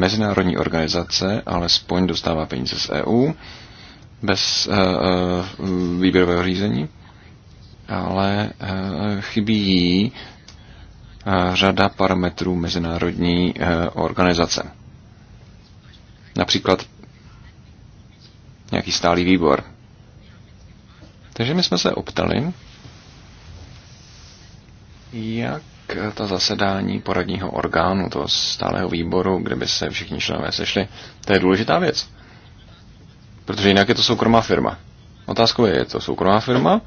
Speaker 2: mezinárodní organizace, alespoň dostává peníze z EU, bez uh, uh, výběrového řízení, ale uh, chybí jí uh, řada parametrů mezinárodní uh, organizace. Například nějaký stálý výbor. Takže my jsme se optali, jak ta zasedání poradního orgánu, toho stáleho výboru, kde by se všichni členové sešli, to je důležitá věc. Protože jinak je to soukromá firma. Otázkou je, je to soukromá firma,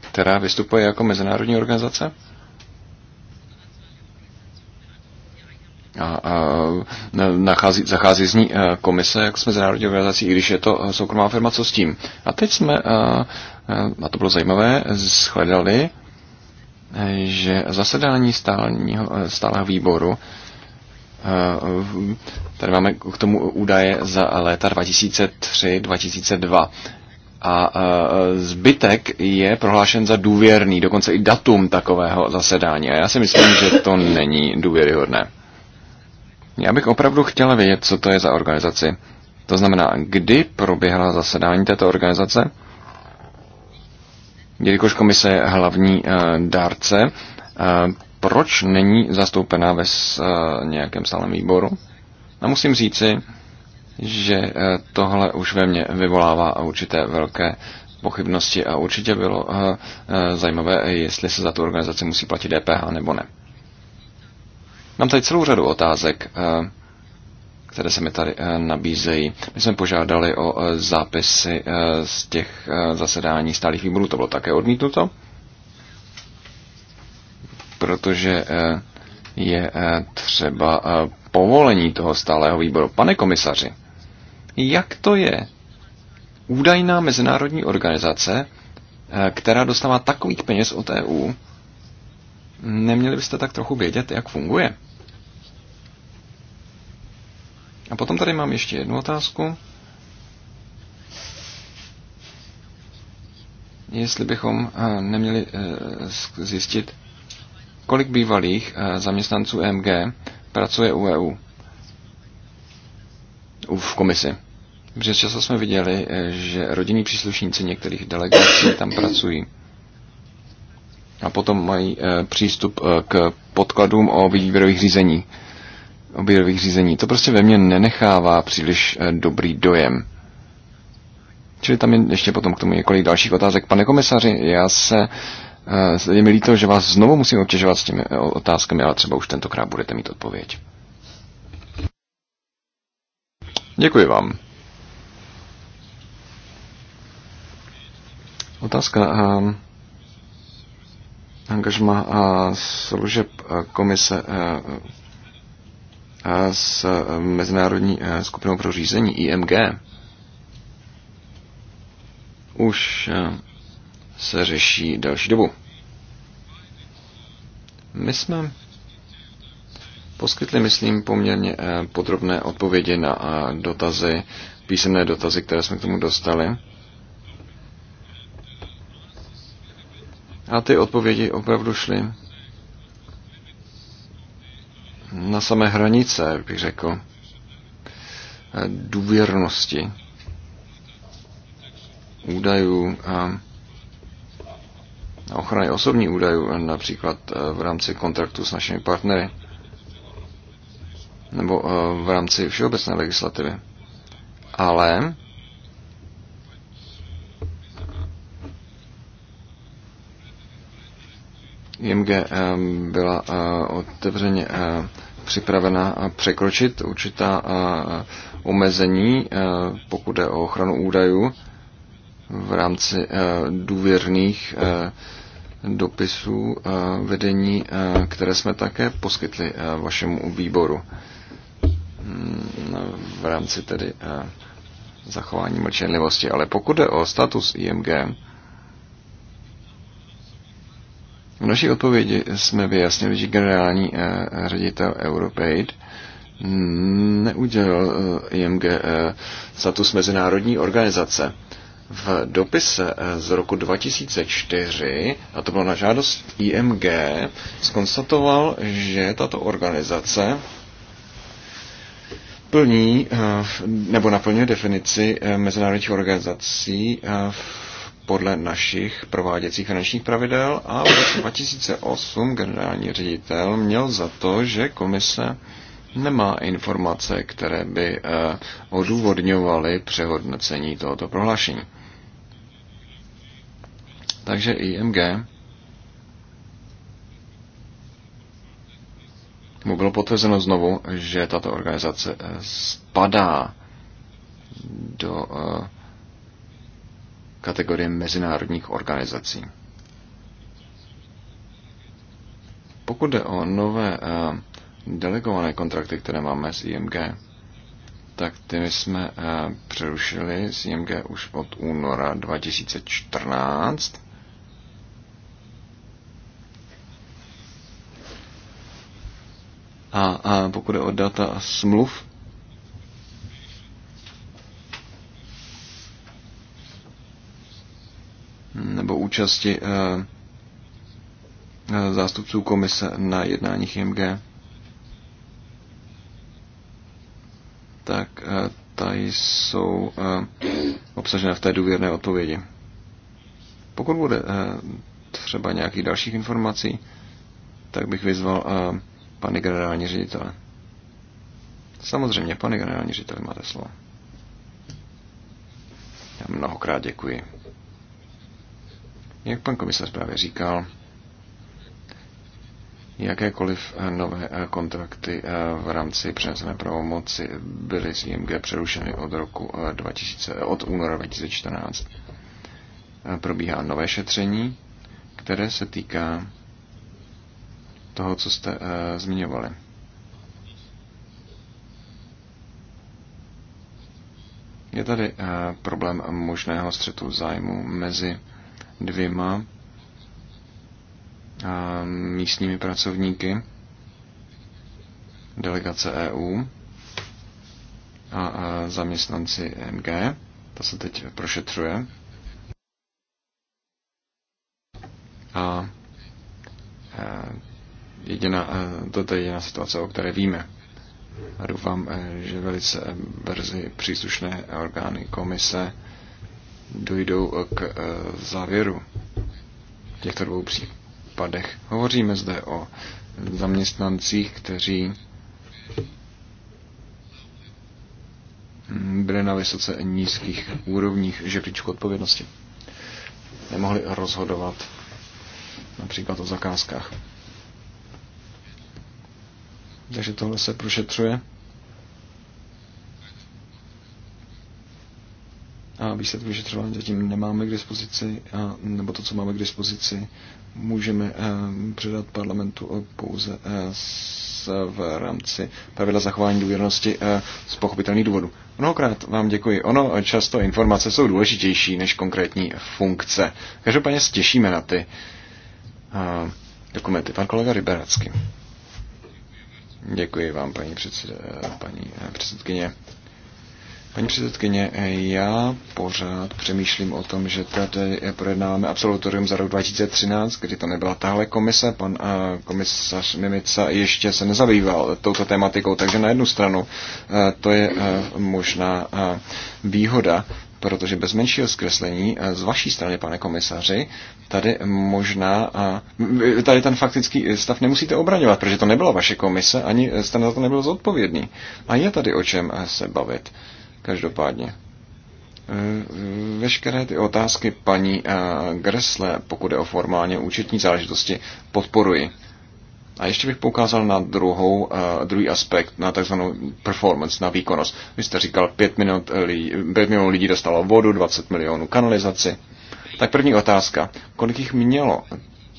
Speaker 2: která vystupuje jako mezinárodní organizace? A, a nachází, zachází z ní e, komise jak s mezinárodní organizací, i když je to e, soukromá firma, co s tím. A teď jsme, a, e, a to bylo zajímavé, shledali, že zasedání stálního, stálého výboru eh, tady máme k tomu údaje za léta 2003-2002 a eh, zbytek je prohlášen za důvěrný, dokonce i datum takového zasedání. A já si myslím, že to není důvěryhodné. Já bych opravdu chtěla vědět, co to je za organizaci. To znamená, kdy proběhla zasedání této organizace jelikož komise je hlavní eh, dárce, eh, proč není zastoupená ve eh, nějakém stálem výboru? A musím říci, že tohle už ve mně vyvolává určité velké pochybnosti a určitě bylo zajímavé, jestli se za tu organizaci musí platit DPH nebo ne. Mám tady celou řadu otázek které se mi tady eh, nabízejí. My jsme požádali o eh, zápisy eh, z těch zasedání stálých výborů, to bylo také odmítnuto, protože je třeba povolení toho stálého výboru. Pane komisaři, jak to je? Údajná mezinárodní organizace, která dostává takových peněz od EU, neměli byste tak trochu vědět, jak funguje? A potom tady mám ještě jednu otázku. Jestli bychom eh, neměli eh, zjistit, kolik bývalých eh, zaměstnanců EMG pracuje u EU v komisi. Protože často jsme viděli, že rodinní příslušníci některých delegací tam pracují. A potom mají přístup k podkladům o výběrových řízení obědových řízení. To prostě ve mně nenechává příliš eh, dobrý dojem. Čili tam je ještě potom k tomu několik dalších otázek. Pane komisaři, já se, eh, je mi líto, že vás znovu musím obtěžovat s těmi eh, otázkami, ale třeba už tentokrát budete mít odpověď. Děkuji vám. Otázka a angažma a služeb komise s eh, Mezinárodní eh, skupinou pro řízení IMG už eh, se řeší další dobu. My jsme poskytli, myslím, poměrně podrobné odpovědi na dotazy, písemné dotazy, které jsme k tomu dostali. A ty odpovědi opravdu šly na samé hranice, bych řekl, eh, důvěrnosti údajů a ochrany osobní údajů, například eh, v rámci kontraktu s našimi partnery nebo eh, v rámci všeobecné legislativy. Ale IMG eh, byla eh, otevřeně eh, připravena překročit určitá omezení, pokud jde o ochranu údajů v rámci důvěrných dopisů vedení, které jsme také poskytli vašemu výboru mm, v rámci tedy zachování mlčenlivosti. Ale pokud jde o status IMG, V naší odpovědi jsme vyjasnili, že generální eh, ředitel Europaid neudělal eh, IMG eh, status mezinárodní organizace. V dopise z roku 2004, a to bylo na žádost IMG, skonstatoval, že tato organizace plní nebo naplňuje definici mezinárodních organizací v podle našich prováděcích finančních pravidel a v roce 2008 generální ředitel měl za to, že komise nemá informace, které by eh, odůvodňovaly přehodnocení tohoto prohlášení. Takže IMG mu bylo potvrzeno znovu, že tato organizace eh, spadá do eh, kategorie mezinárodních organizací. Pokud jde o nové eh, delegované kontrakty, které máme s IMG, tak ty jsme eh, přerušili s IMG už od února 2014. A, a pokud je o data smluv, nebo účasti eh, eh, zástupců komise na jednáních IMG, tak eh, ta jsou obsažena v té důvěrné odpovědi. Pokud bude třeba nějakých dalších informací, tak bych vyzval pany generální ředitele. Samozřejmě, pane generální ředitele, máte slovo. Já mnohokrát děkuji. Jak pan komisař právě říkal, jakékoliv eh, nové eh, kontrakty eh, v rámci přenesené pravomoci byly s IMG přerušeny od roku 2000, od února 2014. Probíhá nové šetření, které se týká toho, co jste zmiňovali. Je tady problém možného střetu zájmu mezi dvěma místními pracovníky delegace EU a zaměstnanci MG. To se teď prošetřuje. A e, jediná, e, to je jediná situace, o které víme. A doufám, e, že velice brzy příslušné orgány komise dojdou eh, k eh, závěru v těchto dvou případech. Hovoříme zde o zaměstnancích, kteří byli na vysoce nízkých úrovních žebříčku odpovědnosti. Nemohli rozhodovat například o zakázkách. Takže tohle se prošetřuje. a výsledky vyšetřování zatím nemáme k dispozici, a, nebo to, co máme k dispozici, můžeme eh, předat parlamentu eh, pouze eh, s, v rámci pravidla zachování důvěrnosti a z pochopitelných důvodů. Mnohokrát vám děkuji. Ono často informace jsou důležitější než konkrétní funkce. Každopádně se těšíme na ty dokumenty. Pan kolega Ryberacky. Děkuji vám, paní, předsed, paní předsedkyně. Paní předsedkyně, já pořád přemýšlím o tom, že tady projednáváme absolutorium za rok 2013, kdy to nebyla tahle komise. Pan eh, komisař Mimica ještě se nezabýval touto tématikou, takže na jednu stranu eh, to je eh, možná výhoda, protože bez menšího zkreslení z vaší strany, pane komisaři, tady možná, tady ten faktický stav nemusíte obraňovat, protože to nebyla vaše komise, ani jste na to nebyl zodpovědný. A je tady o čem se bavit. Každopádně. Eh, eh, veškeré ty otázky paní eh, Gresle, pokud je o formálně účetní záležitosti, podporuji. A ještě bych poukázal na druhou, druhý aspekt, na takzvanou performance, na výkonnost. Vy jste říkal, 5, minut, lidí, 5 milionů lidí dostalo vodu, 20 milionů kanalizaci. Tak první otázka, kolik jich mělo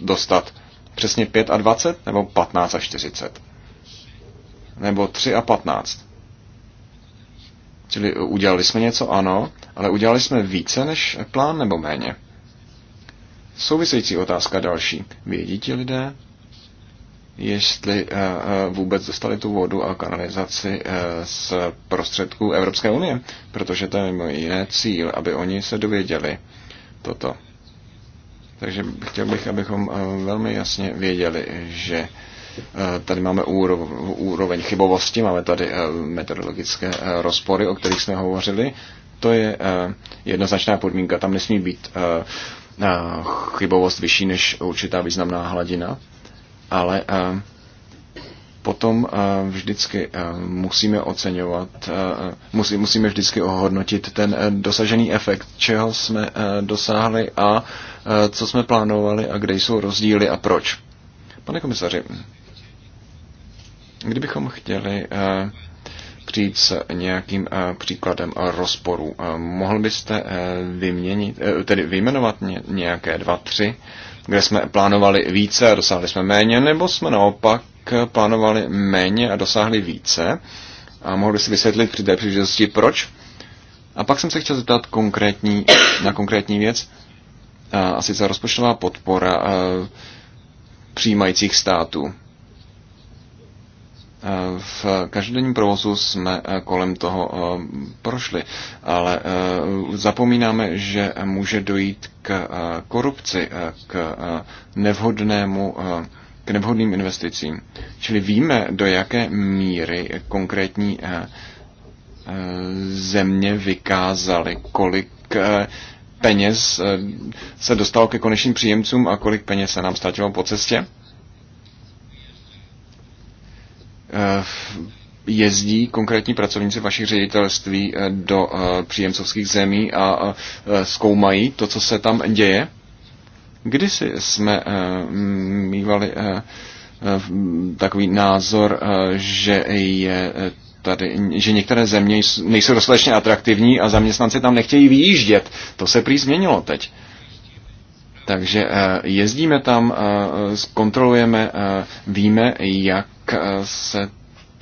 Speaker 2: dostat? Přesně 5 a 20 nebo 15 a 40? Nebo 3 a 15? Čili udělali jsme něco, ano, ale udělali jsme více než plán nebo méně? Související otázka další. Vědí ti lidé, jestli eh, eh, vůbec dostali tu vodu a kanalizaci eh, z prostředků Evropské unie, protože to je mimo jiné cíl, aby oni se dověděli toto. Takže chtěl bych, abychom velmi jasně věděli, že Eh, tady máme úroveň chybovosti, máme tady eh, metodologické eh, rozpory, o kterých jsme hovořili. To je jednoznačná podmínka. Tam nesmí být chybovost vyšší než určitá významná hladina, ale potom vždycky musíme oceňovat, musí, musíme vždycky ohodnotit ten dosažený efekt, čeho jsme dosáhli a co jsme plánovali a kde jsou rozdíly a proč. Pane komisaři, Kdybychom chtěli eh, přijít s nějakým eh, příkladem rozporu, eh, mohl byste vyměnit, tedy vyjmenovat nějaké dva, tři, kde jsme plánovali více a dosáhli jsme méně, nebo jsme naopak plánovali méně a dosáhli více? A mohl byste vysvětlit při té příležitosti, proč? A pak jsem se chtěl zeptat konkrétní, na konkrétní věc, a sice rozpočtová podpora přijímajících států v každodenním provozu jsme eh, kolem toho eh, prošli, ale eh, zapomínáme, že může dojít k korupci, k nevhodnému k nevhodným investicím. Čili víme, do jaké míry konkrétní země vykázaly, kolik peněz se dostalo ke konečným příjemcům a kolik peněz se nám ztratilo po cestě. Eh, jezdí konkrétní pracovníci vašich ředitelství eh, do eh, příjemcovských zemí a zkoumají to, co se tam děje? Kdysi jsme mývali takový názor, že je tady, že některé země nejsou dostatečně atraktivní a zaměstnanci tam nechtějí vyjíždět. To se prý změnilo teď. Takže jezdíme tam, kontrolujeme, víme, jak Eh, se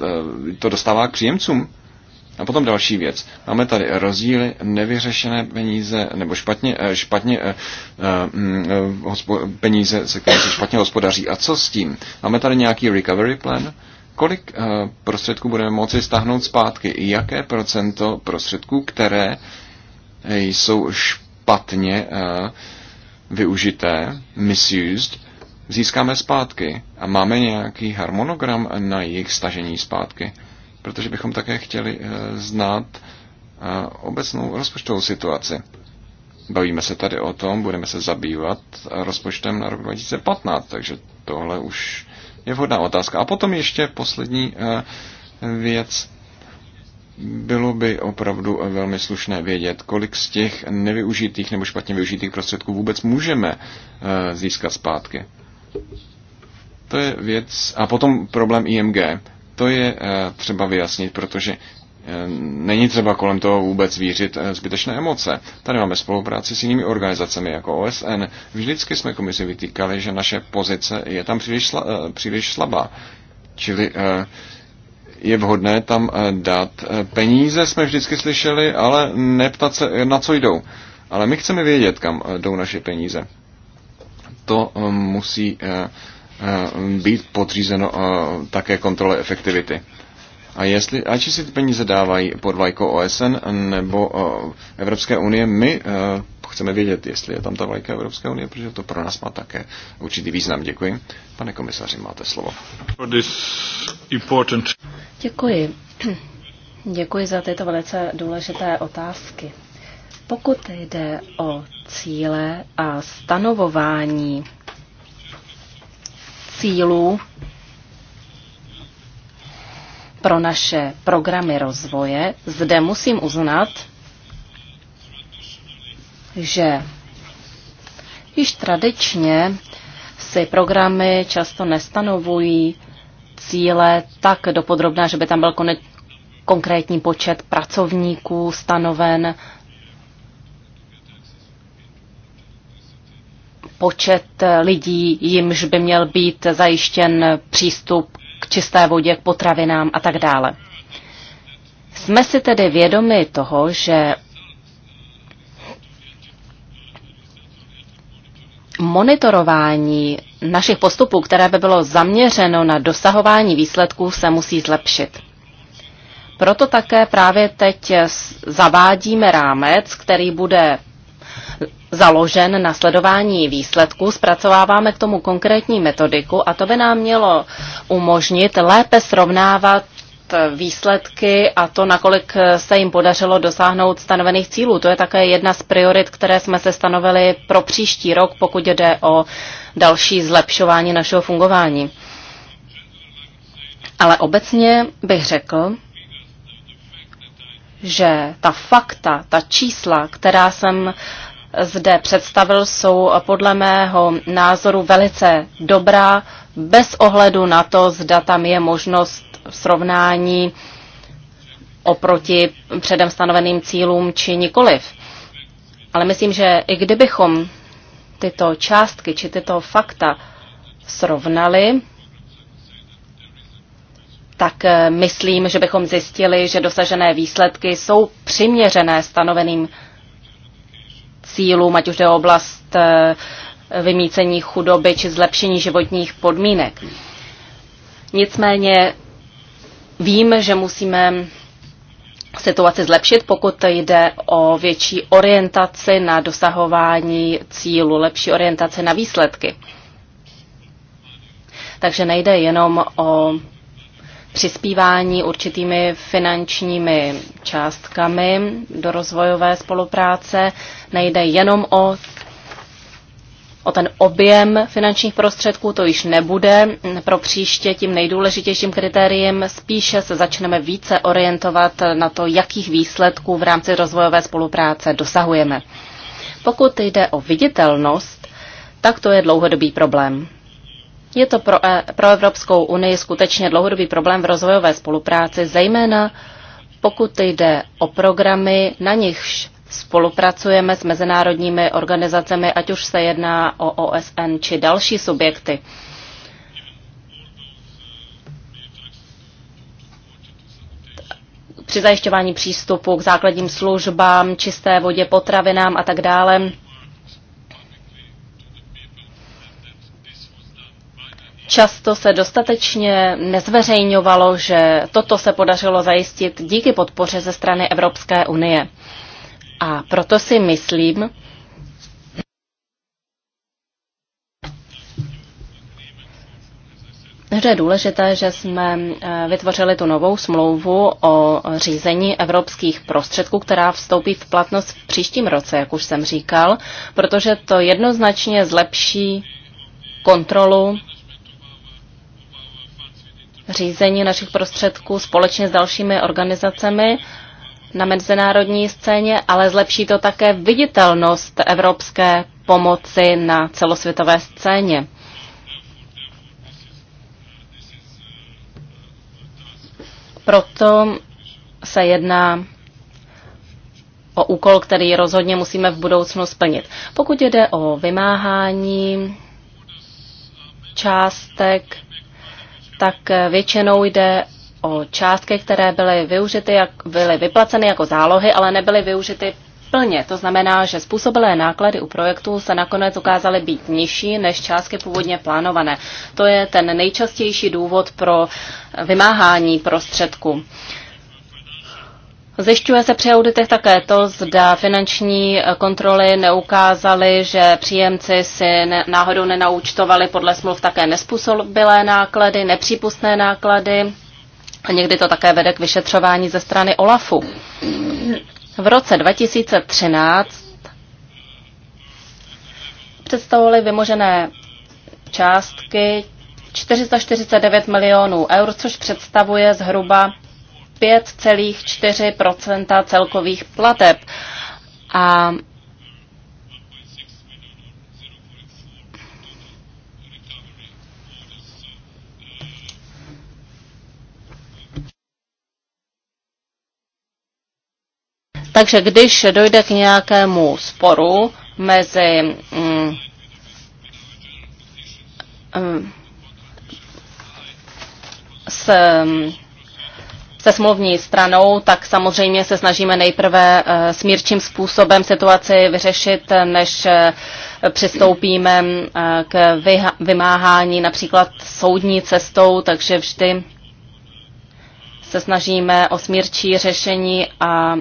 Speaker 2: eh, to dostává k příjemcům. A potom další věc. Máme tady rozdíly, nevyřešené peníze, nebo špatně, eh, špatně mm, peníze, se které se špatně hospodaří. A co s tím? Máme tady nějaký recovery plan? Kolik prostředků budeme moci stáhnout zpátky? Jaké procento prostředků, které jsou špatně využité, misused, získáme zpátky? A máme nějaký harmonogram na jejich stažení zpátky? Protože bychom také chtěli eh, znát eh, obecnou rozpočtovou situaci. Bavíme se tady o tom, budeme se zabývat rozpočtem na rok 2015, takže tohle už je vhodná otázka. A potom ještě poslední eh, věc. Bylo by opravdu velmi slušné vědět, kolik z těch nevyužitých nebo špatně využitých prostředků vůbec můžeme získat zpátky. To je věc. A potom problém IMG. To je eh, třeba vyjasnit, protože eh, není třeba kolem toho vůbec vířit eh, zbytečné emoce. Tady máme spolupráci s jinými organizacemi jako OSN. Vždycky jsme komisi vytýkali, že naše pozice je tam příliš, sla, příliš slabá. Čili je vhodné tam dát peníze, jsme vždycky slyšeli, ale neptat se, na co jdou. Ale my chceme vědět, kam jdou naše peníze to eh, musí eh, eh, být podřízeno také kontrole efektivity. A jestli, ať si ty peníze dávají pod vlajkou OSN nebo Evropské unie, my chceme vědět, jestli je tam ta vlajka Evropské unie, protože to pro nás má také určitý význam. Děkuji. Pane
Speaker 4: komisaři, máte slovo.
Speaker 3: Děkuji. Děkuji za tyto velice důležité otázky. Pokud jde o cíle a stanovování cílů pro naše programy rozvoje, zde musím uznat, že již tradičně si programy často nestanovují cíle tak dopodrobná, že by tam byl konkrétní počet pracovníků stanoven počet lidí, jimž by měl být zajištěn přístup k čisté vodě, k potravinám a tak dále. Jsme si tedy vědomi toho, že monitorování našich postupů, které by bylo zaměřeno na dosahování výsledků, se musí zlepšit. Proto také právě teď zavádíme rámec, který bude založen na sledování výsledků. Zpracováváme k tomu konkrétní metodiku a to by nám mělo umožnit lépe srovnávat výsledky a to, nakolik se jim podařilo dosáhnout stanovených cílů. To je také jedna z priorit, které jsme se stanovili pro příští rok, pokud jde o další zlepšování našeho fungování. Ale obecně bych řekl, že ta fakta, ta čísla, která jsem zde představil, jsou podle mého názoru velice dobrá, bez ohledu na to, zda tam je možnost srovnání oproti předem stanoveným cílům či nikoliv. Ale myslím, že i kdybychom tyto částky či tyto fakta srovnali, tak eh, myslím, že bychom zjistili, že dosažené výsledky jsou přiměřené stanoveným cílům, ať už je oblast eh, vymícení chudoby či zlepšení životních podmínek. Nicméně vím, že musíme situaci zlepšit, pokud jde o větší orientaci na dosahování cílu, lepší orientaci na výsledky. Takže nejde jenom o přispívání určitými finančními částkami do rozvojové spolupráce. Nejde jenom o, o ten objem finančních prostředků, to již nebude. Pro příště tím nejdůležitějším kritériem spíše se začneme více orientovat na to, jakých výsledků v rámci rozvojové spolupráce dosahujeme. Pokud jde o viditelnost, tak to je dlouhodobý problém. Je to pro, eh, pro Evropskou unii skutečně dlouhodobý problém v rozvojové spolupráci, zejména pokud jde o programy, na nichž spolupracujeme s mezinárodními organizacemi, ať už se jedná o OSN či další subjekty. Při zajišťování přístupu k základním službám, čisté vodě, potravinám a tak dále Často se dostatečně nezveřejňovalo, že toto se podařilo zajistit díky podpoře ze strany Evropské unie. A proto si myslím, že je důležité, že jsme eh, vytvořili tu novou smlouvu o řízení evropských prostředků, která vstoupí v platnost v příštím roce, jak už jsem říkal, protože to jednoznačně zlepší kontrolu řízení našich prostředků společně s dalšími organizacemi na mezinárodní scéně, ale zlepší to také viditelnost evropské pomoci na celosvětové scéně. Proto se jedná o úkol, který rozhodně musíme v budoucnu splnit. Pokud jde o vymáhání částek, tak eh, většinou jde o částky, které byly využity, jak byly vyplaceny jako zálohy, ale nebyly využity plně. To znamená, že způsobilé náklady u projektu se nakonec ukázaly být nižší než částky původně plánované. To je ten nejčastější důvod pro vymáhání prostředku. Zjišťuje se při auditech také to, zda finanční kontroly neukázaly, že příjemci si ne, náhodou nenaučtovali podle smluv také nespůsobilé náklady, nepřípustné náklady a někdy to také vede k vyšetřování ze strany OLAFu. V roce 2013 představovaly vymožené částky 449 milionů eur, což představuje zhruba 5,4 celkových plateb. A Takže když dojde k nějakému sporu mezi mm, mm s se smluvní stranou, tak samozřejmě se snažíme nejprve eh, smírčím způsobem situaci vyřešit, než eh, přistoupíme eh, k vymáhání například soudní cestou, takže vždy se snažíme o smírčí řešení a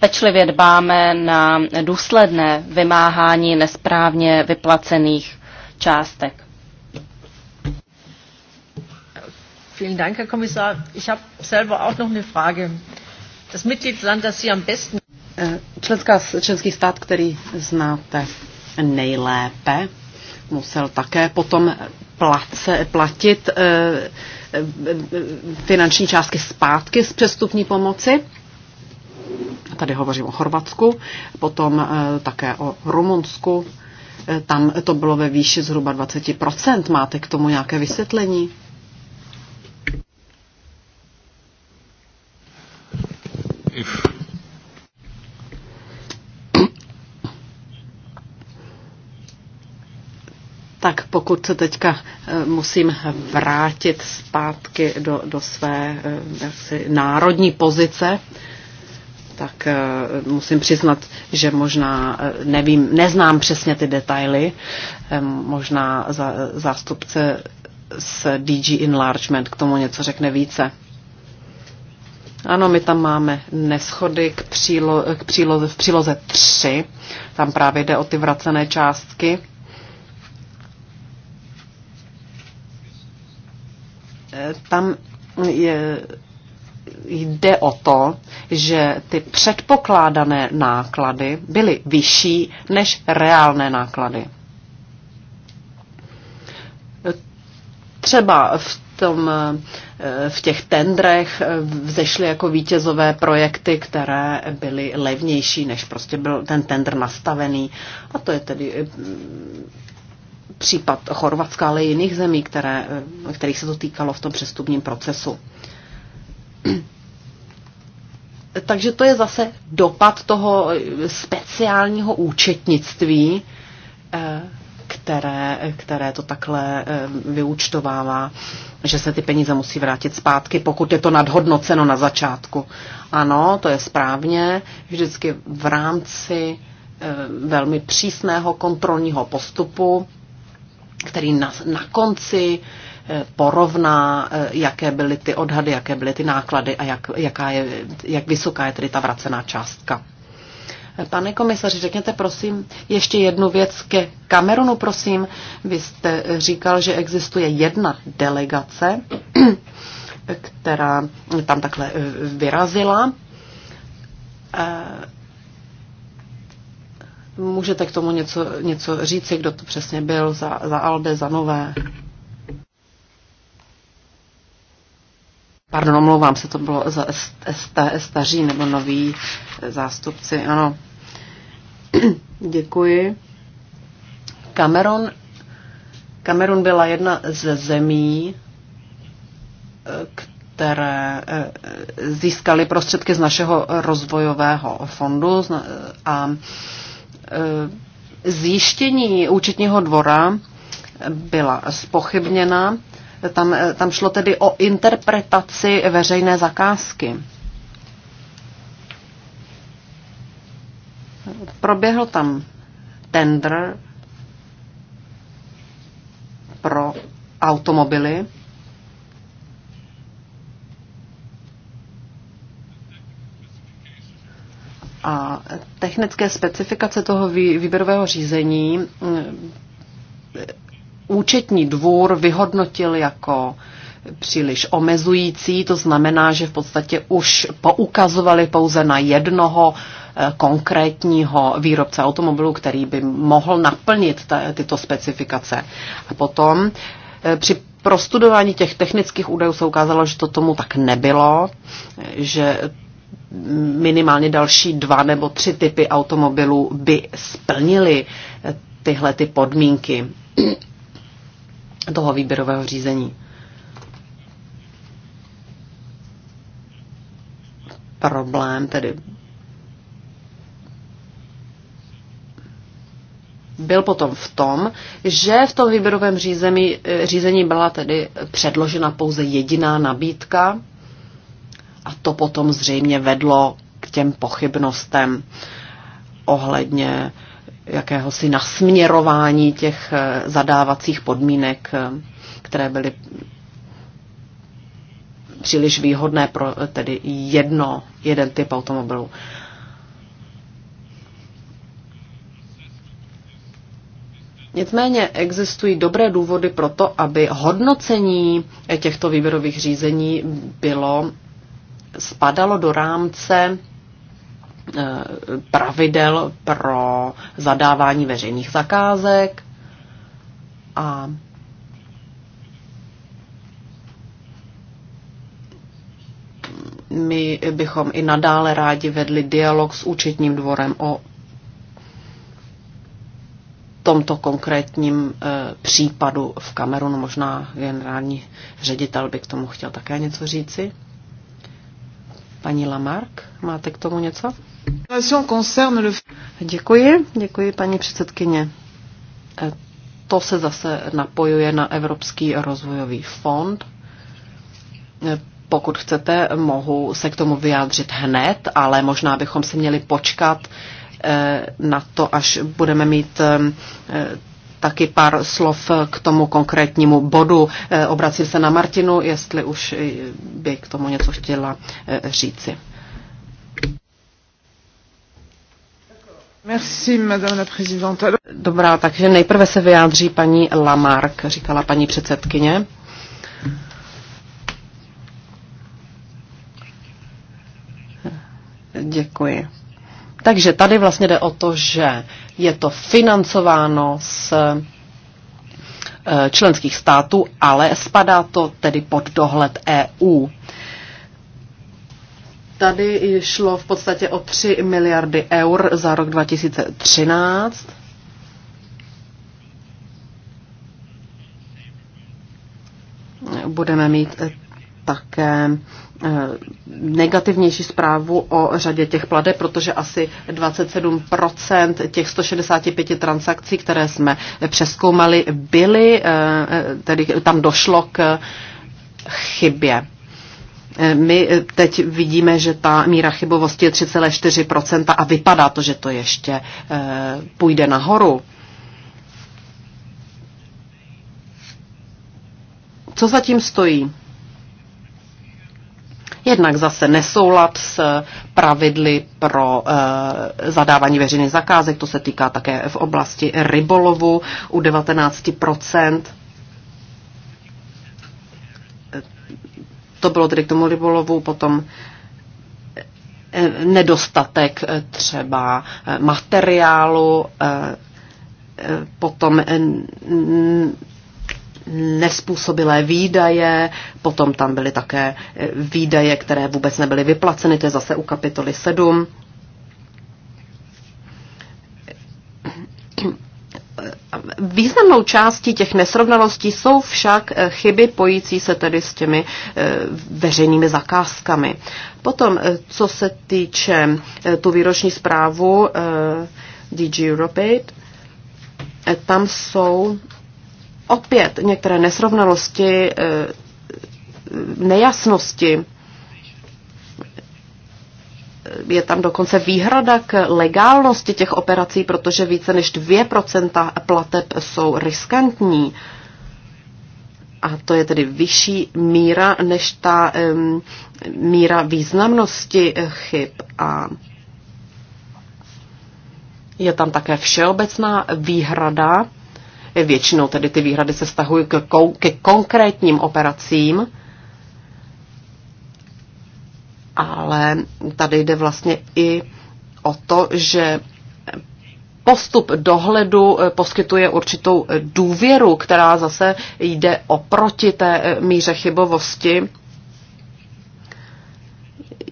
Speaker 3: pečlivě dbáme na důsledné vymáhání nesprávně vyplacených částek.
Speaker 7: Vielen Dank, Herr Kommissar. Ich habe selber auch noch eine Frage. Das Mitgliedsland, das Sie am besten...
Speaker 1: Eh, Členská, členský stát, který znáte nejlépe, musel také potom place, platit eh, eh, finanční částky zpátky z přestupní pomoci. Tady hovořím o Chorvatsku, potom také o Rumunsku. Tam to bylo ve výši zhruba 20%. Máte k tomu nějaké vysvětlení? if tak pokud se teďka eh, musím vrátit zpátky do, do své eh, jaksi, národní pozice, tak eh, musím přiznat, že možná nevím, neznám přesně ty detaily. Možná za, zástupce z DG Enlargement k tomu něco řekne více. Ano, my tam máme neschody k, přílo, k příloze, v příloze 3. Tam právě jde o ty vracené částky. E, tam je, jde o to, že ty předpokládané náklady byly vyšší než reálné náklady. E, třeba v tom, eh, v těch tendrech eh, vzešly jako vítězové projekty, které byly levnější, než prostě byl ten tender nastavený. A to je tedy eh, případ Chorvatska, ale i jiných zemí, které, kterých se to týkalo v tom přestupním procesu. Takže to je zase dopad toho speciálního účetnictví, které, které to takhle eh, vyúčtovává, že se ty peníze musí vrátit zpátky, pokud je to nadhodnoceno na začátku. Ano, to je správně, vždycky v rámci eh, velmi přísného kontrolního postupu, který na, na konci eh, porovná, jaké byly ty odhady, jaké byly ty náklady a jak, jaká je, jak vysoká je tedy ta vracená částka. Pane komisaři, řekněte prosím ještě jednu věc ke Kamerunu, prosím. Vy jste říkal, že existuje jedna delegace, která tam takhle eh, vyrazila. Eh, můžete k tomu něco, něco říci, kdo to přesně byl za, za Albe, za Nové? Pardon, omlouvám se, to bylo za staří nebo noví eh, zástupci, ano. Děkuji. Kamerun, Kamerun byla jedna ze zemí, eh, které eh, získaly prostředky z našeho rozvojového fondu a zjištění účetního dvora byla spochybněna tam, eh, tam šlo tedy o interpretaci veřejné zakázky. Proběhl tam tender pro automobily. A technické specifikace toho výběrového řízení mm, účetní dvůr vyhodnotil jako příliš omezující, to znamená, že v podstatě už poukazovali pouze na jednoho eh, konkrétního výrobce automobilů, který by mohl naplnit tyto specifikace. A potom eh, při prostudování těch technických údajů se ukázalo, že to tomu tak nebylo, eh, že minimálně další dva nebo tři typy automobilů by splnily tyhle ty podmínky toho výběrového řízení. Problém tedy byl potom v tom, že v tom výběrovém řízení, řízení byla tedy předložena pouze jediná nabídka a to potom zřejmě vedlo k těm pochybnostem ohledně jakéhosi nasměrování těch eh, zadávacích podmínek, eh, které byly příliš výhodné pro eh, tedy jedno, jeden typ automobilů. Nicméně existují dobré důvody pro to, aby hodnocení těchto výběrových řízení bylo spadalo do rámce Eh, pravidel pro zadávání veřejných zakázek a my bychom i nadále rádi vedli dialog s účetním dvorem o tomto konkrétním eh, případu v Kamerunu. Možná generální ředitel by k tomu chtěl také něco říci. Paní Lamark, máte k tomu něco? Děkuji, děkuji paní předsedkyně. E, to se zase napojuje na Evropský rozvojový fond. E, pokud chcete, mohu se k tomu vyjádřit hned, ale možná bychom si měli počkat e, na to, až budeme mít taky pár slov k tomu konkrétnímu bodu. Obracím se na Martinu, jestli už by k tomu něco chtěla říci. Merci, madame la présidente. Dobrá, takže nejprve se vyjádří paní Lamarck, říkala paní předsedkyně. Děkuji. Takže tady vlastně jde o to, že je to financováno z e, členských států, ale spadá to tedy pod dohled EU. Tady šlo v podstatě o 3 miliardy eur za rok 2013. Budeme mít také eh, negativnější zprávu o řadě těch plade, protože asi 27% těch 165 transakcí, které jsme přeskoumali, byly, eh, eh, tedy tam došlo k chybě. My teď vidíme, že ta míra chybovosti je 3,4% a vypadá to, že to ještě eh, půjde nahoru. Co zatím stojí? Jednak zase nesoulad s pravidly pro e, zadávání veřejných zakázek, to se týká také v oblasti rybolovu u 19 To bylo tedy k tomu rybolovu, potom eh, nedostatek eh, třeba eh, materiálu, potom nespůsobilé výdaje, potom tam byly také výdaje, které vůbec nebyly vyplaceny, to je zase u kapitoly 7. Významnou částí těch nesrovnalostí jsou však eh, chyby pojící se tedy s těmi eh, veřejnými zakázkami. Potom, eh, co se týče tu výroční zprávu DG Europe, tam jsou opět některé nesrovnalosti, nejasnosti je tam dokonce výhrada k legálnosti těch operací, protože více než 2% plateb jsou riskantní. A to je tedy vyšší míra než ta um, míra významnosti chyb. A je tam také všeobecná výhrada. Většinou tedy ty výhrady se stahují ke konkrétním operacím ale tady jde vlastně i o to, že postup dohledu eh, poskytuje určitou důvěru, která zase jde oproti té eh, míře chybovosti.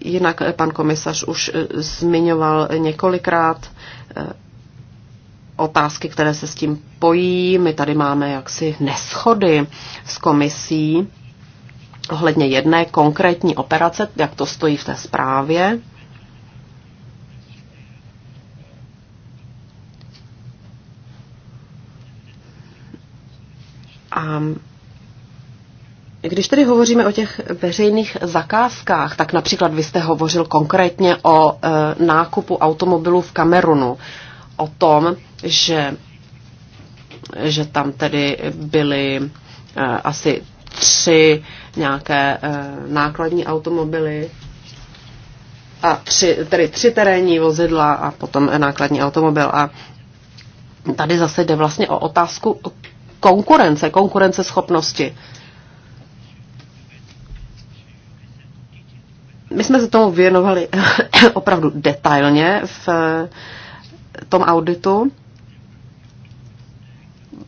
Speaker 1: Jinak eh, pan komisař už zmiňoval několikrát otázky, které se s tím pojí. My tady máme jaksi neschody s komisí ohledně jedné konkrétní operace, jak to stojí v té zprávě. A když tedy hovoříme o těch veřejných zakázkách, tak například vy jste hovořil konkrétně o e, nákupu automobilů v Kamerunu, o tom, že, že tam tedy byly e, asi tři nějaké eh, nákladní automobily a tři, tedy tři terénní vozidla a potom nákladní automobil. A tady zase jde vlastně o otázku konkurence, konkurence schopnosti My jsme se tomu věnovali opravdu detailně v eh, tom auditu.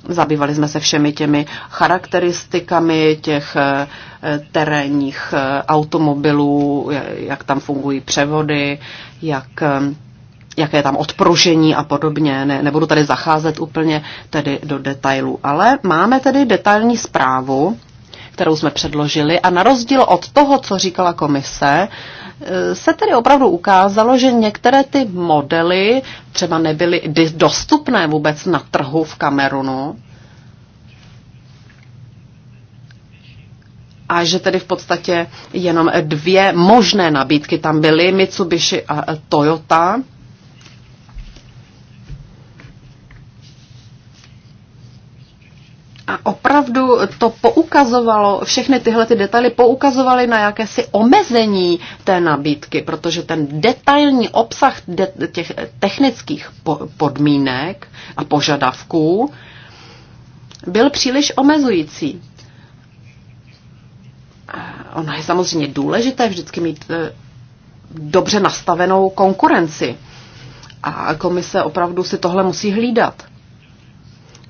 Speaker 1: Zabývali jsme se všemi těmi charakteristikami těch eh, terénních eh, automobilů, jak tam fungují převody, jak, eh, jaké je tam odpružení a podobně. Ne, nebudu tady zacházet úplně tedy do detailů, ale máme tedy detailní zprávu kterou jsme předložili a na rozdíl od toho, co říkala komise, e, se tedy opravdu ukázalo, že některé ty modely třeba nebyly dostupné vůbec na trhu v Kamerunu a že tedy v podstatě jenom dvě možné nabídky tam byly, Mitsubishi a Toyota A opravdu to poukazovalo, všechny tyhle ty detaily poukazovaly na jakési omezení té nabídky, protože ten detailní obsah de- těch technických po- podmínek a požadavků byl příliš omezující. Ono je samozřejmě důležité vždycky mít e, dobře nastavenou konkurenci. A komise opravdu si tohle musí hlídat.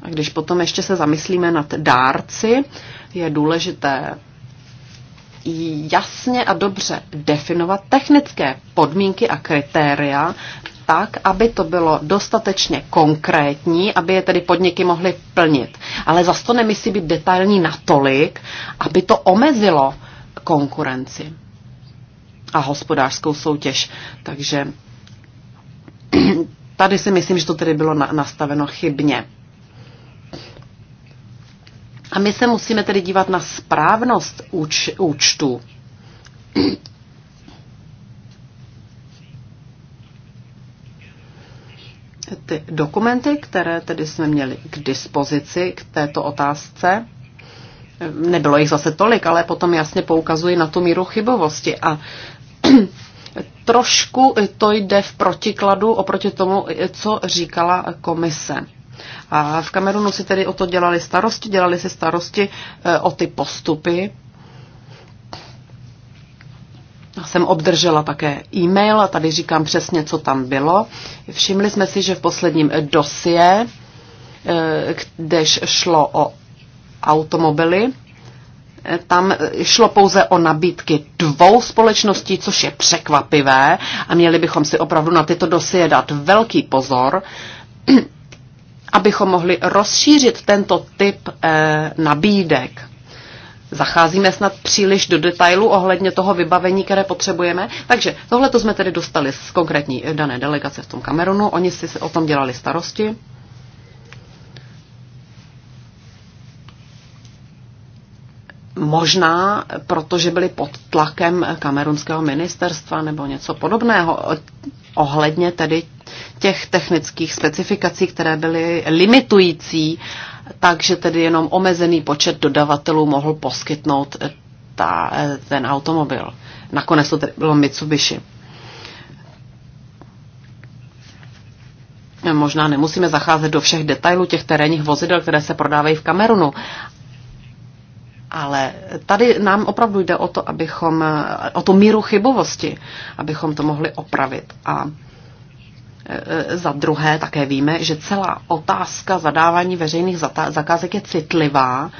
Speaker 1: A když potom ještě se zamyslíme nad dárci, je důležité jasně a dobře definovat technické podmínky a kritéria tak, aby to bylo dostatečně konkrétní, aby je tedy podniky mohly plnit. Ale zas to nemyslí být detailní natolik, aby to omezilo konkurenci a hospodářskou soutěž. Takže tady si myslím, že to tedy bylo nastaveno chybně. A my se musíme tedy dívat na správnost úč, účtu. Ty dokumenty, které tedy jsme měli k dispozici k této otázce, nebylo jich zase tolik, ale potom jasně poukazují na tu míru chybovosti. A trošku to jde v protikladu oproti tomu, co říkala komise. A v Kamerunu si tedy o to dělali starosti, dělali si starosti eh, o ty postupy. Jsem obdržela také e-mail a tady říkám přesně, co tam bylo. Všimli jsme si, že v posledním dosie, eh, kdež šlo o automobily, eh, tam šlo pouze o nabídky dvou společností, což je překvapivé a měli bychom si opravdu na tyto dosie dát velký pozor abychom mohli rozšířit tento typ eh, nabídek. Zacházíme snad příliš do detailu ohledně toho vybavení, které potřebujeme. Takže tohle jsme tedy dostali z konkrétní eh, dané delegace v tom Kamerunu. Oni si o tom dělali starosti. Možná, protože byli pod tlakem kamerunského ministerstva nebo něco podobného ohledně tedy těch technických specifikací, které byly limitující, takže tedy jenom omezený počet dodavatelů mohl poskytnout eh, ta, eh, ten automobil. Nakonec to tedy bylo Mitsubishi. Možná nemusíme zacházet do všech detailů těch terénních vozidel, které se prodávají v Kamerunu, ale tady nám opravdu jde o to, abychom, eh, o tu míru chybovosti, abychom to mohli opravit. A E, e, za druhé také víme, že celá otázka zadávání veřejných zakázek je citlivá,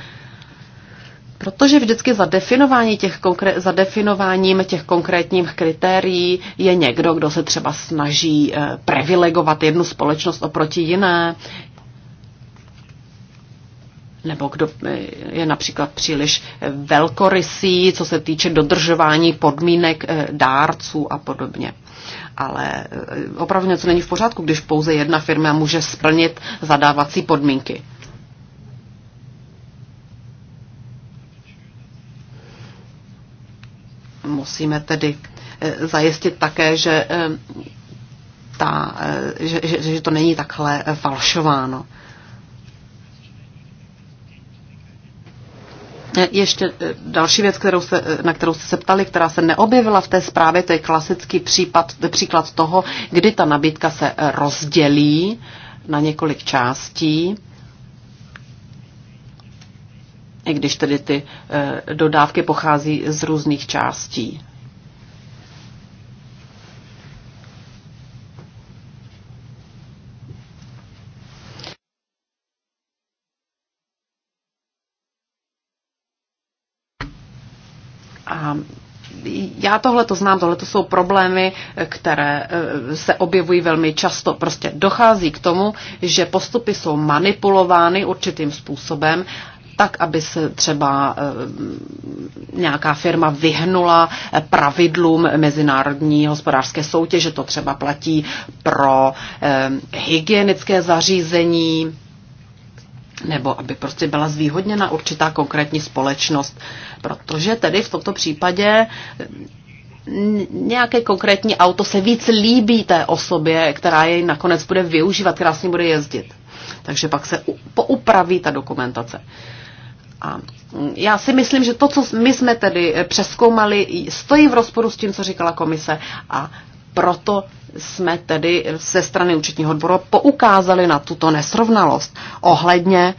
Speaker 1: protože vždycky za, definování těch konkré- za definováním těch konkrétních kritérií je někdo, kdo se třeba snaží e, privilegovat jednu společnost oproti jiné, nebo kdo je například příliš velkorysý, co se týče dodržování podmínek dárců a podobně ale eh, opravdu něco není v pořádku, když pouze jedna firma může splnit zadávací podmínky. Musíme tedy eh, zajistit také, že, eh, ta, že, že, že to není takhle falšováno. E, ještě e, další věc, kterou se, e, na kterou jste se ptali, která se neobjevila v té zprávě, to je klasický případ, příklad toho, kdy ta nabídka se rozdělí na několik částí. I když tedy ty dodávky pochází z různých částí. já tohle to znám, tohle to jsou problémy, které eh, se objevují velmi často. Prostě dochází k tomu, že postupy jsou manipulovány určitým způsobem, tak, aby se třeba eh, nějaká firma vyhnula eh, pravidlům mezinárodní hospodářské soutěže. To třeba platí pro hygienické zařízení, nebo aby prostě byla zvýhodněna určitá konkrétní společnost, protože tedy v tomto případě mm, nějaké konkrétní auto se víc líbí té osobě, která jej nakonec bude využívat, která s ní bude jezdit. Takže pak se poupraví ta dokumentace. A mm, já si myslím, že to, co my jsme tedy eh, přeskoumali, stojí v rozporu s tím, co říkala komise a proto jsme tedy ze strany účetního odboru poukázali na tuto nesrovnalost ohledně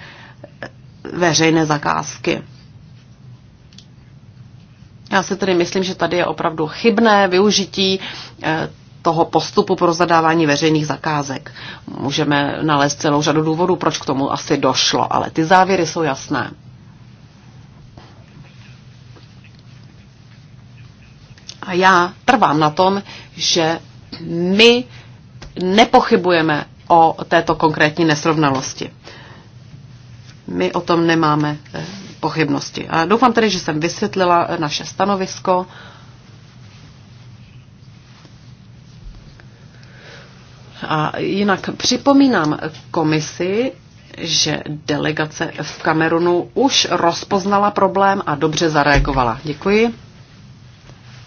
Speaker 1: veřejné zakázky. Já si tedy myslím, že tady je opravdu chybné využití eh, toho postupu pro zadávání veřejných zakázek. Můžeme nalézt celou řadu důvodů, proč k tomu asi došlo, ale ty závěry jsou jasné. A já trvám na tom, že my nepochybujeme o této konkrétní nesrovnalosti. My o tom nemáme eh, pochybnosti. A doufám tedy, že jsem vysvětlila eh, naše stanovisko. A jinak připomínám komisi, že delegace v Kamerunu už rozpoznala problém a dobře zareagovala. Děkuji.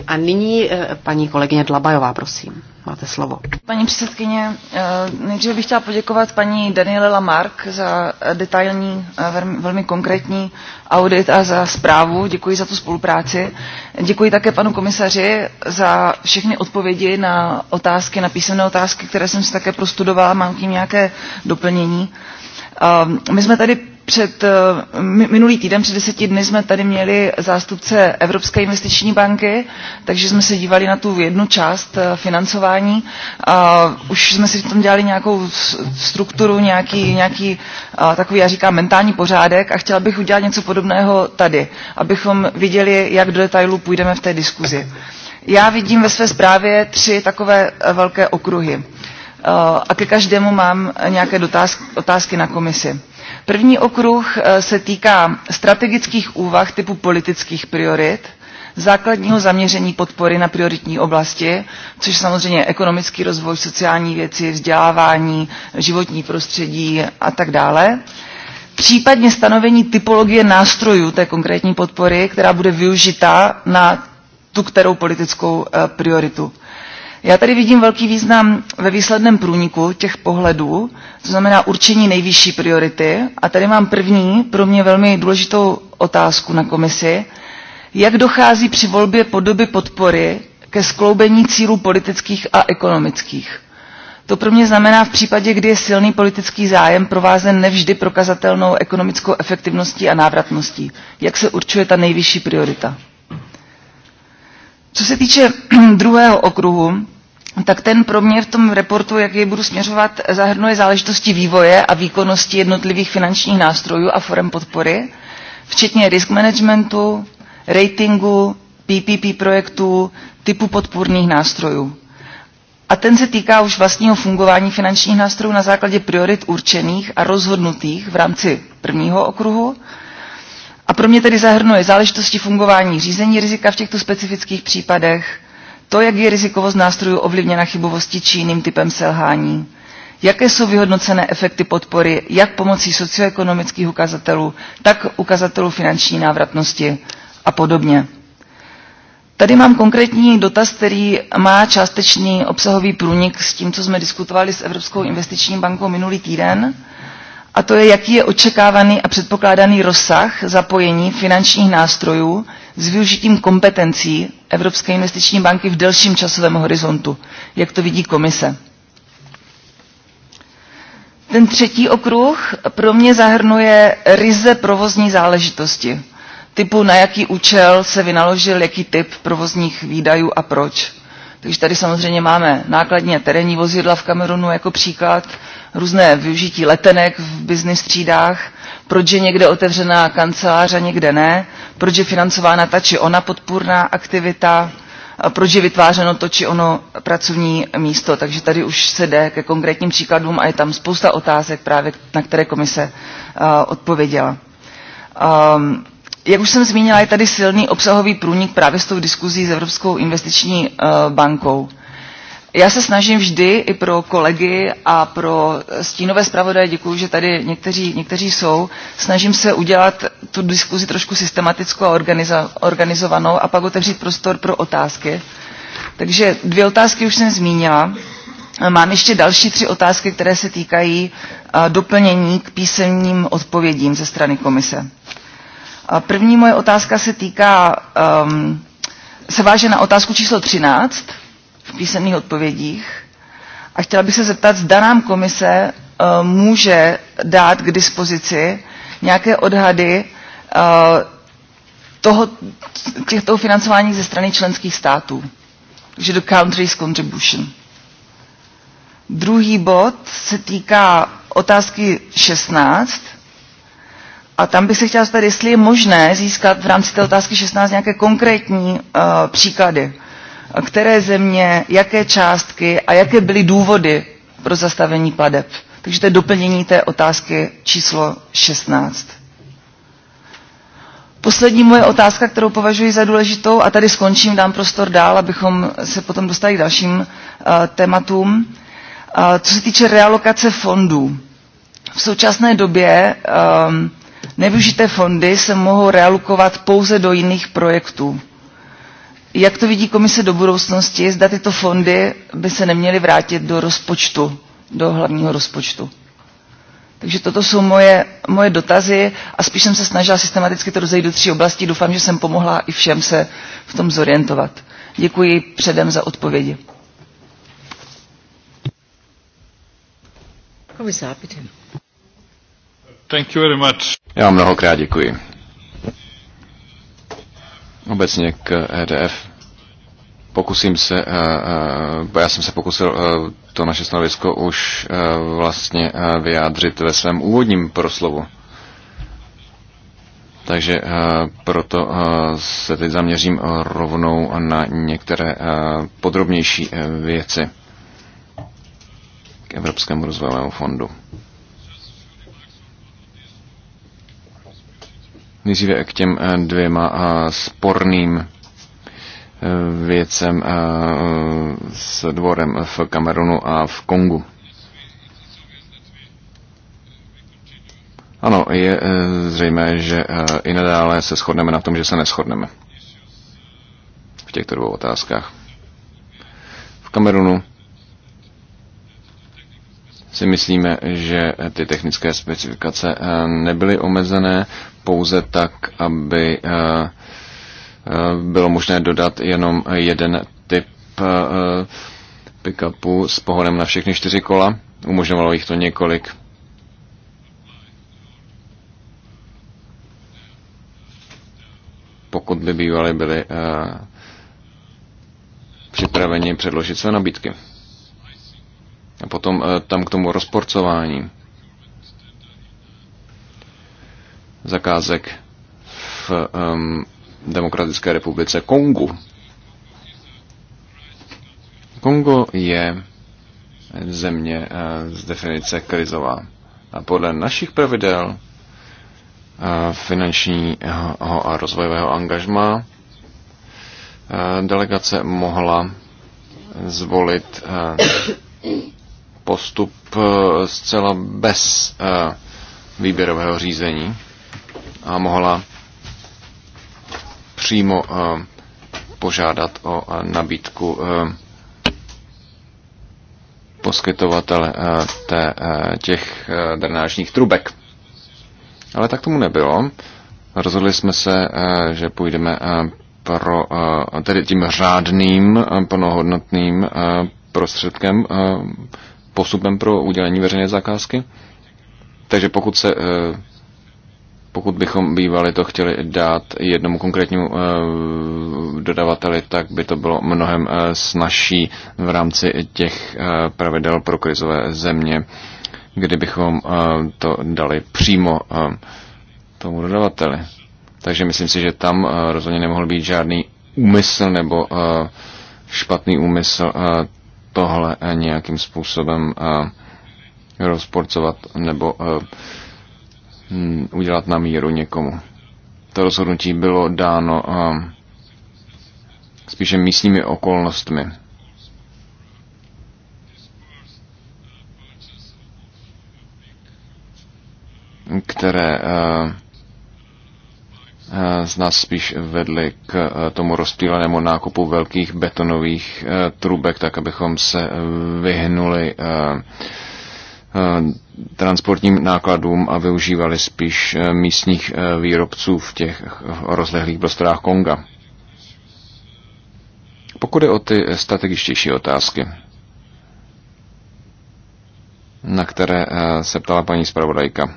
Speaker 1: A nyní eh, paní kolegyně Dlabajová, prosím, máte slovo.
Speaker 5: Paní předsedkyně, eh, nejdříve bych chtěla poděkovat paní Daniele Lamarck za eh, detailní, velmi konkrétní audit a za zprávu. Děkuji za tu spolupráci. Děkuji také panu komisaři za všechny odpovědi na otázky, na písemné otázky, které jsem si také prostudovala, mám k ním nějaké doplnění. My jsme tady před, eh, minulý týden, před deseti dny, jsme tady měli zástupce Evropské investiční banky, takže jsme se dívali na tu jednu část eh, financování. A už jsme si v tom dělali nějakou strukturu, nějaký, nějaký eh, takový, já říkám, mentální pořádek a chtěla bych udělat něco podobného tady, abychom viděli, jak do detailu půjdeme v té diskuzi. Já vidím ve své zprávě tři takové velké okruhy a ke každému mám nějaké dotázky, otázky na komisi. První okruh eh, se týká strategických úvah typu politických priorit, základního zaměření podpory na prioritní oblasti, což samozřejmě ekonomický rozvoj, sociální věci, vzdělávání, životní prostředí a tak dále. Případně stanovení typologie nástrojů té konkrétní podpory, která bude využita na tu kterou politickou eh, prioritu. Já tady vidím velký význam ve výsledném průniku těch pohledů, to znamená určení nejvyšší priority. A tady mám první, pro mě velmi důležitou otázku na komisi. Jak dochází při volbě podoby podpory ke skloubení cílů politických a ekonomických? To pro mě znamená v případě, kdy je silný politický zájem provázen nevždy prokazatelnou ekonomickou efektivností a návratností. Jak se určuje ta nejvyšší priorita? Co se týče druhého okruhu, tak ten pro mě v tom reportu, jak je budu směřovat, zahrnuje záležitosti vývoje a výkonnosti jednotlivých finančních nástrojů a forem podpory, včetně risk managementu, ratingu, PPP projektů, typu podpůrných nástrojů. A ten se týká už vlastního fungování finančních nástrojů na základě priorit určených a rozhodnutých v rámci prvního okruhu a pro mě tedy zahrnuje záležitosti fungování řízení rizika v těchto specifických případech, to, jak je rizikovost nástrojů ovlivněna chybovostí či jiným typem selhání, jaké jsou vyhodnocené efekty podpory jak pomocí socioekonomických ukazatelů, tak ukazatelů finanční návratnosti a podobně. Tady mám konkrétní dotaz, který má částečný obsahový průnik s tím, co jsme diskutovali s Evropskou investiční bankou minulý týden a to je, jaký je očekávaný a předpokládaný rozsah zapojení finančních nástrojů s využitím kompetencí Evropské investiční banky v delším časovém horizontu, jak to vidí komise. Ten třetí okruh pro mě zahrnuje ryze provozní záležitosti, typu na jaký účel se vynaložil, jaký typ provozních výdajů a proč. Takže tady samozřejmě máme nákladní a terénní vozidla v Kamerunu jako příklad, různé využití letenek v business třídách, proč je někde otevřená kancelář a někde ne, proč je financována ta či ona podpůrná aktivita, proč je vytvářeno to či ono pracovní místo. Takže tady už se jde ke konkrétním příkladům a je tam spousta otázek právě, na které komise eh, odpověděla. Um, jak už jsem zmínila, je tady silný obsahový průnik právě s tou diskuzí s Evropskou investiční eh, bankou. Já se snažím vždy i pro kolegy a pro eh, stínové zpravodaje, děkuji, že tady někteří, někteří jsou, snažím se udělat tu diskuzi trošku systematickou a organizovanou a pak otevřít prostor pro otázky. Takže dvě otázky už jsem zmínila. Mám ještě další tři otázky, které se týkají eh, doplnění k písemným odpovědím ze strany komise. První moje otázka se týká, um, se váže na otázku číslo 13 v písemných odpovědích. A chtěla bych se zeptat, zda nám komise uh, může dát k dispozici nějaké odhady uh, toho, těchto financování ze strany členských států, že do country's contribution. Druhý bod se týká otázky 16, a tam bych se chtěla zeptat, jestli je možné získat v rámci té otázky 16 nějaké konkrétní uh, příklady. Které země, jaké částky a jaké byly důvody pro zastavení pladeb. Takže to je doplnění té otázky číslo 16. Poslední moje otázka, kterou považuji za důležitou, a tady skončím, dám prostor dál, abychom se potom dostali k dalším uh, tématům. Uh, co se týče realokace fondů. V současné době um, Nevyužité fondy se mohou realokovat pouze do jiných projektů. Jak to vidí komise do budoucnosti, zda tyto fondy by se neměly vrátit do rozpočtu, do hlavního rozpočtu? Takže toto jsou moje, moje dotazy a spíš jsem se snažila systematicky to rozejít do tří oblastí. Doufám, že jsem pomohla i všem se v tom zorientovat. Děkuji předem za odpovědi.
Speaker 7: Komisár, bitte.
Speaker 4: Thank you very much.
Speaker 2: Já mnohokrát děkuji. Obecně k EDF. Eh, e Pokusím se, eh, eh, já jsem se pokusil to naše stanovisko už vlastně vyjádřit ve svém úvodním proslovu. Takže proto se teď zaměřím rovnou na některé podrobnější věci k Evropskému rozvojovému fondu. Nejdříve k těm eh, dvěma eh, sporným eh, věcem s dvorem v Kamerunu a v Kongu. Ano, je zřejmé, že i nadále se shodneme na tom, že se neschodneme v těchto dvou otázkách. V Kamerunu si myslíme, že ty technické specifikace eh, nebyly omezené pouze tak, aby eh, eh, bylo možné dodat jenom jeden typ pick-upu s pohonem na všechny čtyři kola. Umožňovalo jich to několik. Pokud by bývaly byly připraveni předložit své nabídky. A potom eh, tam k tomu rozporcování zakázek v um, Demokratické republice Kongu. Kongo je země eh, z definice krizová. A podle našich pravidel eh, finančního a rozvojového angažma delegace mohla zvolit postup eh, zcela bez eh, výběrového řízení a mohla přímo eh, požádat o nabídku poskytovatele těch drenážních trubek. Ale tak tomu nebylo. Rozhodli jsme se, že půjdeme pro, tedy tím řádným, plnohodnotným prostředkem postupem pro udělení veřejné zakázky. Takže pokud se eh, pokud bychom bývali to chtěli dát jednomu konkrétnímu eh, dodavateli, tak by to bylo mnohem eh, snažší v rámci těch pravidel pro krizové země, kdybychom to dali přímo tomu dodavateli. Takže myslím si, že tam rozhodně nemohl být žádný úmysl nebo špatný úmysl tohle eh, nějakým způsobem eh, rozporcovat nebo eh, mm, udělat na míru někomu. To rozhodnutí bylo dáno spíše místními okolnostmi. které Eh, z nás spíš vedly k eh, tomu rozptýlenému nákupu velkých betonových eh, trubek, tak abychom se vyhnuli transportním nákladům a využívali spíš místních výrobců v těch rozlehlých prostorách Konga. Pokud je o ty strategičtější otázky, na které se ptala paní zpravodajka.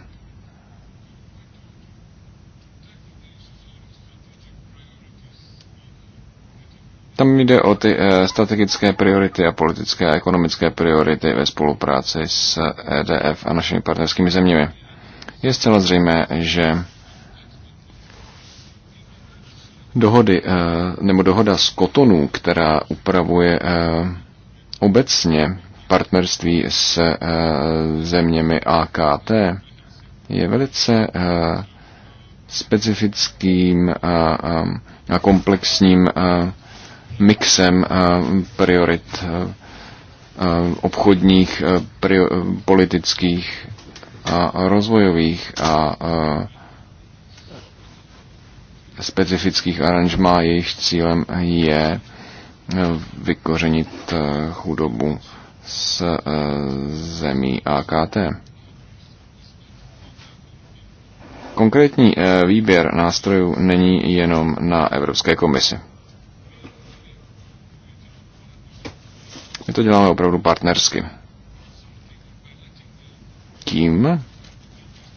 Speaker 2: Tam jde o ty eh, strategické priority a politické a ekonomické priority ve spolupráci s EDF a našimi partnerskými zeměmi. Je zcela zřejmé, že dohody, eh, nebo dohoda z kotonů, která upravuje eh, obecně partnerství s zeměmi AKT, je velice specifickým a komplexním mixem eh, priorit eh, eh, obchodních, politických a rozvojových a specifických aranžmá, jejich cílem je vykořenit chudobu z zemí AKT. Konkrétní výběr nástrojů není jenom na Evropské komisi. to děláme opravdu partnersky. Tím,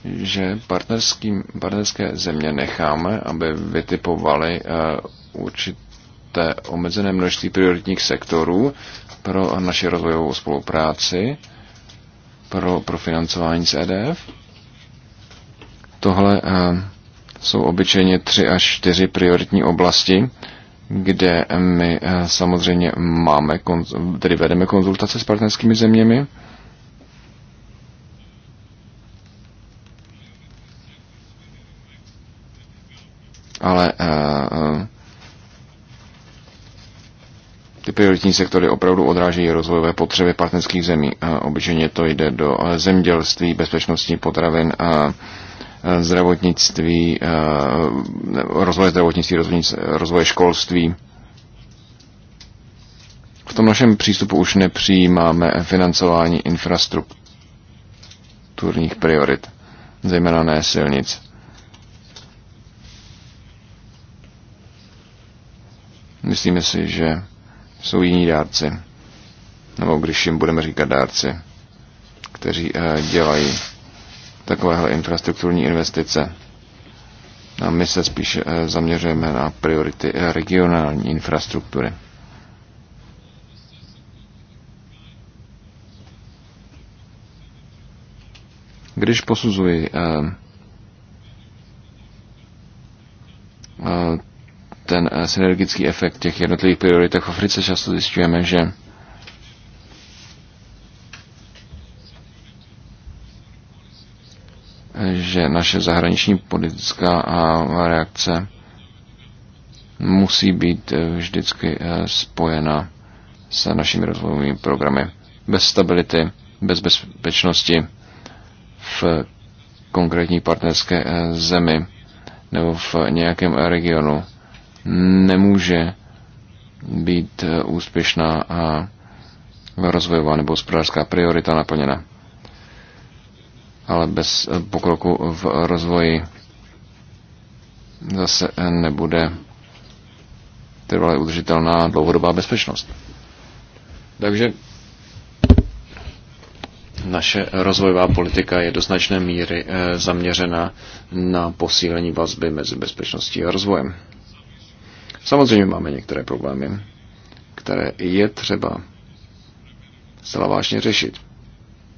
Speaker 2: že partnerským, partnerské země necháme, aby vytipovali uh, určité omezené množství prioritních sektorů pro naši rozvojovou spolupráci, pro, pro financování z EDF. Tohle uh, jsou obyčejně tři až čtyři prioritní oblasti, kde my eh, samozřejmě máme, tedy vedeme konzultace s partnerskými zeměmi. Ale eh, eh, ty prioritní sektory opravdu odrážejí rozvojové potřeby partnerských zemí. Obyčejně to jde do zemědělství, bezpečnostní potravin, a zdravotnictví, eh, rozvoje zdravotnictví, rozvoje školství. V tom našem přístupu už nepřijímáme financování infrastrukturních priorit, zejména ne silnic. Myslíme si, že jsou jiní dárci, nebo když jim budeme říkat dárci, kteří eh, dělají takovéhle infrastrukturní investice. A my se spíš eh, zaměřujeme na priority eh, regionální infrastruktury. Když posuzuji eh, ten synergický efekt těch jednotlivých prioritech v Africe, často zjišťujeme, že že naše zahraniční politická reakce musí být eh, vždycky eh, spojena s našimi rozvojovými programy. Bez stability, bez bezpečnosti v konkrétní partnerské eh, zemi nebo v nějakém regionu nemůže být úspěšná a rozvojová nebo hospodářská priorita naplněna ale bez eh, pokroku v rozvoji zase eh, nebude trvale udržitelná dlouhodobá bezpečnost. Takže naše rozvojová politika je do značné míry eh, zaměřena na posílení vazby mezi bezpečností a rozvojem. Samozřejmě máme některé problémy, které je třeba zcela vážně řešit.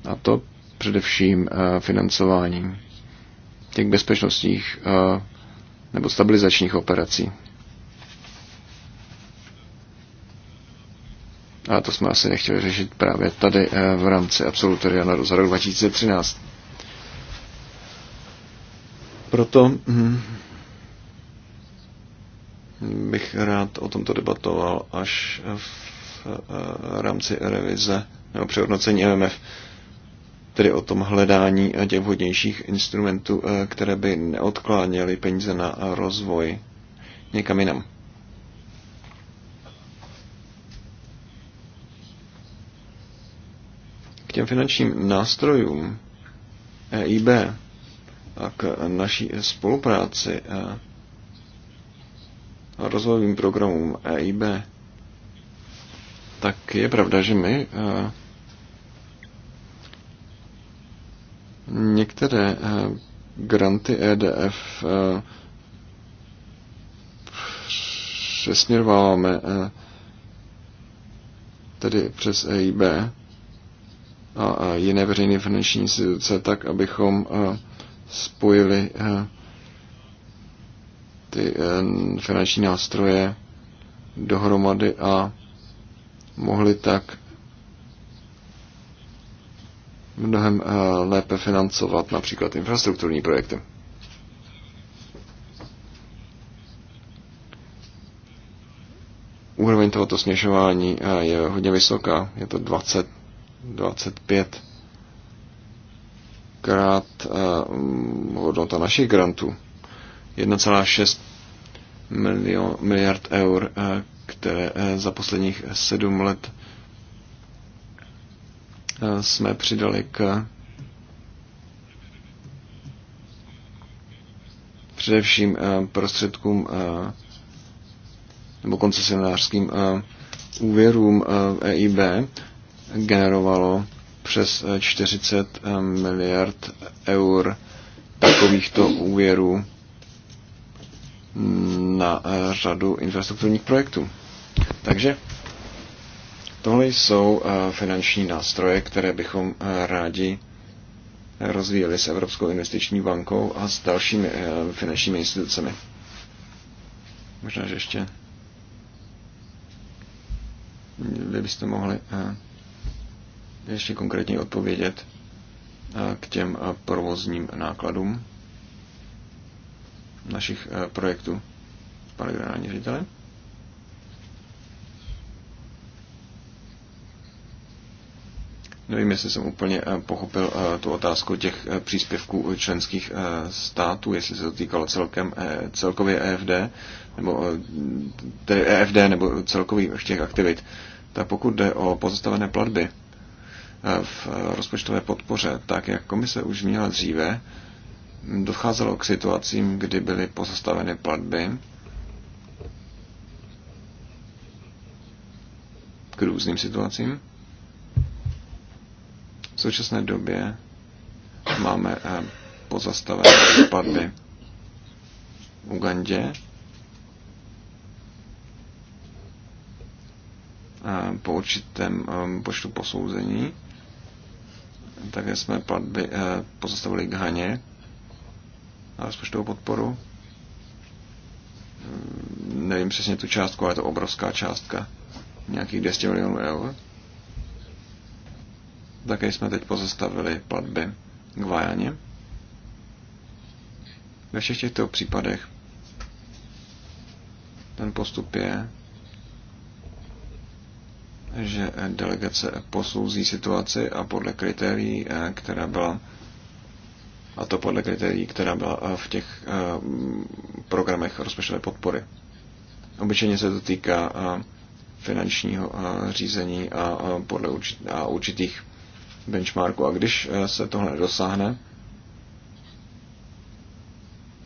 Speaker 2: A to především eh, financováním těch bezpečnostních eh, nebo stabilizačních operací. A to jsme asi nechtěli řešit právě tady eh, v rámci absolutoria na rok 2013. Proto hm, bych rád o tomto debatoval až v rámci revize nebo přehodnocení MMF tedy o tom hledání těch vhodnějších instrumentů, eh, které by neodkláněly peníze na rozvoj někam jinam. K těm finančním nástrojům EIB a k naší spolupráci eh, a rozvojovým programům EIB, tak je pravda, že my eh, Některé eh, granty EDF eh, přesměrováváme eh, tedy přes EIB a jiné veřejné finanční instituce tak, abychom spojili ty finanční nástroje dohromady a mohli tak mnohem eh, lépe financovat například infrastrukturní projekty. Úroveň tohoto směšování eh, je hodně vysoká, je to 20, 25 krát eh, hodnota našich grantů. 1,6 miliard eur, které za posledních sedm let Eh, jsme přidali k především eh, prostředkům eh, nebo koncesionářským úvěrům EIB e generovalo přes 40 miliard eur takovýchto úvěrů na řadu infrastrukturních projektů. Takže Tohle jsou eh, finanční nástroje, které bychom eh, rádi rozvíjeli s Evropskou investiční bankou a s dalšími eh, finančními institucemi. Možná, že ještě vy byste mohli ještě konkrétně odpovědět k těm provozním nákladům našich projektů, pane generální řediteli. Nevím, jestli jsem úplně eh, pochopil eh, tu otázku těch eh, příspěvků členských států, jestli se to týkalo celkem, celkově EFD, nebo tedy EFD, nebo celkových těch aktivit. Tak pokud jde o pozastavené platby v rozpočtové podpoře, tak jak komise už měla dříve, docházelo k situacím, kdy byly pozastaveny platby k různým situacím v současné době máme eh, pozastavené v Ugandě. Eh, po určitém eh, počtu posouzení. Také jsme platby pozastavili k Haně na rozpočtovou podporu. Nevím přesně tu částku, ale je to obrovská částka. Nějakých 200 milionů eur. Také jsme teď pozastavili platby k Vajaně. Ve všech těchto případech ten postup je, že delegace posouzí situaci a podle kritérií, eh, která byla a to podle kritérií, která byla eh, v těch eh, programech rozpočtové podpory. Obyčejně se to týká finančního řízení a podle určitých benchmarku. A když eh, se tohle nedosáhne,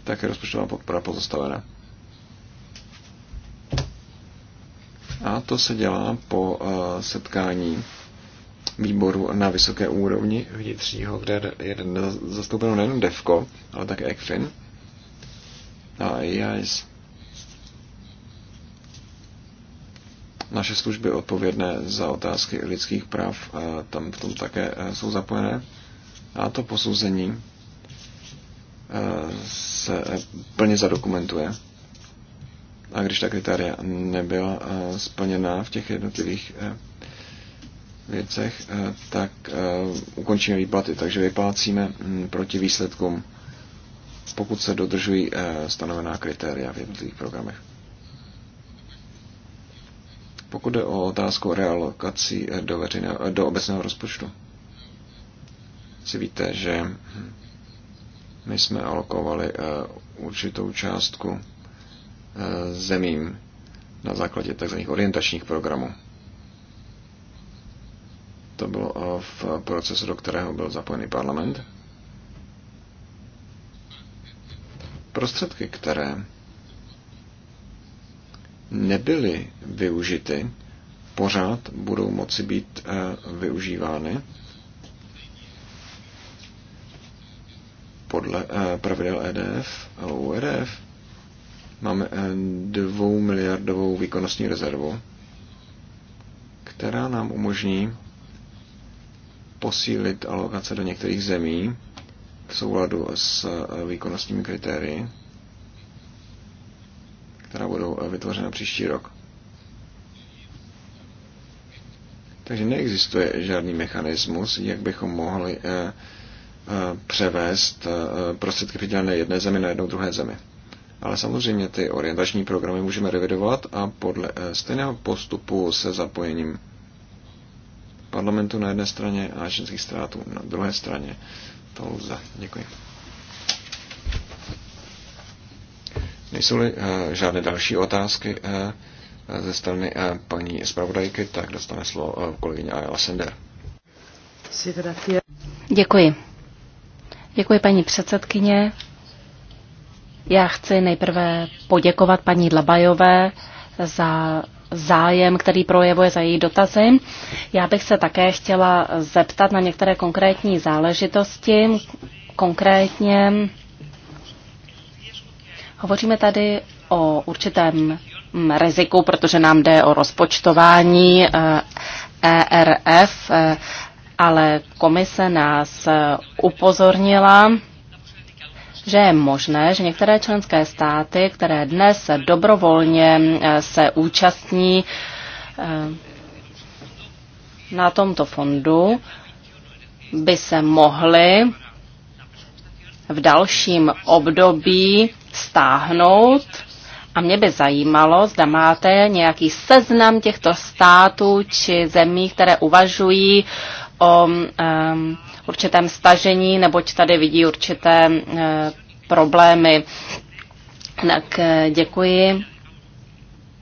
Speaker 2: tak je rozpočtová podpora pozastavena. A to se dělá po eh, setkání výboru na vysoké úrovni vnitřního, kde je zastoupeno nejen DEFCO, ale také ECFIN. A já jsem Naše služby odpovědné za otázky lidských práv eh, tam v tom také eh, jsou zapojené. A to posouzení eh, se plně zadokumentuje. A když ta kritéria nebyla splněná v těch jednotlivých věcech, tak ukončíme výplaty. Takže vyplácíme hm, proti výsledkům, pokud se dodržují stanovená kritéria v jednotlivých programech. Pokud jde o otázku realokací eh, do, veřejné, eh, do obecného rozpočtu, si víte, že my jsme alokovali eh, určitou částku zemím na základě tzv. orientačních programů. To bylo v procesu, do kterého byl zapojený parlament. Prostředky, které nebyly využity, pořád budou moci být eh, využívány podle eh, pravidel EDF a URF. E Máme eh, dvou miliardovou výkonnostní rezervu, která nám umožní posílit alokace do některých zemí v souladu s výkonnostními kritérii která budou eh, vytvořena příští rok. Takže neexistuje žádný mechanismus, jak bychom mohli eh, eh, převést prostředky vydělené jedné zemi na jednou druhé zemi. Ale samozřejmě ty orientační programy můžeme revidovat a podle stejného postupu se zapojením parlamentu na jedné straně a členských států na druhé straně. To lze. Děkuji. nejsou uh, eh, žádné další otázky eh, eh, ze strany paní zpravodajky, tak dostane slovo kolegyně Ayala Sender.
Speaker 3: Děkuji. Děkuji paní předsedkyně. Já chci nejprve poděkovat paní Dlabajové za zájem, který projevuje za její dotazy. Já bych se také chtěla zeptat na některé konkrétní záležitosti, konkrétně Hovoříme tady o určitém riziku, protože nám jde o rozpočtování ERF, eh, e eh, ale komise nás upozornila, že je možné, že některé členské státy, které dnes dobrovolně eh, se účastní na tomto fondu, by se mohly v dalším období stáhnout. A mě by zajímalo, zda máte nějaký seznam těchto států či zemí, které uvažují o um, určitém stažení, neboť tady vidí určité uh, problémy. Tak eh, děkuji.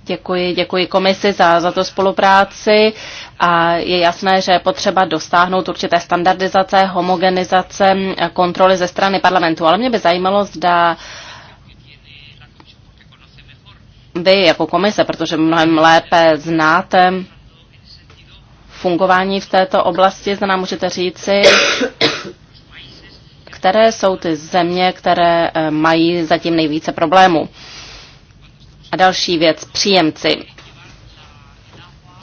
Speaker 3: Děkuji, děkuji komisi za, za to spolupráci a je jasné, že je potřeba dostáhnout určité standardizace, homogenizace, eh, kontroly ze strany parlamentu. Ale mě by zajímalo, zda uh, vy jako komise, protože mnohem lépe znáte fungování v této oblasti, zda nám můžete říci, které jsou ty země, které eh, mají zatím nejvíce problémů. A další věc, příjemci.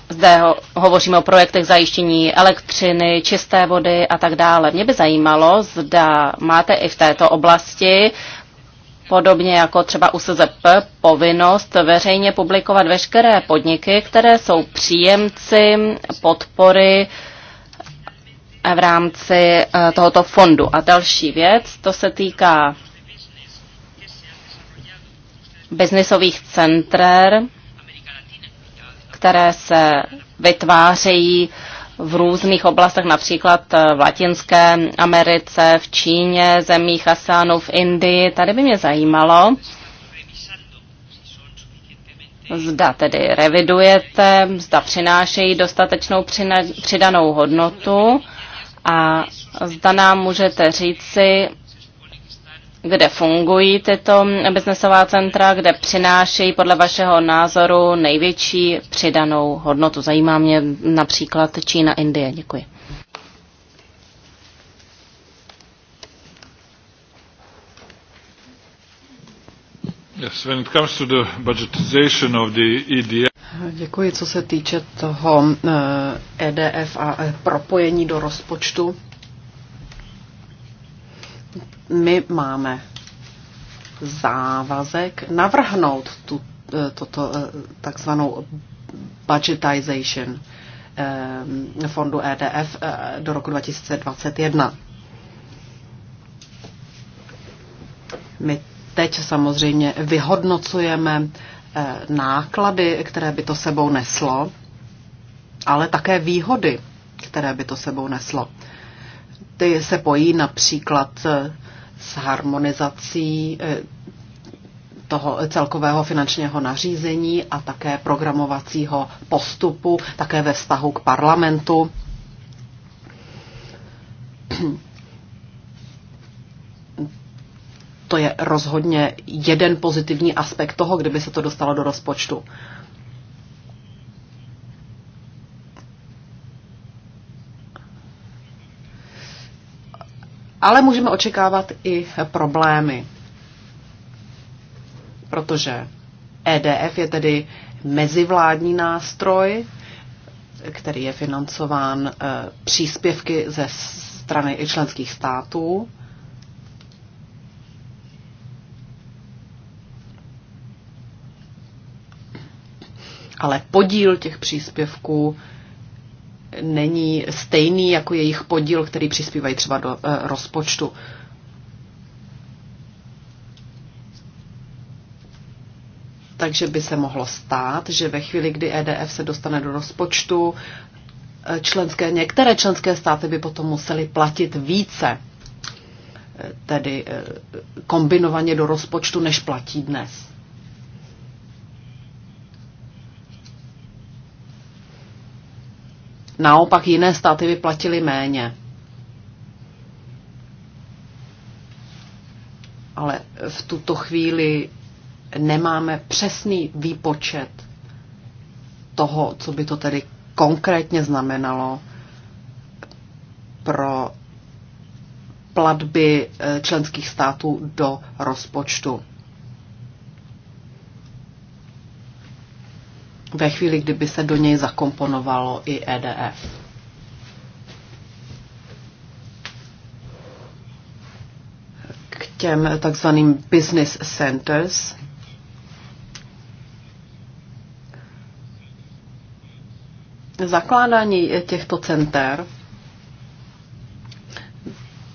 Speaker 3: Zde ho, hovoříme o projektech zajištění elektřiny, čisté vody a tak dále. Mě by zajímalo, zda máte i v této oblasti podobně jako třeba u SZP, povinnost veřejně publikovat veškeré podniky, které jsou příjemci podpory eh, v rámci eh, tohoto fondu. A další věc, to se týká biznisových center, které se vytvářejí uh, v různých oblastech, například eh, v Latinské Americe, v Číně, zemích Asánu, v Indii. Tady by mě zajímalo, zda tedy revidujete, zda přinášejí dostatečnou přidanou hodnotu a zda nám můžete říci, kde fungují tyto biznesová centra, kde přinášejí podle vašeho názoru největší přidanou hodnotu. Zajímá mě například Čína, Indie. Děkuji.
Speaker 4: Yes, when it comes to the budgetization of the EDF.
Speaker 1: Děkuji, co se týče toho EDF eh, e a eh, propojení do rozpočtu my máme závazek navrhnout tu, eh, toto eh, takzvanou budgetization eh, fondu EDF do roku 2021. My teď samozřejmě vyhodnocujeme náklady, které by to sebou neslo, ale také výhody, které by to sebou neslo. Ty se pojí například s harmonizací eh, toho celkového finančního nařízení a také programovacího postupu, také ve vztahu k parlamentu. To je rozhodně jeden pozitivní aspekt toho, kdyby se to dostalo do rozpočtu. ale můžeme očekávat i problémy, protože EDF je tedy mezivládní nástroj, který je financován eh, příspěvky ze strany i členských států. Ale podíl těch příspěvků není stejný jako jejich podíl, který přispívají třeba do eh, rozpočtu. Takže by se mohlo stát, že ve chvíli, kdy EDF se dostane do rozpočtu, eh, členské, některé členské státy by potom museli platit více, eh, tedy kombinovaně do rozpočtu, než platí dnes. Naopak jiné státy vyplatily méně. Ale v tuto chvíli nemáme přesný výpočet toho, co by to tedy konkrétně znamenalo pro platby eh, členských států do rozpočtu. ve chvíli, kdyby se do něj zakomponovalo i EDF. K těm takzvaným business centers zakládání těchto center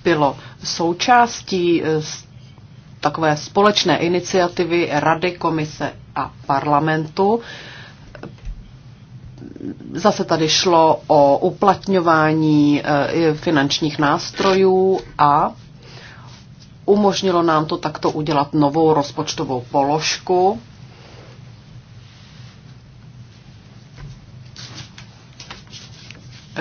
Speaker 1: bylo součástí eh, takové společné iniciativy Rady, Komise a parlamentu Zase tady šlo o uplatňování eh, finančních nástrojů a umožnilo nám to takto udělat novou rozpočtovou položku.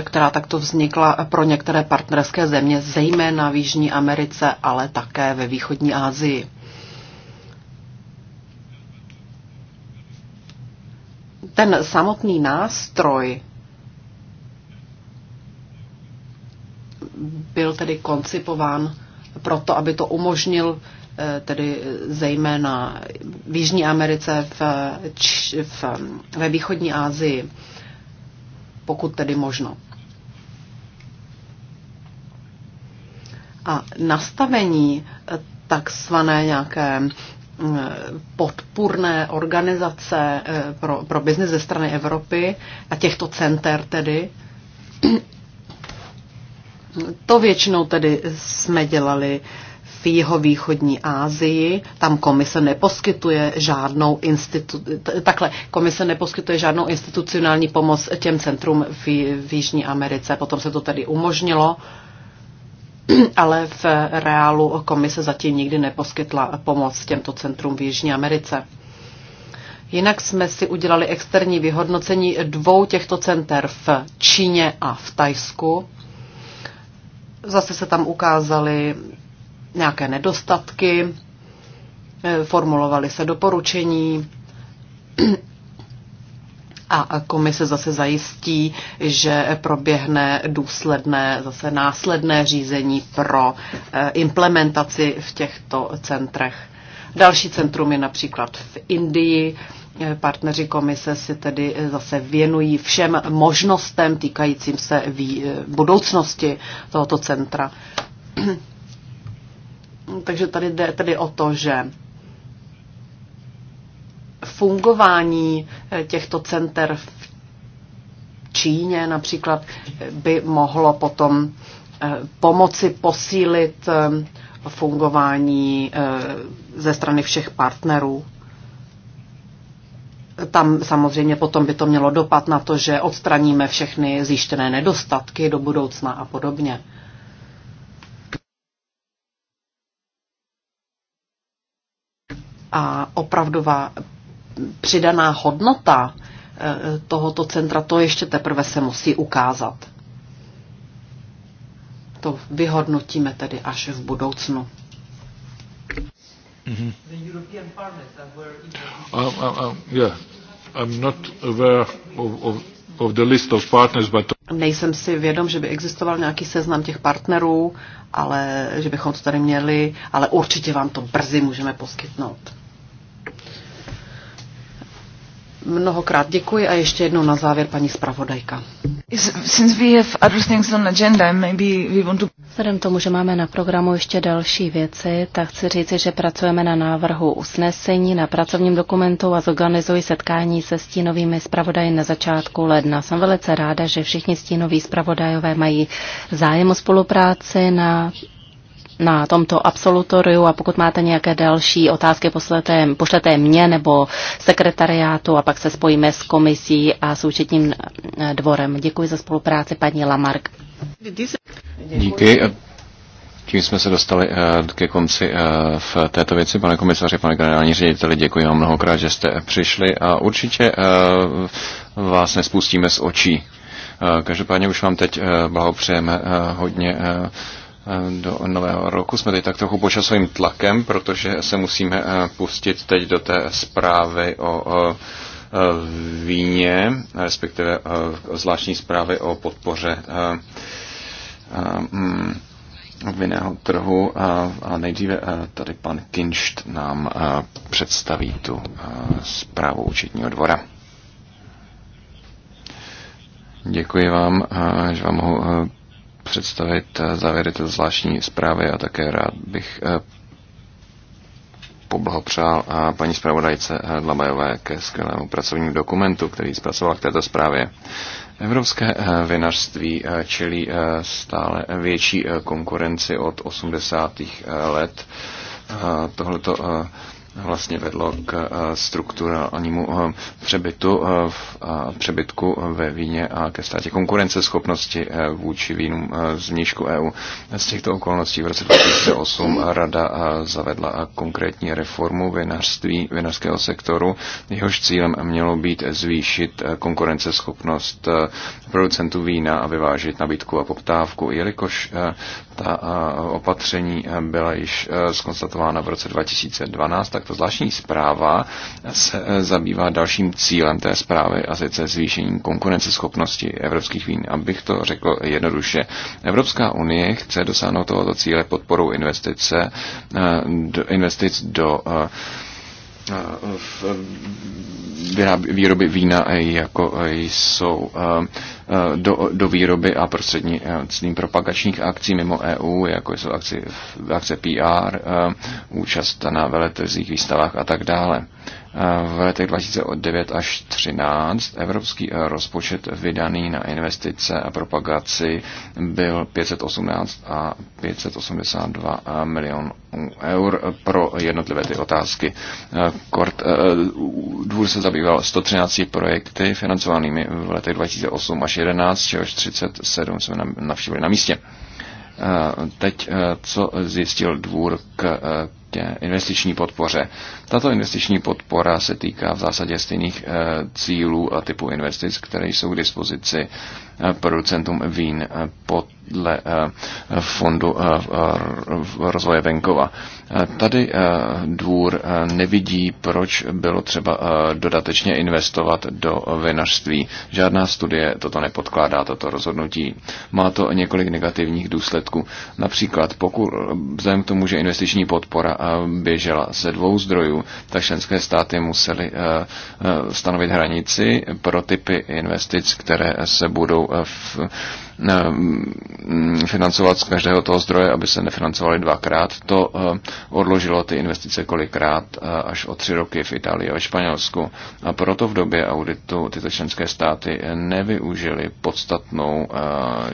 Speaker 1: která takto vznikla pro některé partnerské země, zejména v Jižní Americe, ale také ve východní Asii. ten samotný nástroj byl tedy koncipován proto, aby to umožnil eh, tedy eh, zejména v Jižní Americe, v, v, eh, ve východní Asii, pokud tedy možno. A nastavení takzvané nějaké podpůrné organizace eh, pro, pro biznis ze strany Evropy a těchto center tedy. To většinou tedy jsme dělali v jihovýchodní Asii. Tam komise neposkytuje žádnou institu... takhle, komise neposkytuje žádnou institucionální pomoc těm centrum v, v Jižní Americe. Potom se to tedy umožnilo. Uh, ale v reálu komise zatím nikdy neposkytla pomoc těmto centrum v Jižní Americe. Jinak jsme si udělali externí vyhodnocení dvou těchto center v Číně a v Tajsku. Zase se tam ukázaly nějaké nedostatky, eh, formulovaly se doporučení a komise zase zajistí, že proběhne důsledné, zase následné řízení pro eh, implementaci v těchto centrech. Další centrum je například v Indii. Eh, partneři komise si tedy eh, zase věnují všem možnostem týkajícím se budoucnosti tohoto centra. Takže tady jde tedy o to, že fungování eh, těchto center v Číně například eh, by mohlo potom eh, pomoci posílit fungování ze strany všech partnerů. Tam samozřejmě potom by to mělo dopad na to, že odstraníme všechny zjištěné nedostatky do budoucna a podobně. A opravdová přidaná hodnota eh, tohoto centra, to ještě teprve se musí ukázat. To vyhodnotíme tedy až v budoucnu.
Speaker 4: Nejsem si
Speaker 1: vědom, že by existoval nějaký seznam těch partnerů, ale že bychom to tady měli, ale určitě vám to brzy můžeme poskytnout. Mnohokrát děkuji a ještě jednou na závěr paní zpravodajka.
Speaker 3: Vzhledem tomu, že máme na programu ještě další věci, tak chci říci, že pracujeme na návrhu usnesení, na pracovním dokumentu a zorganizuji setkání se stínovými zpravodaji na začátku ledna. Jsem velice ráda, že všichni stínoví zpravodajové mají zájem o spolupráci na na tomto absolutoriu a pokud máte nějaké další otázky, pošlete, pošlete mě nebo sekretariátu a pak se spojíme s komisí a s účetním eh, dvorem. Děkuji za spolupráci, paní Lamark. Díky.
Speaker 2: Tím jsme se dostali eh, ke konci eh, v této věci. Pane komisaři, pane generální řediteli, děkuji vám mnohokrát, že jste přišli a určitě vás nespustíme z očí. Každopádně už vám teď blahopřejeme hodně do nového roku. Jsme teď tak trochu pod časovým tlakem, protože se musíme eh, pustit teď do té zprávy o eh, víně, respektive eh, zvláštní zprávy o podpoře mm, vinného trhu. A nejdříve tady pan Kinšt nám představí tu zprávu účetního dvora. Děkuji vám, že vám mohu představit eh, závěry té zvláštní zprávy a také rád bych eh, poblahopřál a eh, paní zpravodajce Dlamajové ke skvělému pracovnímu dokumentu, který zpracoval k této zprávě. Evropské vinařství čelí stále větší konkurenci od 80. let. Tohleto vlastně vedlo k eh, strukturálnímu eh, přebytu eh, v přebytku ve víně a ke státě konkurenceschopnosti vůči vínům z nížku EU. Z těchto okolností v roce 2008 Rada zavedla konkrétní reformu vinařství, vinařského sektoru. Jehož cílem mělo být zvýšit konkurenceschopnost producentů vína a vyvážit nabídku a poptávku, jelikož ta opatření byla již skonstatována v roce 2012, tak to zvláštní zpráva se zabývá dalším cílem té zprávy a sice zvýšením konkurenceschopnosti evropských vín. Abych to řekl jednoduše, Evropská unie chce dosáhnout tohoto cíle podporou investice, investic do výroby vína, jako jsou Eh, do, do výroby a prostřednictvím propagačních akcí mimo EU, jako jsou akci, akce PR, eh, účast na veletrzích výstavách a tak dále. Eh, v letech 2009 až 2013 evropský rozpočet vydaný na investice a propagaci byl 518 a 582 milionů eur pro jednotlivé ty otázky. Kort, dvůr se zabýval 113 projekty financovanými v letech 2008 až 11, až 37 jsme navštívili na místě. Eh, teď, eh, co zjistil dvůr k eh, té investiční podpoře. Tato investiční podpora se týká v zásadě stejných eh, cílů a typu investic, které jsou k dispozici eh, producentům vín eh, podle Fondu rozvoje venkova. Tady dvůr nevidí, proč bylo třeba dodatečně investovat do vinařství. Žádná studie toto nepodkládá, toto rozhodnutí. Má to několik negativních důsledků. Například, pokud vzhledem k tomu, že investiční podpora běžela ze dvou zdrojů, tak členské státy musely eh, eh, stanovit hranici pro typy investic, které se budou eh, v Eh, financovat z každého toho zdroje, aby se nefinancovali dvakrát. To eh, odložilo ty investice kolikrát eh, až o tři roky v Itálii a ve Španělsku. A proto v době auditu tyto členské státy nevyužily podstatnou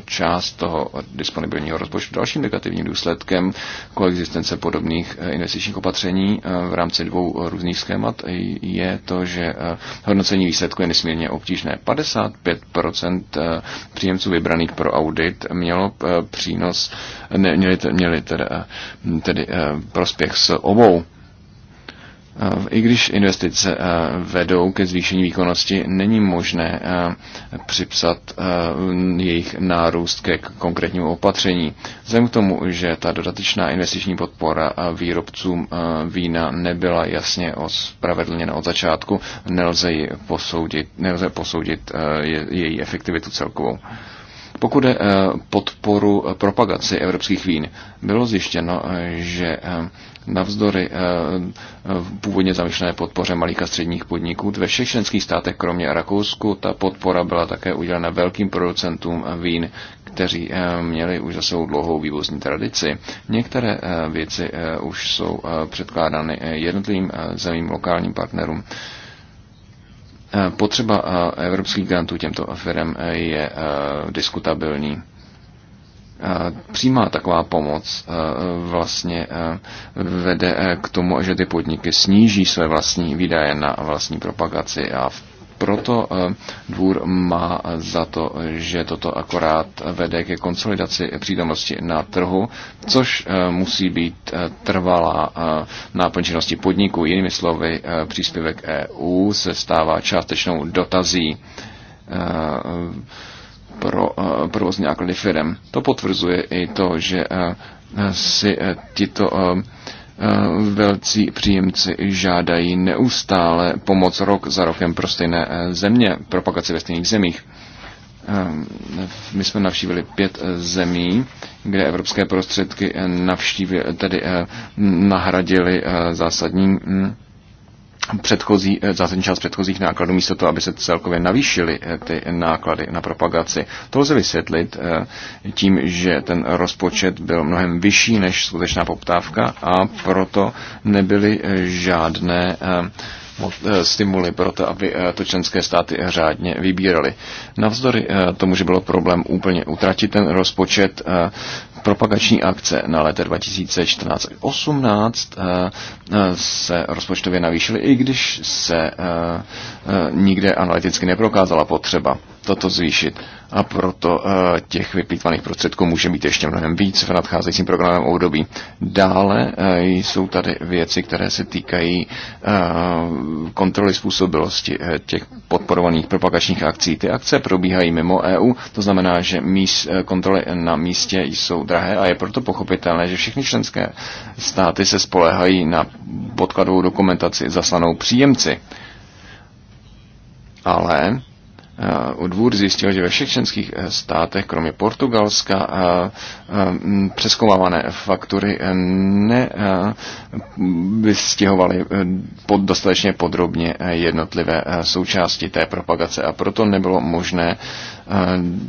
Speaker 2: část toho disponibilního rozpočtu. Dalším negativním důsledkem koexistence podobných investičních opatření v rámci dvou různých schémat je to, že hodnocení výsledku je nesmírně obtížné. 55% příjemců vybraných pro audit mělo eh, přínos, ne, měli, měli teda, tedy eh, eh, prospěch s obou. I když investice vedou ke zvýšení výkonnosti, není možné připsat jejich nárůst ke konkrétnímu opatření. Vzhledem k tomu, že ta dodatečná investiční podpora výrobcům vína nebyla jasně ospravedlněna od začátku, nelze, ji posoudit, nelze posoudit její efektivitu celkovou. Pokud je eh, podporu eh, propagaci evropských vín, bylo zjištěno, eh, že navzdory původně zamýšlené podpoře malých a středních podniků ve všech členských státech, kromě Rakousku, ta podpora byla také udělena velkým producentům vín, kteří měli už za sebou dlouhou vývozní tradici. Některé věci už jsou předkládány jednotlivým zemím lokálním partnerům. Eh, potřeba eh, evropských grantů těmto firm eh, je diskutabilní. Přímá taková pomoc vlastně vede k tomu, že ty podniky sníží své vlastní výdaje na vlastní propagaci a v proto eh, dvůr má za to, že toto akorát vede ke konsolidaci přítomnosti na trhu, což eh, musí být eh, trvalá náplň činnosti podniku. Jinými slovy, příspěvek EU se stává částečnou dotazí pro provozní náklady firm. To potvrzuje i to, že si tito Eh, velcí příjemci žádají neustále pomoc rok za rokem pro stejné eh, země, propagaci ve stejných zemích. Eh, my jsme navštívili pět zemí, kde evropské prostředky navštívili, tedy nahradili zásadní mm, předchozí, eh, zásadní část předchozích nákladů, místo toho, aby se celkově navýšily eh, ty náklady na propagaci. To lze vysvětlit eh, tím, že ten rozpočet byl mnohem vyšší než skutečná poptávka a proto nebyly žádné stimuly pro to, aby to členské státy řádně vybíraly. Navzdory tomu, že bylo problém úplně utratit ten rozpočet, propagační akce na lety 2014-18 eh, eh, se rozpočtově navýšily, i když se eh, nikde analyticky neprokázala potřeba toto zvýšit. A proto těch vyplýtvaných prostředků může být ještě mnohem víc v nadcházejícím programem období. Dále jsou tady věci, které se týkají kontroly způsobilosti těch podporovaných propagačních akcí. Ty akce probíhají mimo EU, to znamená, že míst, kontroly na místě jsou drahé a je proto pochopitelné, že všechny členské státy se spolehají na podkladovou dokumentaci zaslanou příjemci. Ale Eh, dvůr zjistil, že ve všech členských eh, státech, kromě Portugalska, eh, přeskoumávané faktury nevystěhovaly pod, dostatečně podrobně jednotlivé součásti té propagace a proto nebylo možné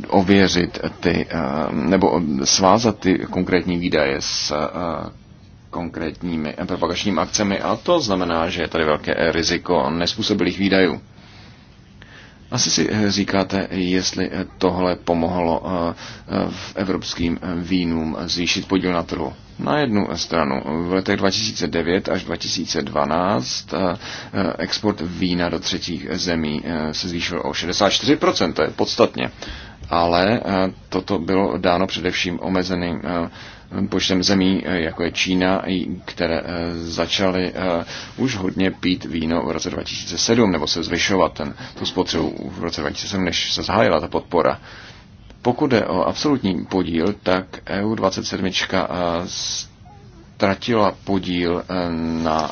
Speaker 2: ověřit ty, nebo svázat ty konkrétní výdaje s konkrétními propagačními akcemi a to znamená, že je tady velké riziko nespůsobilých výdajů. Asi si eh, říkáte, jestli eh, tohle pomohlo eh, v evropským vínům zvýšit podíl na trhu. Na jednu stranu v letech 2009 až 2012 export vína do třetích zemí se zvýšil o 64%, to je podstatně. Ale toto bylo dáno především omezeným počtem zemí, eh, jako je Čína, které eh, začaly eh, už hodně pít víno v roce 2007, nebo se zvyšovat ten, tu spotřebu v roce 2007, než se zahájila ta podpora. Pokud je o absolutní podíl, tak EU27 ztratila podíl na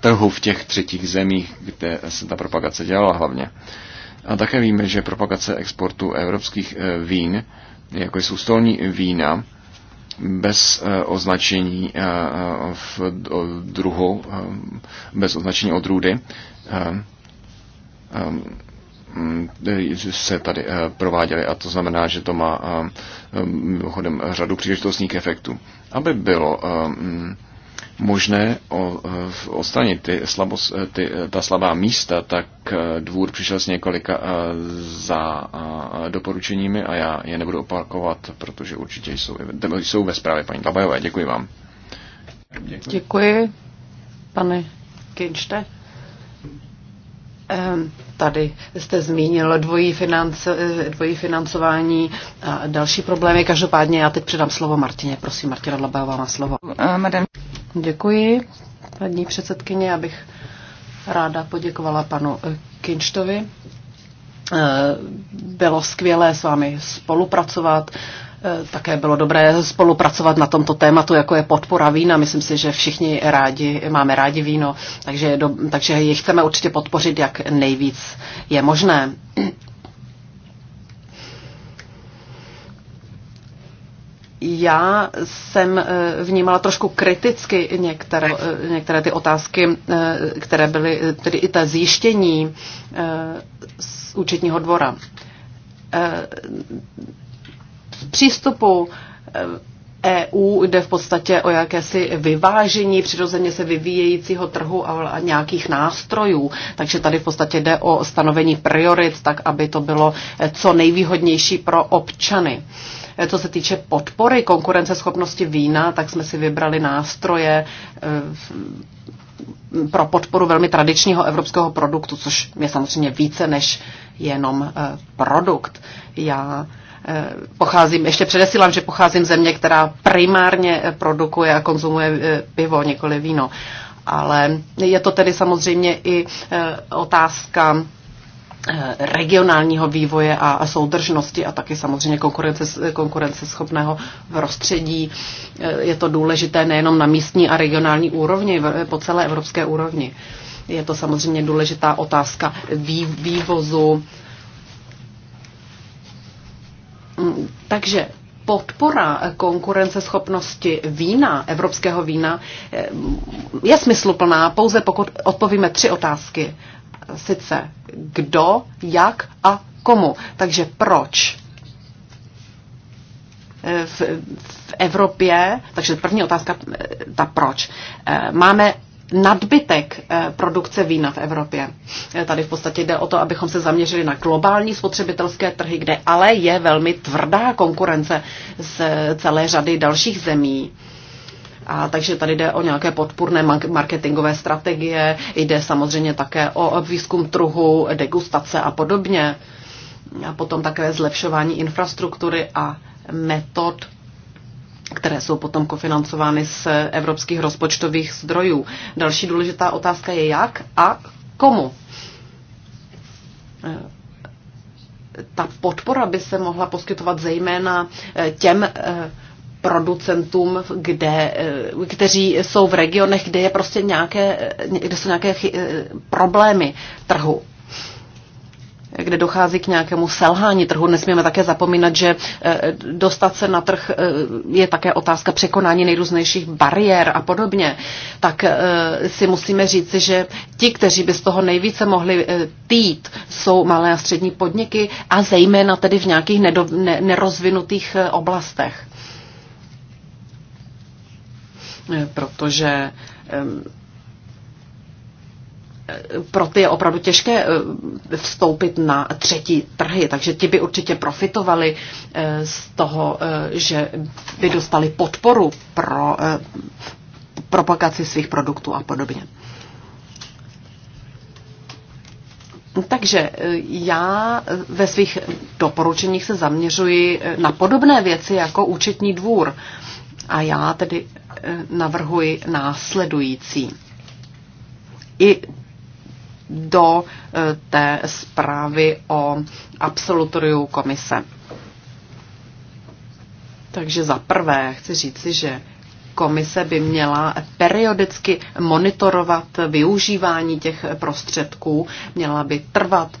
Speaker 2: trhu v těch třetích zemích, kde se ta propagace dělala hlavně. A také víme, že propagace exportu evropských vín, jako jsou stolní vína, bez eh, označení eh, v druhu, eh, bez označení odrůdy, se tady prováděly a to znamená, že to má mimochodem řadu příležitostních efektů. Aby bylo možné eh, odstranit ty slabos, eh, ty, eh, ta slabá místa, tak dvůr přišel s několika za doporučeními a já je nebudu opakovat, protože určitě jsou, jsou ve zprávě paní Babajové. Děkuji vám.
Speaker 1: Děkuji. Děkuji, pane Kinšte. Ehm, tady jste zmínil dvojí, finance, dvojí financování a další problémy. Každopádně já teď předám slovo Martině. Prosím, Martina Labajová má slovo. Madame. Děkuji, paní předsedkyně. Já bych ráda poděkovala panu Kinštovi. Eh, bylo skvělé s vámi spolupracovat. Eh, také bylo dobré spolupracovat na tomto tématu, jako je podpora vína. Myslím si, že všichni rádi, máme rádi víno, takže, do, takže je chceme určitě podpořit, jak nejvíc je možné. já jsem eh, vnímala trošku kriticky některé, eh, některé ty otázky, eh, které byly, tedy i ta zjištění z účetního dvora. V přístupu EU e jde v podstatě o jakési vyvážení přirozeně se vyvíjejícího trhu a nějakých nástrojů. Takže tady v podstatě jde o stanovení priorit, tak aby to bylo co nejvýhodnější pro občany. Uh, Eh, co se týče podpory konkurenceschopnosti vína, tak jsme si vybrali nástroje
Speaker 4: eh,
Speaker 1: pro podporu velmi tradičního evropského produktu, což je samozřejmě více než jenom eh, produkt. Já pocházím, ještě předesílám, že pocházím země, která primárně produkuje a konzumuje pivo, nikoli víno. Ale je to tedy samozřejmě i otázka Eh, regionálního vývoje a, a soudržnosti a taky samozřejmě konkurence, konkurenceschopného prostředí. Eh, je to důležité nejenom na místní a regionální úrovni, po celé evropské úrovni. Je to samozřejmě důležitá otázka vývozu. Mm, takže podpora konkurenceschopnosti vína, evropského vína, eh, je smysluplná pouze pokud odpovíme tři otázky sice kdo, jak a komu. Takže proč? Eh, v, v Evropě, takže první otázka, eh, ta proč. Eh, máme nadbytek produkce vína v Evropě. Tady v podstatě jde o to, abychom se zaměřili na globální spotřebitelské trhy, kde ale je velmi tvrdá konkurence z celé řady dalších zemí. A takže tady jde o nějaké podpůrné marketingové strategie, jde samozřejmě také o výzkum trhu, degustace a podobně. A potom také zlepšování infrastruktury a metod které jsou potom kofinancovány z evropských rozpočtových zdrojů. Další důležitá otázka je jak a komu. E, ta podpora by se mohla poskytovat zejména e, těm e, producentům, kde, eh, kteří jsou v regionech, kde, je prostě nějaké, kde jsou nějaké eh, problémy trhu kde dochází k nějakému selhání trhu. Nesmíme také zapomínat, že eh, dostat se na trh je také otázka překonání nejrůznějších bariér a podobně. Tak si musíme říci, že ti, kteří by z toho nejvíce mohli týt, jsou malé a střední podniky a zejména tedy v nějakých nerozvinutých oblastech. Eh, protože eh, pro ty je opravdu těžké eh, vstoupit na třetí trhy, takže ti by určitě profitovali z toho, že by dostali podporu pro propagaci svých produktů a podobně. Takže já ve svých doporučeních se zaměřuji na podobné věci jako účetní dvůr. A já tedy navrhuji následující. I do eh, té zprávy o absolutoriu komise. Takže za prvé chci říci, že komise by měla periodicky monitorovat využívání těch prostředků, měla by trvat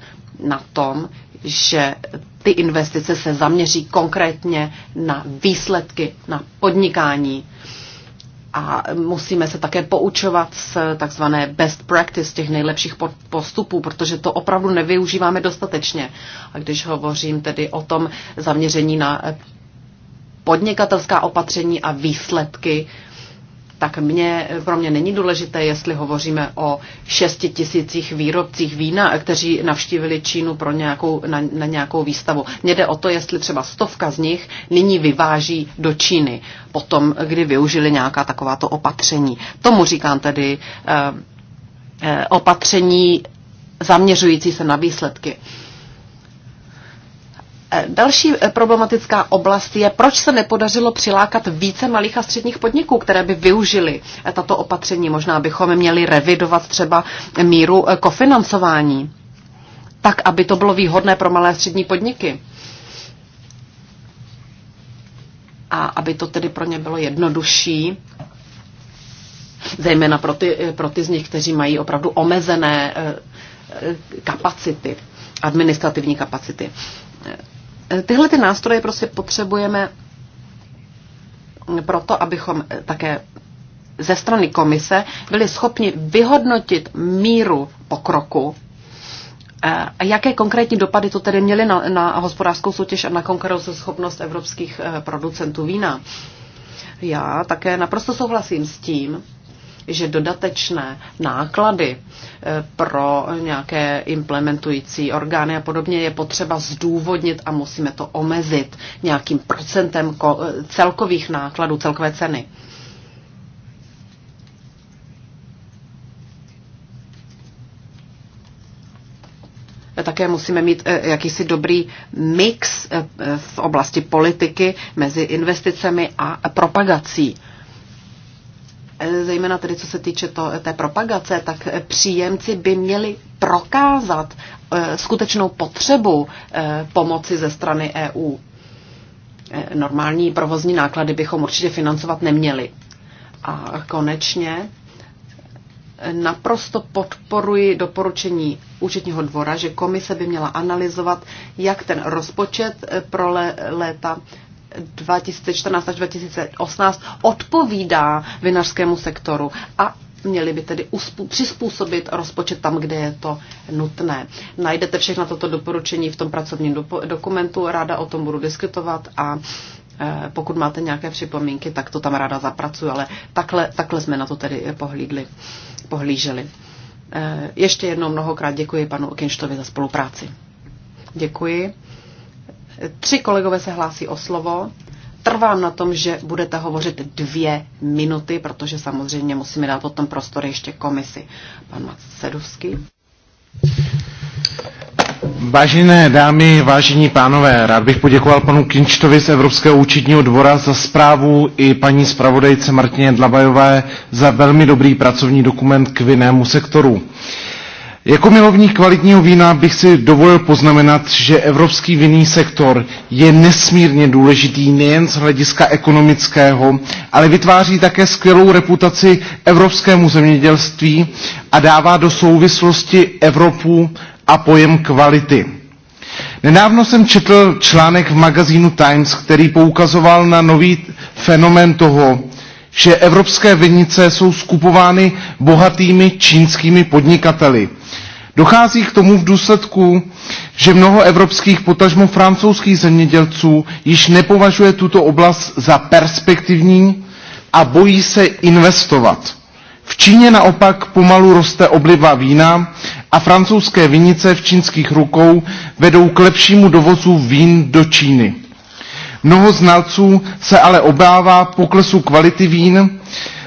Speaker 1: na tom, že ty investice se zaměří konkrétně na výsledky, na podnikání a musíme se také poučovat z takzvané best practice, těch nejlepších postupů, protože to opravdu nevyužíváme dostatečně. A když hovořím tedy o tom zaměření na podnikatelská opatření a výsledky, tak mě, pro mě není důležité, jestli hovoříme o šesti tisících výrobcích vína, kteří navštívili Čínu pro nějakou, na, na nějakou výstavu. Mně jde o to, jestli třeba stovka z nich nyní vyváží do Číny, potom, kdy využili nějaká takováto opatření. Tomu říkám tedy eh, eh, opatření zaměřující se na výsledky. Eh, Eh, další eh, problematická oblast je, proč se nepodařilo přilákat více malých a středních podniků, které by využili eh, tato opatření. Možná bychom měli revidovat třeba míru kofinancování, tak aby to bylo výhodné pro malé a střední podniky. A aby to tedy pro ně bylo jednodušší, zejména pro ty, pro ty z nich, kteří mají opravdu omezené kapacity, administrativní kapacity Eh, tyhle ty nástroje prostě potřebujeme proto, abychom eh, také ze strany komise byli schopni vyhodnotit míru pokroku eh, a jaké konkrétní dopady to tedy měly na, na hospodářskou soutěž a na schopnost evropských producentů vína? Já také naprosto souhlasím s tím, že dodatečné náklady eh, pro nějaké implementující orgány a podobně je potřeba zdůvodnit a musíme to omezit nějakým procentem eh, celkových nákladů, celkové ceny. také musíme mít eh, jakýsi dobrý mix v oblasti politiky mezi investicemi a propagací Eh, zejména tedy co se týče to, té propagace, tak příjemci by měli prokázat eh, skutečnou potřebu eh, pomoci ze strany EU. Normální provozní náklady bychom určitě financovat neměli. A konečně naprosto podporuji doporučení účetního dvora, že komise by měla analyzovat, jak ten rozpočet pro léta 2014 až 2018 odpovídá vinařskému sektoru a měli by tedy přizpůsobit rozpočet tam, kde je to nutné. Najdete všechna toto doporučení v tom pracovním do- dokumentu, ráda o tom budu diskutovat a e, pokud máte nějaké připomínky, tak to tam ráda zapracuju, ale takhle, takhle jsme na to tedy pohlídli, pohlíželi. E, ještě jednou mnohokrát děkuji panu Kinštovi za spolupráci. Děkuji. Tři kolegové se hlásí o slovo. Trvám na tom, že budete hovořit dvě minuty, protože samozřejmě musíme dát potom prostor ještě komisi. Pan Mac Sedovský.
Speaker 6: Vážené dámy, vážení pánové, rád bych poděkoval panu Kinčtovi z Evropského účetního dvora za zprávu i paní zpravodajce Martině Dlabajové za velmi dobrý pracovní dokument k vinnému sektoru. Jako milovník kvalitního vína bych si dovolil poznamenat, že evropský vinný sektor je nesmírně důležitý nejen z hlediska ekonomického, ale vytváří také skvělou reputaci evropskému zemědělství a dává do souvislosti Evropu a pojem kvality. Nedávno jsem četl článek v magazínu Times, který poukazoval na nový fenomén toho, že evropské vinice jsou skupovány bohatými čínskými podnikateli. Dochází k tomu v důsledku, že mnoho evropských potažmo francouzských zemědělců již nepovažuje tuto oblast za perspektivní a bojí se investovat. V Číně naopak pomalu roste obliba vína a francouzské vinice v čínských rukou vedou k lepšímu dovozu vín do Číny. Mnoho znalců se ale obává poklesu kvality vín,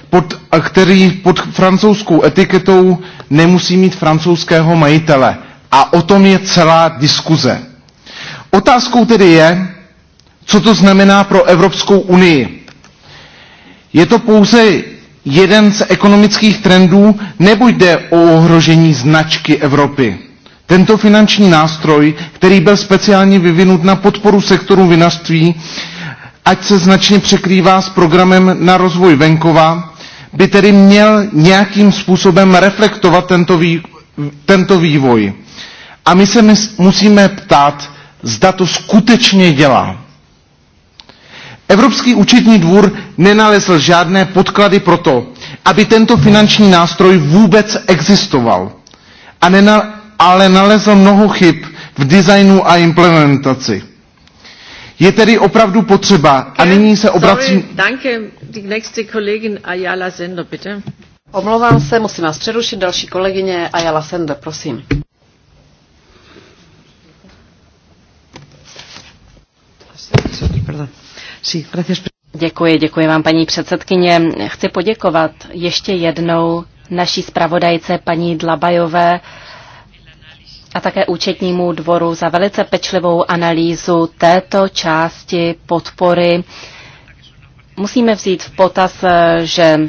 Speaker 6: pod, který pod francouzskou etiketou nemusí mít francouzského majitele. A o tom je celá diskuze. Otázkou tedy je, co to znamená pro Evropskou unii. Je to pouze jeden z ekonomických trendů, nebo jde o ohrožení značky Evropy? Tento finanční nástroj, který byl speciálně vyvinut na podporu sektoru vinařství, ať se značně překrývá s programem na rozvoj venkova, by tedy měl nějakým způsobem reflektovat tento, vý, tento vývoj. A my se musíme ptát, zda to skutečně dělá. Evropský účetní dvůr nenalezl žádné podklady pro to, aby tento finanční nástroj vůbec existoval. A nenal, ale nalezl mnoho chyb v designu a implementaci. Je tedy opravdu potřeba a nyní se obracím...
Speaker 1: Omlouvám se, musím vás přerušit. Další kolegyně Ayala Sender, prosím.
Speaker 3: Děkuji, děkuji vám, paní předsedkyně. Chci poděkovat ještě jednou naší zpravodajce paní Dlabajové a také účetnímu dvoru za velice pečlivou analýzu této části podpory. Musíme vzít v potaz, eh, že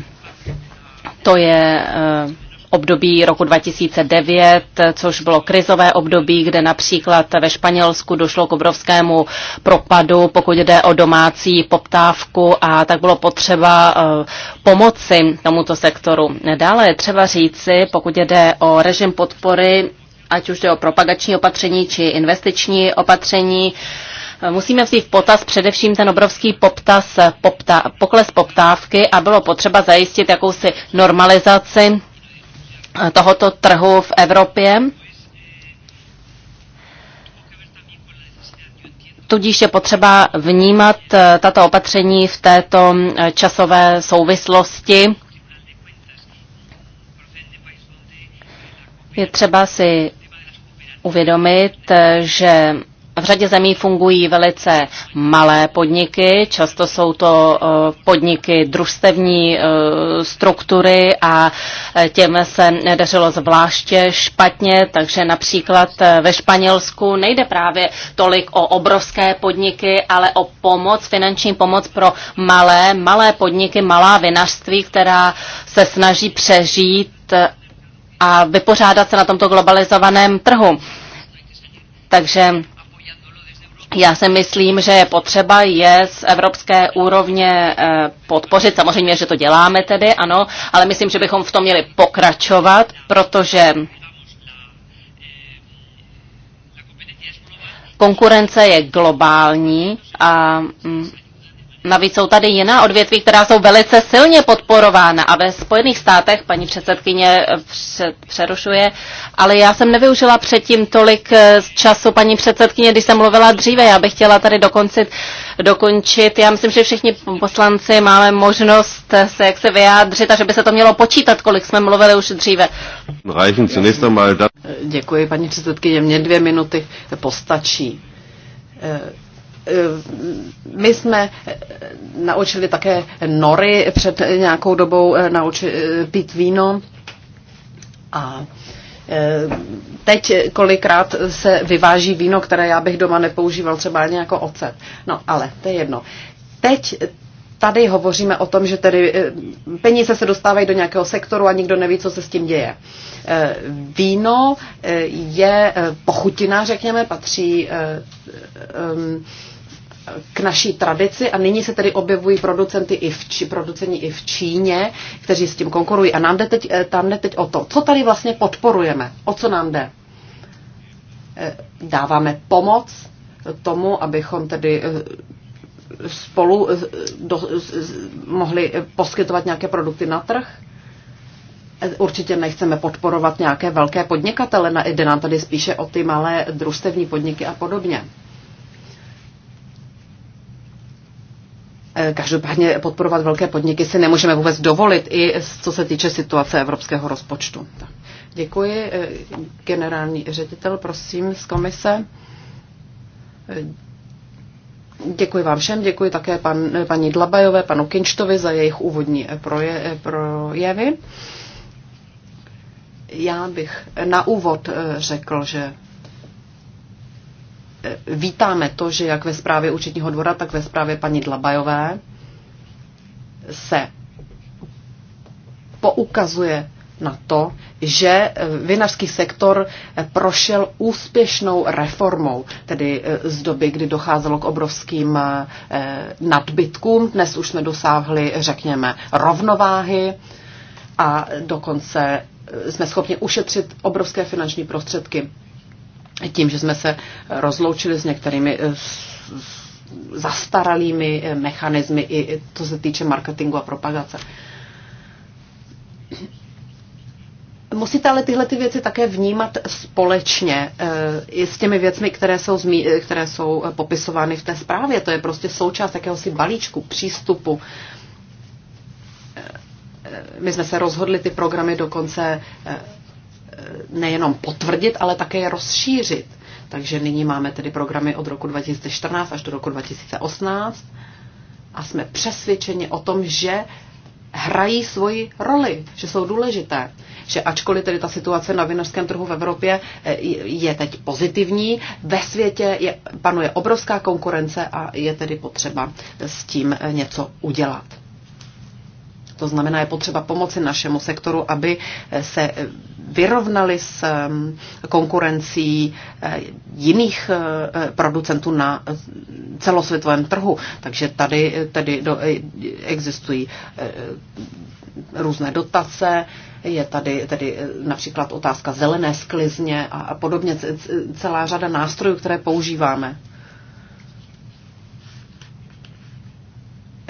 Speaker 3: to je eh, období roku 2009, což bylo krizové období, kde například ve Španělsku došlo k obrovskému propadu, pokud jde o domácí poptávku a tak bylo potřeba eh, pomoci tomuto sektoru. Dále je třeba říci, pokud jde o režim podpory, ať už jde o propagační opatření či investiční opatření. Musíme vzít v potaz především ten obrovský poptaz, popta, pokles poptávky a bylo potřeba zajistit jakousi normalizaci tohoto trhu v Evropě. Tudíž je potřeba vnímat eh, tato opatření v této eh, časové souvislosti. Je třeba si uvědomit, že v řadě zemí fungují velice malé podniky, často jsou to eh, podniky družstevní eh, struktury a eh, těm se nedařilo zvláště špatně, takže například ve Španělsku nejde právě tolik o obrovské podniky, ale o pomoc, finanční pomoc pro malé, malé podniky, malá vinařství, která se snaží přežít a vypořádat se na tomto globalizovaném trhu. Takže já si myslím, že je potřeba je z evropské úrovně eh, podpořit. Samozřejmě, že to děláme tedy, ano, ale myslím, že bychom v tom měli pokračovat, protože konkurence je globální a mm, Navíc jsou tady jiná odvětví, která jsou velice silně podporována a ve Spojených státech, paní předsedkyně přerušuje, ale já jsem nevyužila předtím tolik eh, času, paní předsedkyně, když jsem mluvila dříve, já bych chtěla tady dokoncit, dokončit. Já myslím, že všichni poslanci máme možnost se jak se vyjádřit a že by se to mělo počítat, kolik
Speaker 1: jsme mluvili už dříve. Děkuji, paní předsedkyně, mě dvě minuty postačí eh, Eh, my jsme eh, naučili také nory před nějakou dobou eh, nauči, pít víno a Teď kolikrát se vyváží víno, které já bych doma nepoužíval třeba ani jako ocet. No, ale to je jedno. Teď tady hovoříme o tom, že tedy peníze se dostávají do nějakého sektoru a nikdo neví, co se s tím děje. Víno je pochutina, řekněme, patří k naší tradici a nyní se tedy objevují producenty i v, či, producenti i v Číně, kteří s tím konkurují. A nám jde teď, eh, tam jde teď o to, co tady vlastně podporujeme, o co nám jde. Eh, dáváme pomoc tomu, abychom tedy eh, spolu do, mohli poskytovat nějaké produkty na trh. Určitě nechceme podporovat nějaké velké podnikatele, jde nám tady spíše o ty malé družstevní podniky a podobně. Každopádně podporovat velké podniky si nemůžeme vůbec dovolit, i co se týče situace evropského rozpočtu. Děkuji. Generální ředitel, prosím, z komise. Děkuji vám všem, děkuji také pan, paní Dlabajové, panu Kinčtovi za jejich úvodní proje, projevy. Já bych na úvod řekl, že vítáme to, že jak ve zprávě účetního dvora, tak ve zprávě paní Dlabajové se poukazuje na to, že vinařský sektor prošel úspěšnou reformou, tedy eh, z doby, kdy docházelo k obrovským eh, nadbytkům. Dnes už jsme dosáhli, řekněme, rovnováhy a dokonce eh, jsme schopni ušetřit obrovské finanční prostředky tím, že jsme se rozloučili s některými eh, zastaralými eh, mechanismy, i co se týče marketingu a propagace. Musíte ale tyhle ty věci také vnímat společně eh, i s těmi věcmi, které jsou, zmí, které jsou popisovány v té zprávě. To je prostě součást jakéhosi balíčku, přístupu. My jsme se rozhodli ty programy dokonce nejenom potvrdit, ale také rozšířit. Takže nyní máme tedy programy od roku 2014 až do roku 2018 a jsme přesvědčeni o tom, že hrají svoji roli, že jsou důležité. Že ačkoliv tedy ta situace na vinařském trhu v Evropě eh, je teď pozitivní, ve světě je, panuje obrovská konkurence a je tedy potřeba s tím eh, něco udělat. To znamená, je potřeba pomoci našemu sektoru, aby se vyrovnali s um, konkurencí eh, jiných eh, producentů na celosvětovém trhu. Takže tady, tady do, eh, existují různé dotace, je tady, tady například otázka zelené sklizně a, a podobně, celá řada nástrojů, které používáme.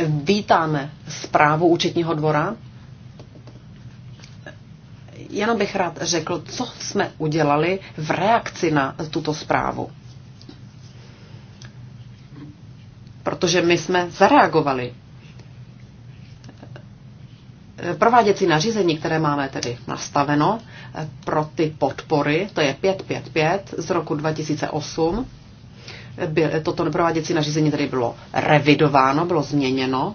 Speaker 1: vítáme zprávu účetního dvora. Jenom bych rád řekl, co jsme udělali v reakci na tuto zprávu. Protože my jsme zareagovali. Prováděcí nařízení, které máme tedy nastaveno pro ty podpory, to je 555 z roku 2008, byl, toto prováděcí nařízení tedy bylo revidováno, bylo změněno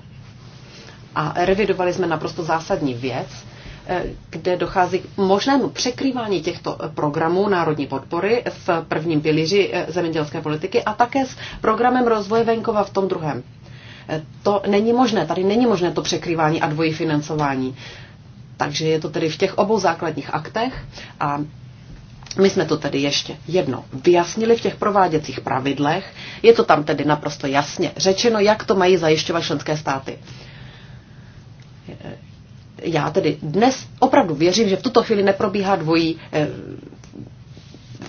Speaker 1: a revidovali jsme naprosto zásadní věc, eh, kde dochází k možnému překrývání těchto eh, programů národní podpory v prvním pilíři eh, zemědělské politiky a také s programem rozvoje venkova v tom druhém. To není možné, tady není možné to překrývání a dvojí financování. Takže je to tedy v těch obou základních aktech a my jsme to tedy ještě jedno vyjasnili v těch prováděcích pravidlech. Je to tam tedy naprosto jasně řečeno, jak to mají zajišťovat členské státy. Já tedy dnes opravdu věřím, že v tuto chvíli neprobíhá dvojí eh,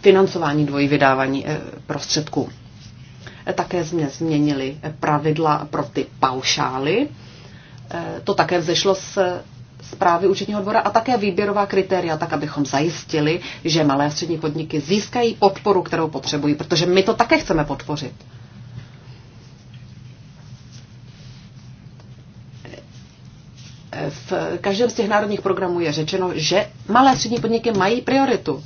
Speaker 1: financování, dvojí vydávání eh, prostředků. Eh, také jsme změnili pravidla pro ty paušály. To také vzešlo z zprávy účetního dvora a také výběrová kritéria, tak abychom zajistili, že malé a střední podniky získají podporu, kterou potřebují, protože my to také chceme podpořit. V každém z těch národních programů je řečeno, že malé a střední podniky mají prioritu.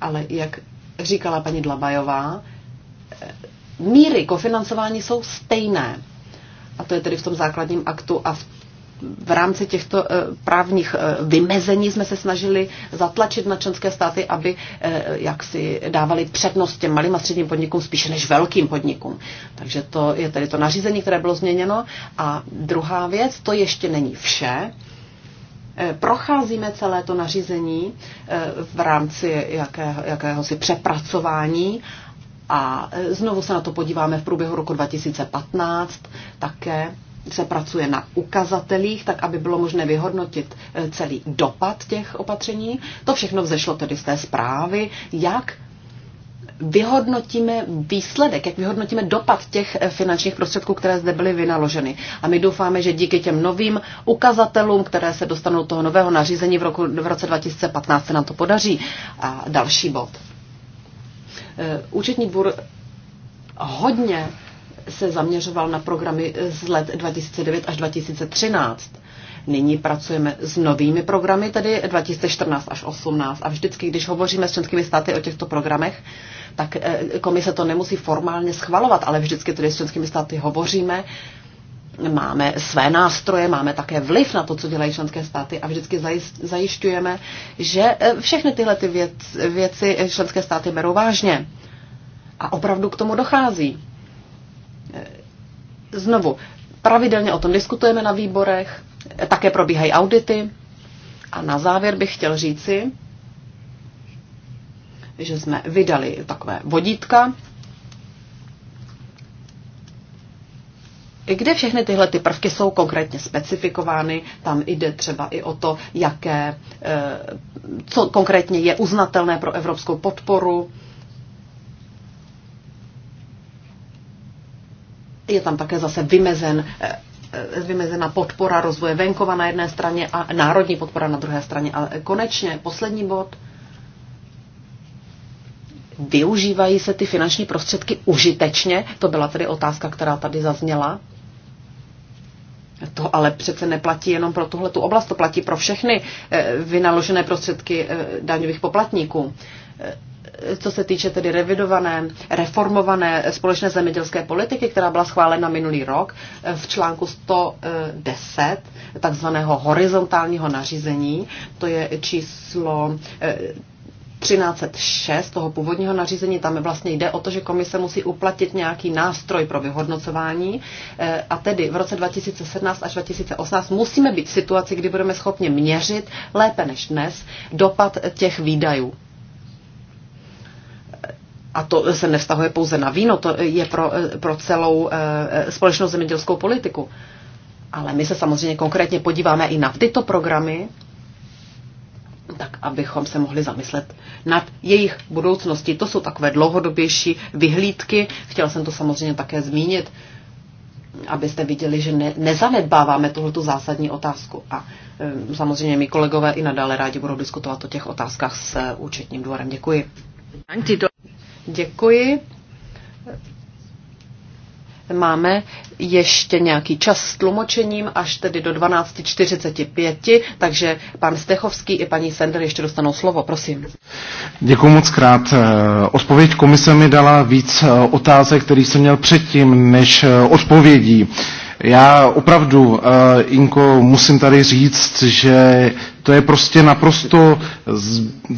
Speaker 1: Ale jak říkala paní Dlabajová, míry kofinancování jsou stejné. A to je tedy v tom základním aktu a v v rámci těchto eh, právních eh, vymezení jsme se snažili zatlačit na členské státy, aby eh, jaksi dávali přednost těm malým a středním podnikům spíše než velkým podnikům. Takže to je tedy to nařízení, které bylo změněno. A druhá věc, to ještě není vše. Procházíme celé to nařízení v rámci jakého, jakéhosi přepracování a znovu se na to podíváme v průběhu roku 2015 také se pracuje na ukazatelích, tak aby bylo možné vyhodnotit eh, celý dopad těch opatření. To všechno vzešlo tedy z té zprávy, jak vyhodnotíme výsledek, jak vyhodnotíme dopad těch eh, finančních prostředků, které zde byly vynaloženy. A my doufáme, že díky těm novým ukazatelům, které se dostanou toho nového nařízení v, roku, v roce 2015, se nám to podaří. A další bod. Eh, účetní dvůr hodně se zaměřoval na programy z let 2009 až 2013. Nyní pracujeme s novými programy, tedy 2014 až 2018. A vždycky, když hovoříme s členskými státy o těchto programech, tak eh, komise to nemusí formálně schvalovat, ale vždycky tedy s členskými státy hovoříme, máme své nástroje, máme také vliv na to, co dělají členské státy a vždycky zajišťujeme, že eh, všechny tyhle ty věc, věci členské státy berou vážně. A opravdu k tomu dochází. Znovu, pravidelně o tom diskutujeme na výborech, také probíhají audity. A na závěr bych chtěl říci, že jsme vydali takové vodítka, kde všechny tyhle ty prvky jsou konkrétně specifikovány. Tam jde třeba i o to, jaké, eh, co konkrétně je uznatelné pro evropskou podporu, Je tam také zase vymezen eh, eh, vymezená podpora rozvoje venkova na jedné straně a národní podpora na druhé straně. Ale konečně poslední bod. Využívají se ty finanční prostředky užitečně? To byla tedy otázka, která tady zazněla. To ale přece neplatí jenom pro tuhle tu oblast, to platí pro všechny eh, vynaložené prostředky daňových poplatníků co se týče tedy revidované, reformované společné zemědělské politiky, která byla schválena minulý rok v článku 110 takzvaného horizontálního nařízení, to je číslo 1306 eh, toho původního nařízení, tam vlastně jde o to, že komise musí uplatit nějaký nástroj pro vyhodnocování eh, a tedy v roce 2017 až 2018 musíme být v situaci, kdy budeme schopni měřit lépe než dnes dopad těch výdajů a to se nevztahuje pouze na víno, to je pro, pro celou eh, společnou zemědělskou politiku. Ale my se samozřejmě konkrétně podíváme i na tyto programy, tak abychom se mohli zamyslet nad jejich budoucností. To jsou takové dlouhodobější vyhlídky. Chtěla jsem to samozřejmě také zmínit, abyste viděli, že ne, nezanedbáváme tuhleto zásadní otázku. A um, samozřejmě mi kolegové i nadále rádi budou diskutovat o těch otázkách s účetním dvorem. Děkuji. Děkuji. Máme ještě nějaký čas s tlumočením až tedy do 12.45, takže pan Stechovský i paní Sender ještě dostanou slovo, prosím.
Speaker 6: Děkuji moc krát. Eh, odpověď komise mi dala víc eh, otázek, který jsem měl předtím, než eh, odpovědí. Já opravdu, uh, Inko, musím tady říct, že to je prostě naprosto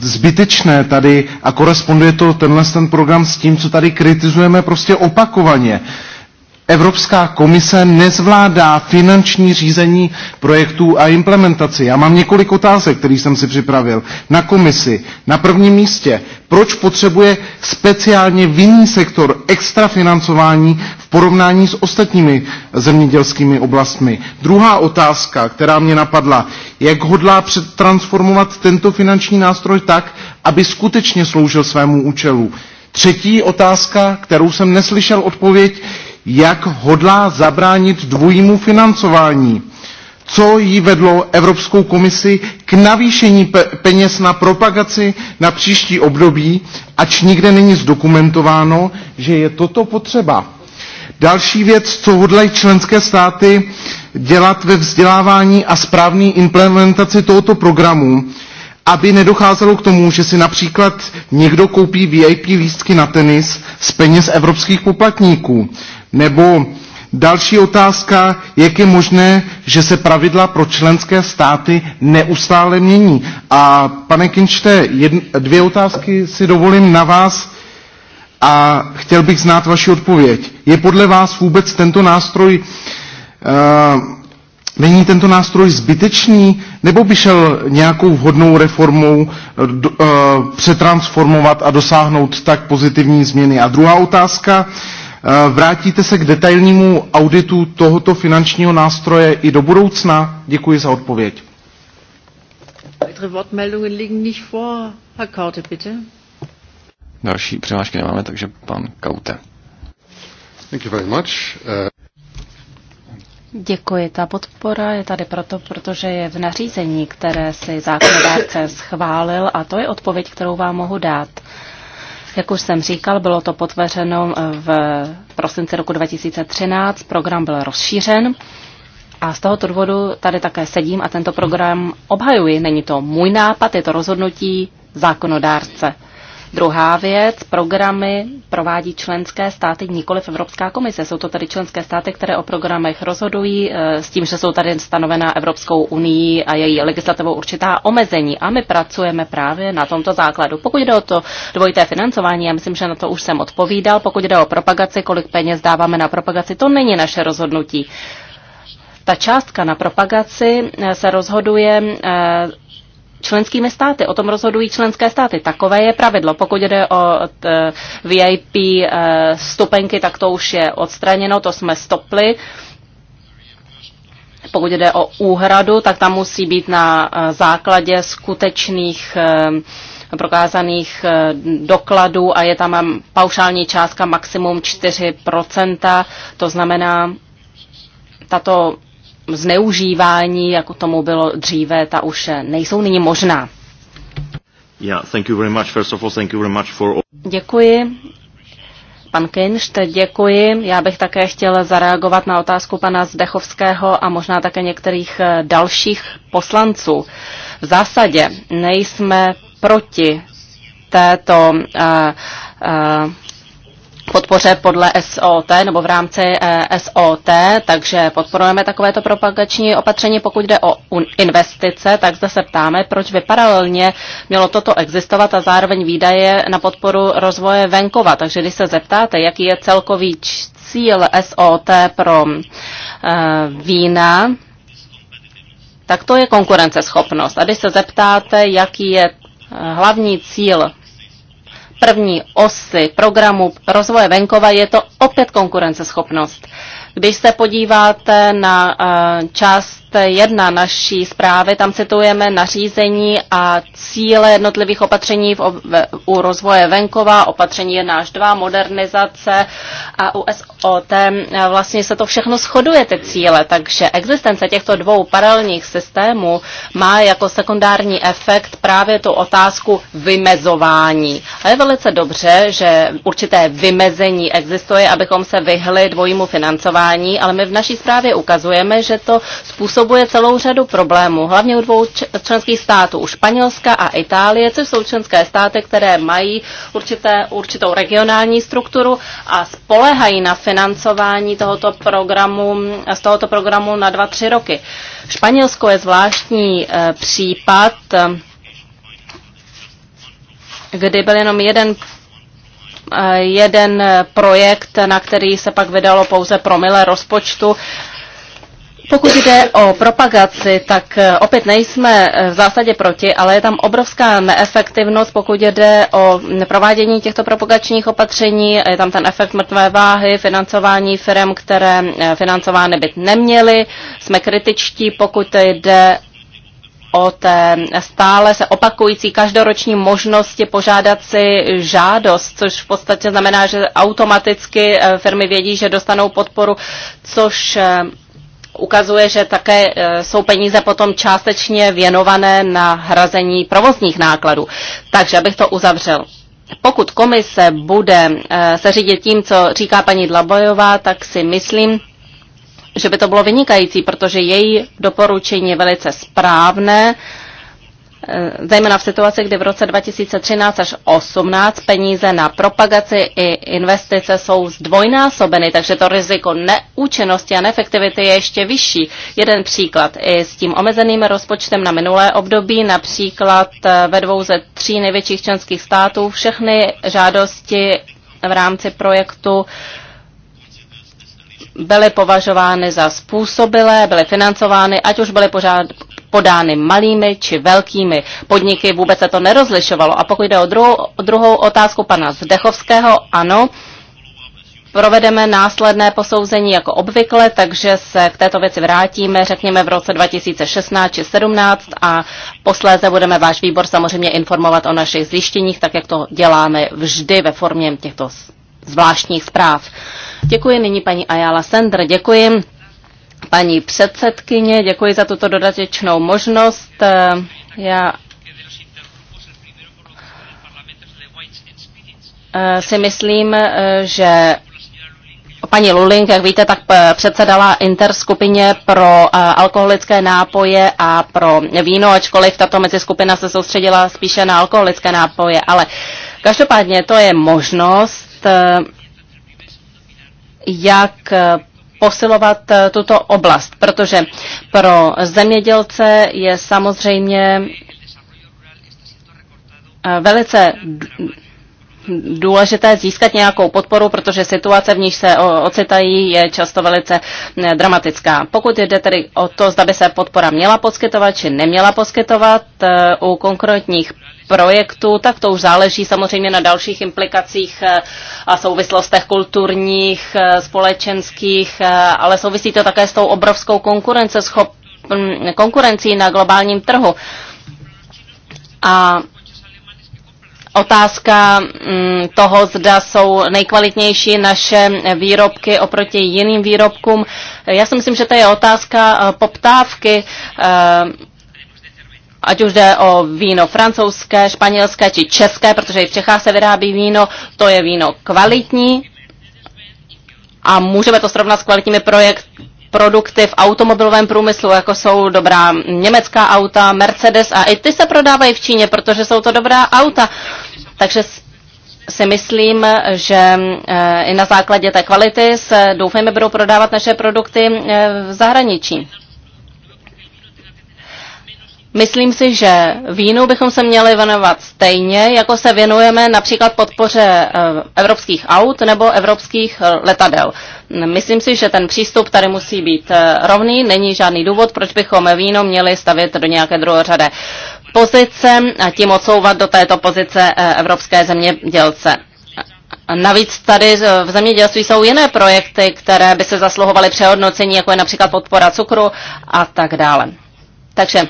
Speaker 6: zbytečné tady a koresponduje to tenhle ten program s tím, co tady kritizujeme prostě opakovaně. Uh, Evropská komise nezvládá finanční řízení projektů a implementaci. Já mám několik otázek, které jsem si připravil. Na komisi, na prvním místě, proč potřebuje speciálně vinný sektor extra financování v porovnání s ostatními zemědělskými oblastmi. Druhá otázka, která mě napadla, jak hodlá přetransformovat tento finanční nástroj tak, aby skutečně sloužil svému účelu. Třetí otázka, kterou jsem neslyšel odpověď, jak hodlá zabránit dvojímu financování, co jí vedlo Evropskou komisi k navýšení pe- peněz na propagaci na příští období, ač nikde není zdokumentováno, že je toto potřeba. Další věc, co hodlají členské státy dělat ve vzdělávání a správné implementaci tohoto programu, aby nedocházelo k tomu, že si například někdo koupí VIP lístky na tenis z peněz evropských poplatníků, nebo další otázka, jak je možné, že se pravidla pro členské státy neustále mění. A pane Kinčte, jedn, dvě otázky si dovolím na vás a chtěl bych znát vaši odpověď. Je podle vás vůbec tento nástroj uh, Není tento nástroj zbytečný, nebo by šel nějakou vhodnou reformou uh, přetransformovat a dosáhnout tak pozitivní změny? A druhá otázka, Eh, vrátíte se k detailnímu auditu tohoto finančního nástroje i do budoucna? Děkuji za odpověď. Další přihlášky
Speaker 2: nemáme, takže pan Kaute.
Speaker 4: Thank you very much. Uh...
Speaker 3: Děkuji. Ta podpora je tady proto, protože je v nařízení, které si zákonodárce schválil a to je odpověď, kterou vám mohu dát. Uh, jak už jsem říkal, bylo to potvrzeno eh, v prosinci roku 2013, program byl rozšířen. A z tohoto důvodu tady také sedím a tento program obhajuji. Není to můj nápad, je to rozhodnutí zákonodárce. Druhá věc, programy provádí členské státy, v Evropská komise. Jsou to tedy členské státy, které o programech rozhodují eh, s tím, že jsou tady stanovená Evropskou unii a její legislativou určitá omezení. A my pracujeme právě na tomto základu. Pokud jde o to dvojité financování, já myslím, že na to už jsem odpovídal. Pokud jde o propagaci, kolik peněz dáváme na propagaci, to není naše rozhodnutí. Ta částka na propagaci eh, se rozhoduje eh, členskými státy. O tom rozhodují členské státy. Takové je pravidlo. Pokud jde o VIP eh, stupenky, tak to už je odstraněno, to jsme stopli. Pokud jde o úhradu, tak tam musí být na eh, základě skutečných eh, prokázaných dokladů a je tam paušální částka maximum 4%. To znamená, tato zneužívání, jako tomu bylo dříve, ta už nejsou nyní možná. Děkuji. Pan Kinšt, děkuji. Já bych také chtěl zareagovat na otázku pana Zdechovského a možná také některých eh, dalších poslanců. V zásadě nejsme proti této uh, uh, podpoře podle SOT nebo v rámci eh, SOT, takže podporujeme takovéto propagační opatření. Pokud jde o investice, tak zde se ptáme, proč by paralelně mělo toto existovat a zároveň výdaje na podporu rozvoje venkova. Takže když se zeptáte, jaký je celkový cíl SOT pro eh, vína, tak to je konkurenceschopnost. A když se zeptáte, jaký je eh, hlavní cíl první osy programu rozvoje venkova je to opět konkurenceschopnost. Když se podíváte na eh, část Jedna naší zprávy, tam citujeme nařízení a cíle jednotlivých opatření v, v, u rozvoje venkova, opatření 1 až 2, modernizace a USOT. Vlastně se to všechno shoduje, ty cíle, takže existence těchto dvou paralelních systémů má jako sekundární efekt právě tu otázku vymezování. A je velice dobře, že určité vymezení existuje, abychom se vyhli dvojímu financování, ale my v naší zprávě ukazujeme, že to způsobuje způsobuje celou řadu problémů, hlavně u dvou členských států, u Španělska a Itálie, což jsou členské státy, které mají určité, určitou regionální strukturu a spolehají na financování tohoto programu, z tohoto programu na 2-3 roky. Španělsko je zvláštní eh, případ, eh, kdy byl jenom jeden eh, jeden projekt, na který se pak vydalo pouze promile rozpočtu pokud jde o propagaci, tak e, opět nejsme e, v zásadě proti, ale je tam obrovská neefektivnost, pokud jde o provádění těchto propagačních opatření. Je tam ten efekt mrtvé váhy, financování firm, které e, financovány byt neměly. Jsme kritičtí, pokud jde o té stále se opakující každoroční možnosti požádat si žádost, což v podstatě znamená, že automaticky firmy vědí, že dostanou podporu, což ukazuje, že také e, jsou peníze potom částečně věnované na hrazení provozních nákladů. Takže abych to uzavřel. Pokud komise bude e, se řídit tím, co říká paní Dlabojová, tak si myslím, že by to bylo vynikající, protože její doporučení je velice správné Eh, zejména v situaci, kdy v roce 2013 až 2018 peníze na propagaci i investice jsou zdvojnásobeny, takže to riziko neúčinnosti a neefektivity je ještě vyšší. Jeden příklad i s tím omezeným rozpočtem na minulé období, například eh, ve dvou ze tří největších členských států všechny žádosti v rámci projektu byly považovány za způsobilé, byly financovány, ať už byly požád, podány malými či velkými podniky, vůbec se to nerozlišovalo. A pokud jde o druhou, o druhou otázku pana Zdechovského, ano, provedeme následné posouzení jako obvykle, takže se k této věci vrátíme, řekněme v roce 2016 či 17 a posléze budeme váš výbor samozřejmě informovat o našich zjištěních, tak jak to děláme vždy ve formě těchto zvláštních zpráv. Děkuji nyní paní Ayala Sender, děkuji paní předsedkyně, děkuji za tuto dodatečnou možnost. Eh, já eh, si myslím, eh, že paní Luling, jak víte, tak předsedala interskupině pro alkoholické nápoje a pro víno, ačkoliv tato meziskupina se soustředila spíše na alkoholické nápoje, ale každopádně to je možnost, jak posilovat eh, tuto oblast, protože pro zemědělce je samozřejmě eh, velice důležité získat nějakou podporu, protože situace, v níž se ocitají, je často velice eh, dramatická. Pokud jde tedy o to, zda by se podpora měla poskytovat či neměla poskytovat u konkrétních projektu, tak to už záleží samozřejmě na dalších implikacích eh, a souvislostech kulturních, eh, společenských, eh, ale souvisí to také s tou obrovskou mm, konkurencí na globálním trhu. A otázka mm, toho, zda jsou nejkvalitnější naše výrobky oproti jiným výrobkům. Já si myslím, že to je otázka poptávky ať už jde o víno francouzské, španělské či české, protože i v Čechách se vyrábí víno, to je víno kvalitní a můžeme to srovnat s kvalitními projekt, produkty v automobilovém průmyslu, jako jsou dobrá německá auta, Mercedes a i ty se prodávají v Číně, protože jsou to dobrá auta. Takže si myslím, že eh, i na základě té kvality se doufejme budou prodávat naše produkty eh, v zahraničí. Myslím si, že vínu bychom se měli věnovat stejně, jako se věnujeme například podpoře eh, evropských aut nebo evropských eh, letadel. Myslím si, že ten přístup tady musí být eh, rovný, není žádný důvod, proč bychom víno měli stavět do nějaké druhořadé pozice a tím odsouvat do této pozice evropské zemědělce. Navíc tady v zemědělství jsou jiné projekty, které by se zasluhovaly přehodnocení, jako je například podpora cukru a tak dále. Takže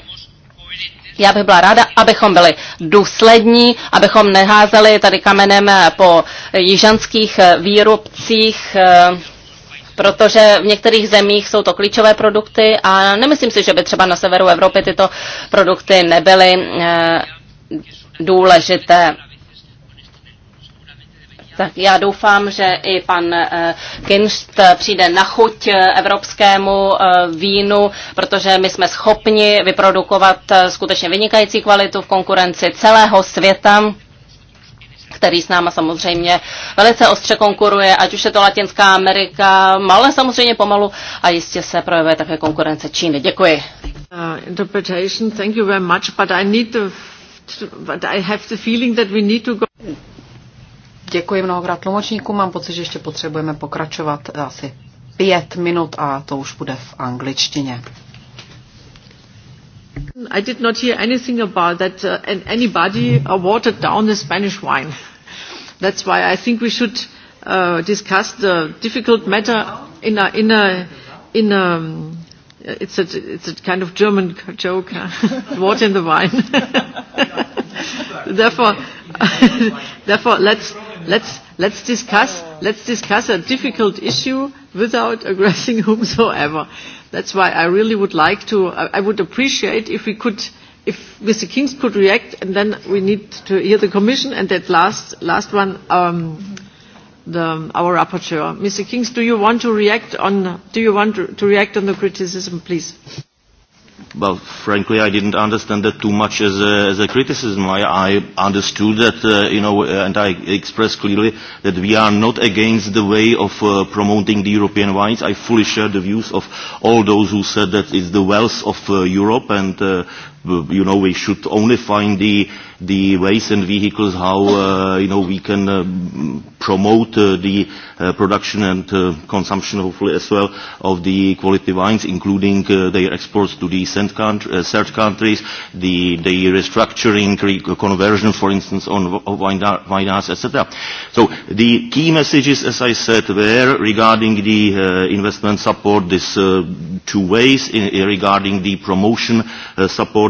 Speaker 3: já bych byla ráda, abychom byli důslední, abychom neházeli tady kamenem eh, po jižanských eh, výrobcích, eh, protože v některých zemích jsou to klíčové produkty a nemyslím si, že by třeba na severu Evropy tyto produkty nebyly důležité. Tak já doufám, že i pan eh, Kinst přijde na chuť eh, evropskému eh, vínu, protože my jsme schopni vyprodukovat skutečně vynikající kvalitu v konkurenci celého světa který s náma samozřejmě velice ostře konkuruje, ať už je to Latinská Amerika, ale samozřejmě pomalu a jistě se projevuje také konkurence Číny. Děkuji.
Speaker 7: Uh, interpretation, thank you very much, but I need to,
Speaker 1: I have the feeling that we need to go. Děkuji mnohokrát tlumočníku. Mám pocit, že ještě potřebujeme pokračovat asi pět minut a to už bude v angličtině.
Speaker 7: I did not hear anything about that uh, anybody uh, watered down the Spanish wine. That's why I think we should uh, discuss the difficult matter in a, in a, in a it's a, it's a kind of German joke, huh? water in the wine. therefore, therefore, let's let's let's discuss let's discuss a difficult issue without aggressing whomsoever. That's why I really would like to. I, I would appreciate if we could. If Mr. Kings could react, and then we need to hear the Commission, and that last last one, um, the, our rapporteur. Mr. Kings, do you want to react on, do you want to, to react on the criticism, please?
Speaker 8: Well, frankly, I didn't understand that too much as a, as a criticism. I, I understood that, uh, you know, uh, and I expressed clearly that we are not against the way of uh, promoting the European wines. I fully share the views of all those who said that it's the wealth of uh, Europe and uh, you know, we should only find the, the ways and vehicles how, uh, you know, we can uh, promote uh, the uh, production and uh, consumption, hopefully as well, of the quality wines, including uh, their exports to the third, country, uh, third countries, the, the restructuring, conversion, for instance, on vineyards, uh, etc. So the key messages, as I said, were regarding the uh, investment support, this uh, two ways in, regarding the promotion uh, support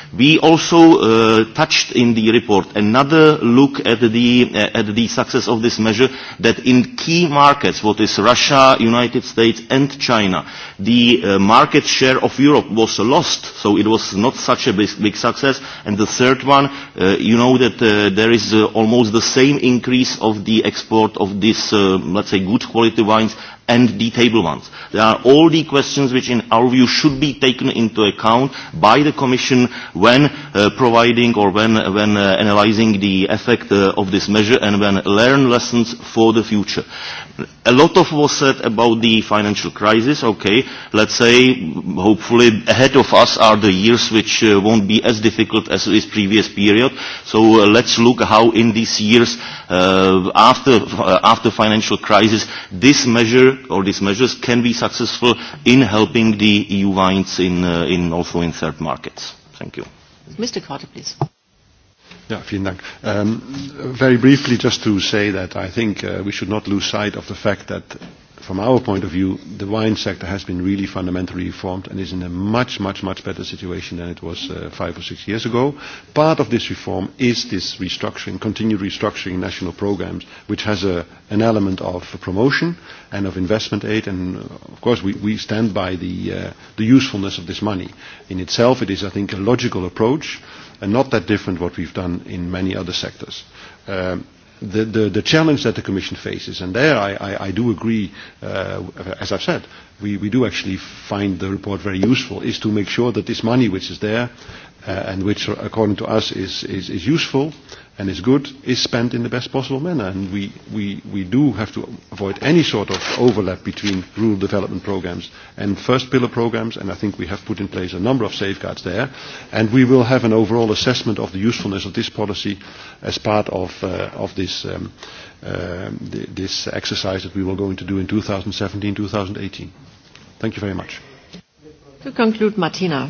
Speaker 8: We also uh, touched in the report another look at the, uh, at the success of this measure that in key markets, what is Russia, United States and China, the uh, market share of Europe was lost, so it was not such a big, big success. And the third one, uh, you know that uh, there is uh, almost the same increase of the export of these, uh, let's say, good quality wines and the table ones. They are all the questions which in our view should be taken into account by the Commission when uh, providing or when, uh, when uh, analyzing the effect uh, of this measure and when learn lessons for the future. A lot of was said about the financial crisis. Okay, let's say hopefully ahead of us are the years which uh, won't be as difficult as this previous period. So uh, let's look how in these years uh, after, uh, after financial crisis this measure measure or these measures can be successful in helping the EU wines in, uh, in also in third markets. Thank you. Mr. Carter, please.
Speaker 4: Yeah, vielen Dank. Um, very briefly, just to say that I think uh, we should not lose sight of the fact that from our point of view, the wine sector has been really fundamentally reformed and is in a much, much, much better situation than it was uh, five or six years ago. Part of this reform is this restructuring, continued restructuring national programs, which has a, uh, an element of promotion and of investment aid. And, uh, of course, we, we stand by the, uh, the usefulness of this money. In itself, it is, I think, a logical approach and not that different what we've done in many other sectors. Um, the, the, the challenge that the Commission faces, and there I, I, I do agree, uh, as I've said, we, we do actually find the report very useful, is to make sure that this money which is there uh, and which, according to us, is, is, is useful, uh, and is good is spent in the best possible manner. And we, we, we do have to avoid any sort of overlap between rural development programs and first pillar programs, and I think we have put in place a number of safeguards there. And we will have an overall assessment of the usefulness of this policy as part of, uh, of this, um, uh, um, th this exercise that we were going to do in 2017-2018. Thank you very much.
Speaker 5: To conclude, Martina.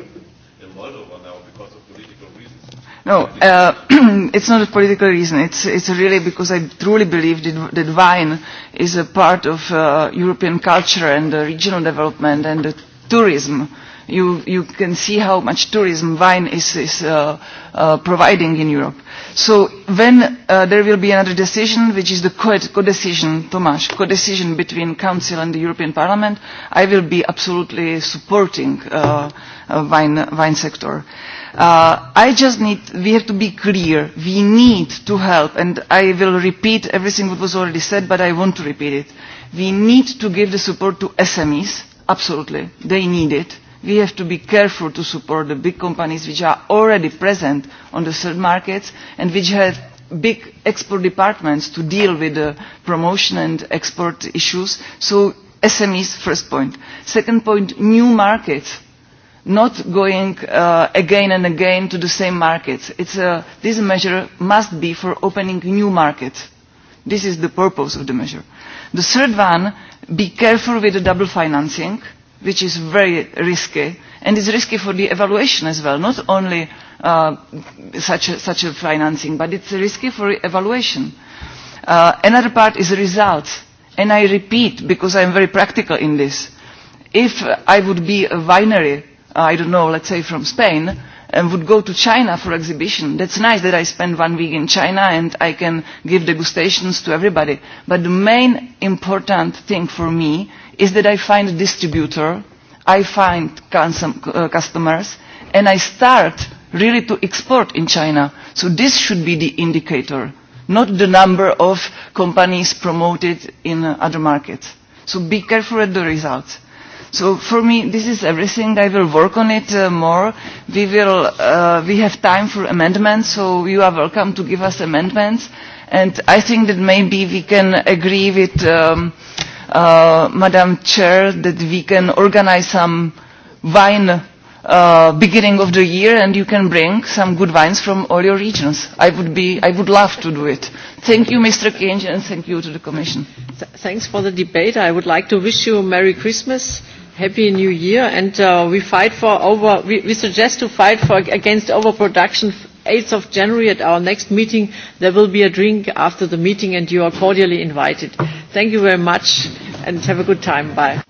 Speaker 5: No, uh, it's not a political reason. It's, it's really because I truly believe that, that wine is a part of uh, European culture and uh, regional development and uh, tourism you, you can see how much tourism wine is, is uh, uh, providing in Europe. So when uh, there will be another decision, which is the co-decision, co Tomáš, co-decision between Council and the European Parliament, I will be absolutely supporting uh, uh, wine, wine sector. Uh, I just need, we have to be clear, we need to help, and I will repeat everything that was already said, but I want to repeat it. We need to give the support to SMEs, absolutely, they need it we have to be careful to support the big companies which are already present on the third markets and which have big export departments to deal with the promotion and export issues. So SMEs, first point. Second point, new markets not going uh, again and again to the same markets. It's a, this measure must be for opening new markets. This is the purpose of the measure. The third one, be careful with the double financing. Uh, which is very risky and it's risky for the evaluation as well not only uh, such a, such a financing but it's risky for evaluation uh, another part is results and i repeat because i'm very practical in this if i would be a winery i don't know let's say from spain and would go to China for exhibition. That's nice that I spend one week in China and I can give degustations to everybody. But the main important thing for me is that I find a distributor, I find consum, uh, customers, and I start really to export in China. So this should be the indicator, not the number of companies promoted in uh, other markets. So be careful at the results. So for me, this is everything. I will work on it uh, more. We will, uh, we have time for amendments, so you are welcome to give us amendments. And I think that maybe we can agree with um, uh, Madam Chair, that we can organize some wine uh, beginning of the year and you can bring some good wines from all your regions. I would, be, I would love to do it. Thank you, Mr. Kinge, and thank you to the Commission. Th thanks for the debate. I would like to wish you a Merry Christmas. Happy New Year,
Speaker 7: and uh, we fight for over. We, we suggest to fight for against overproduction 8th of January at our next meeting. There will be a drink after the meeting and you are cordially invited. Thank you very much and have a good time. Bye.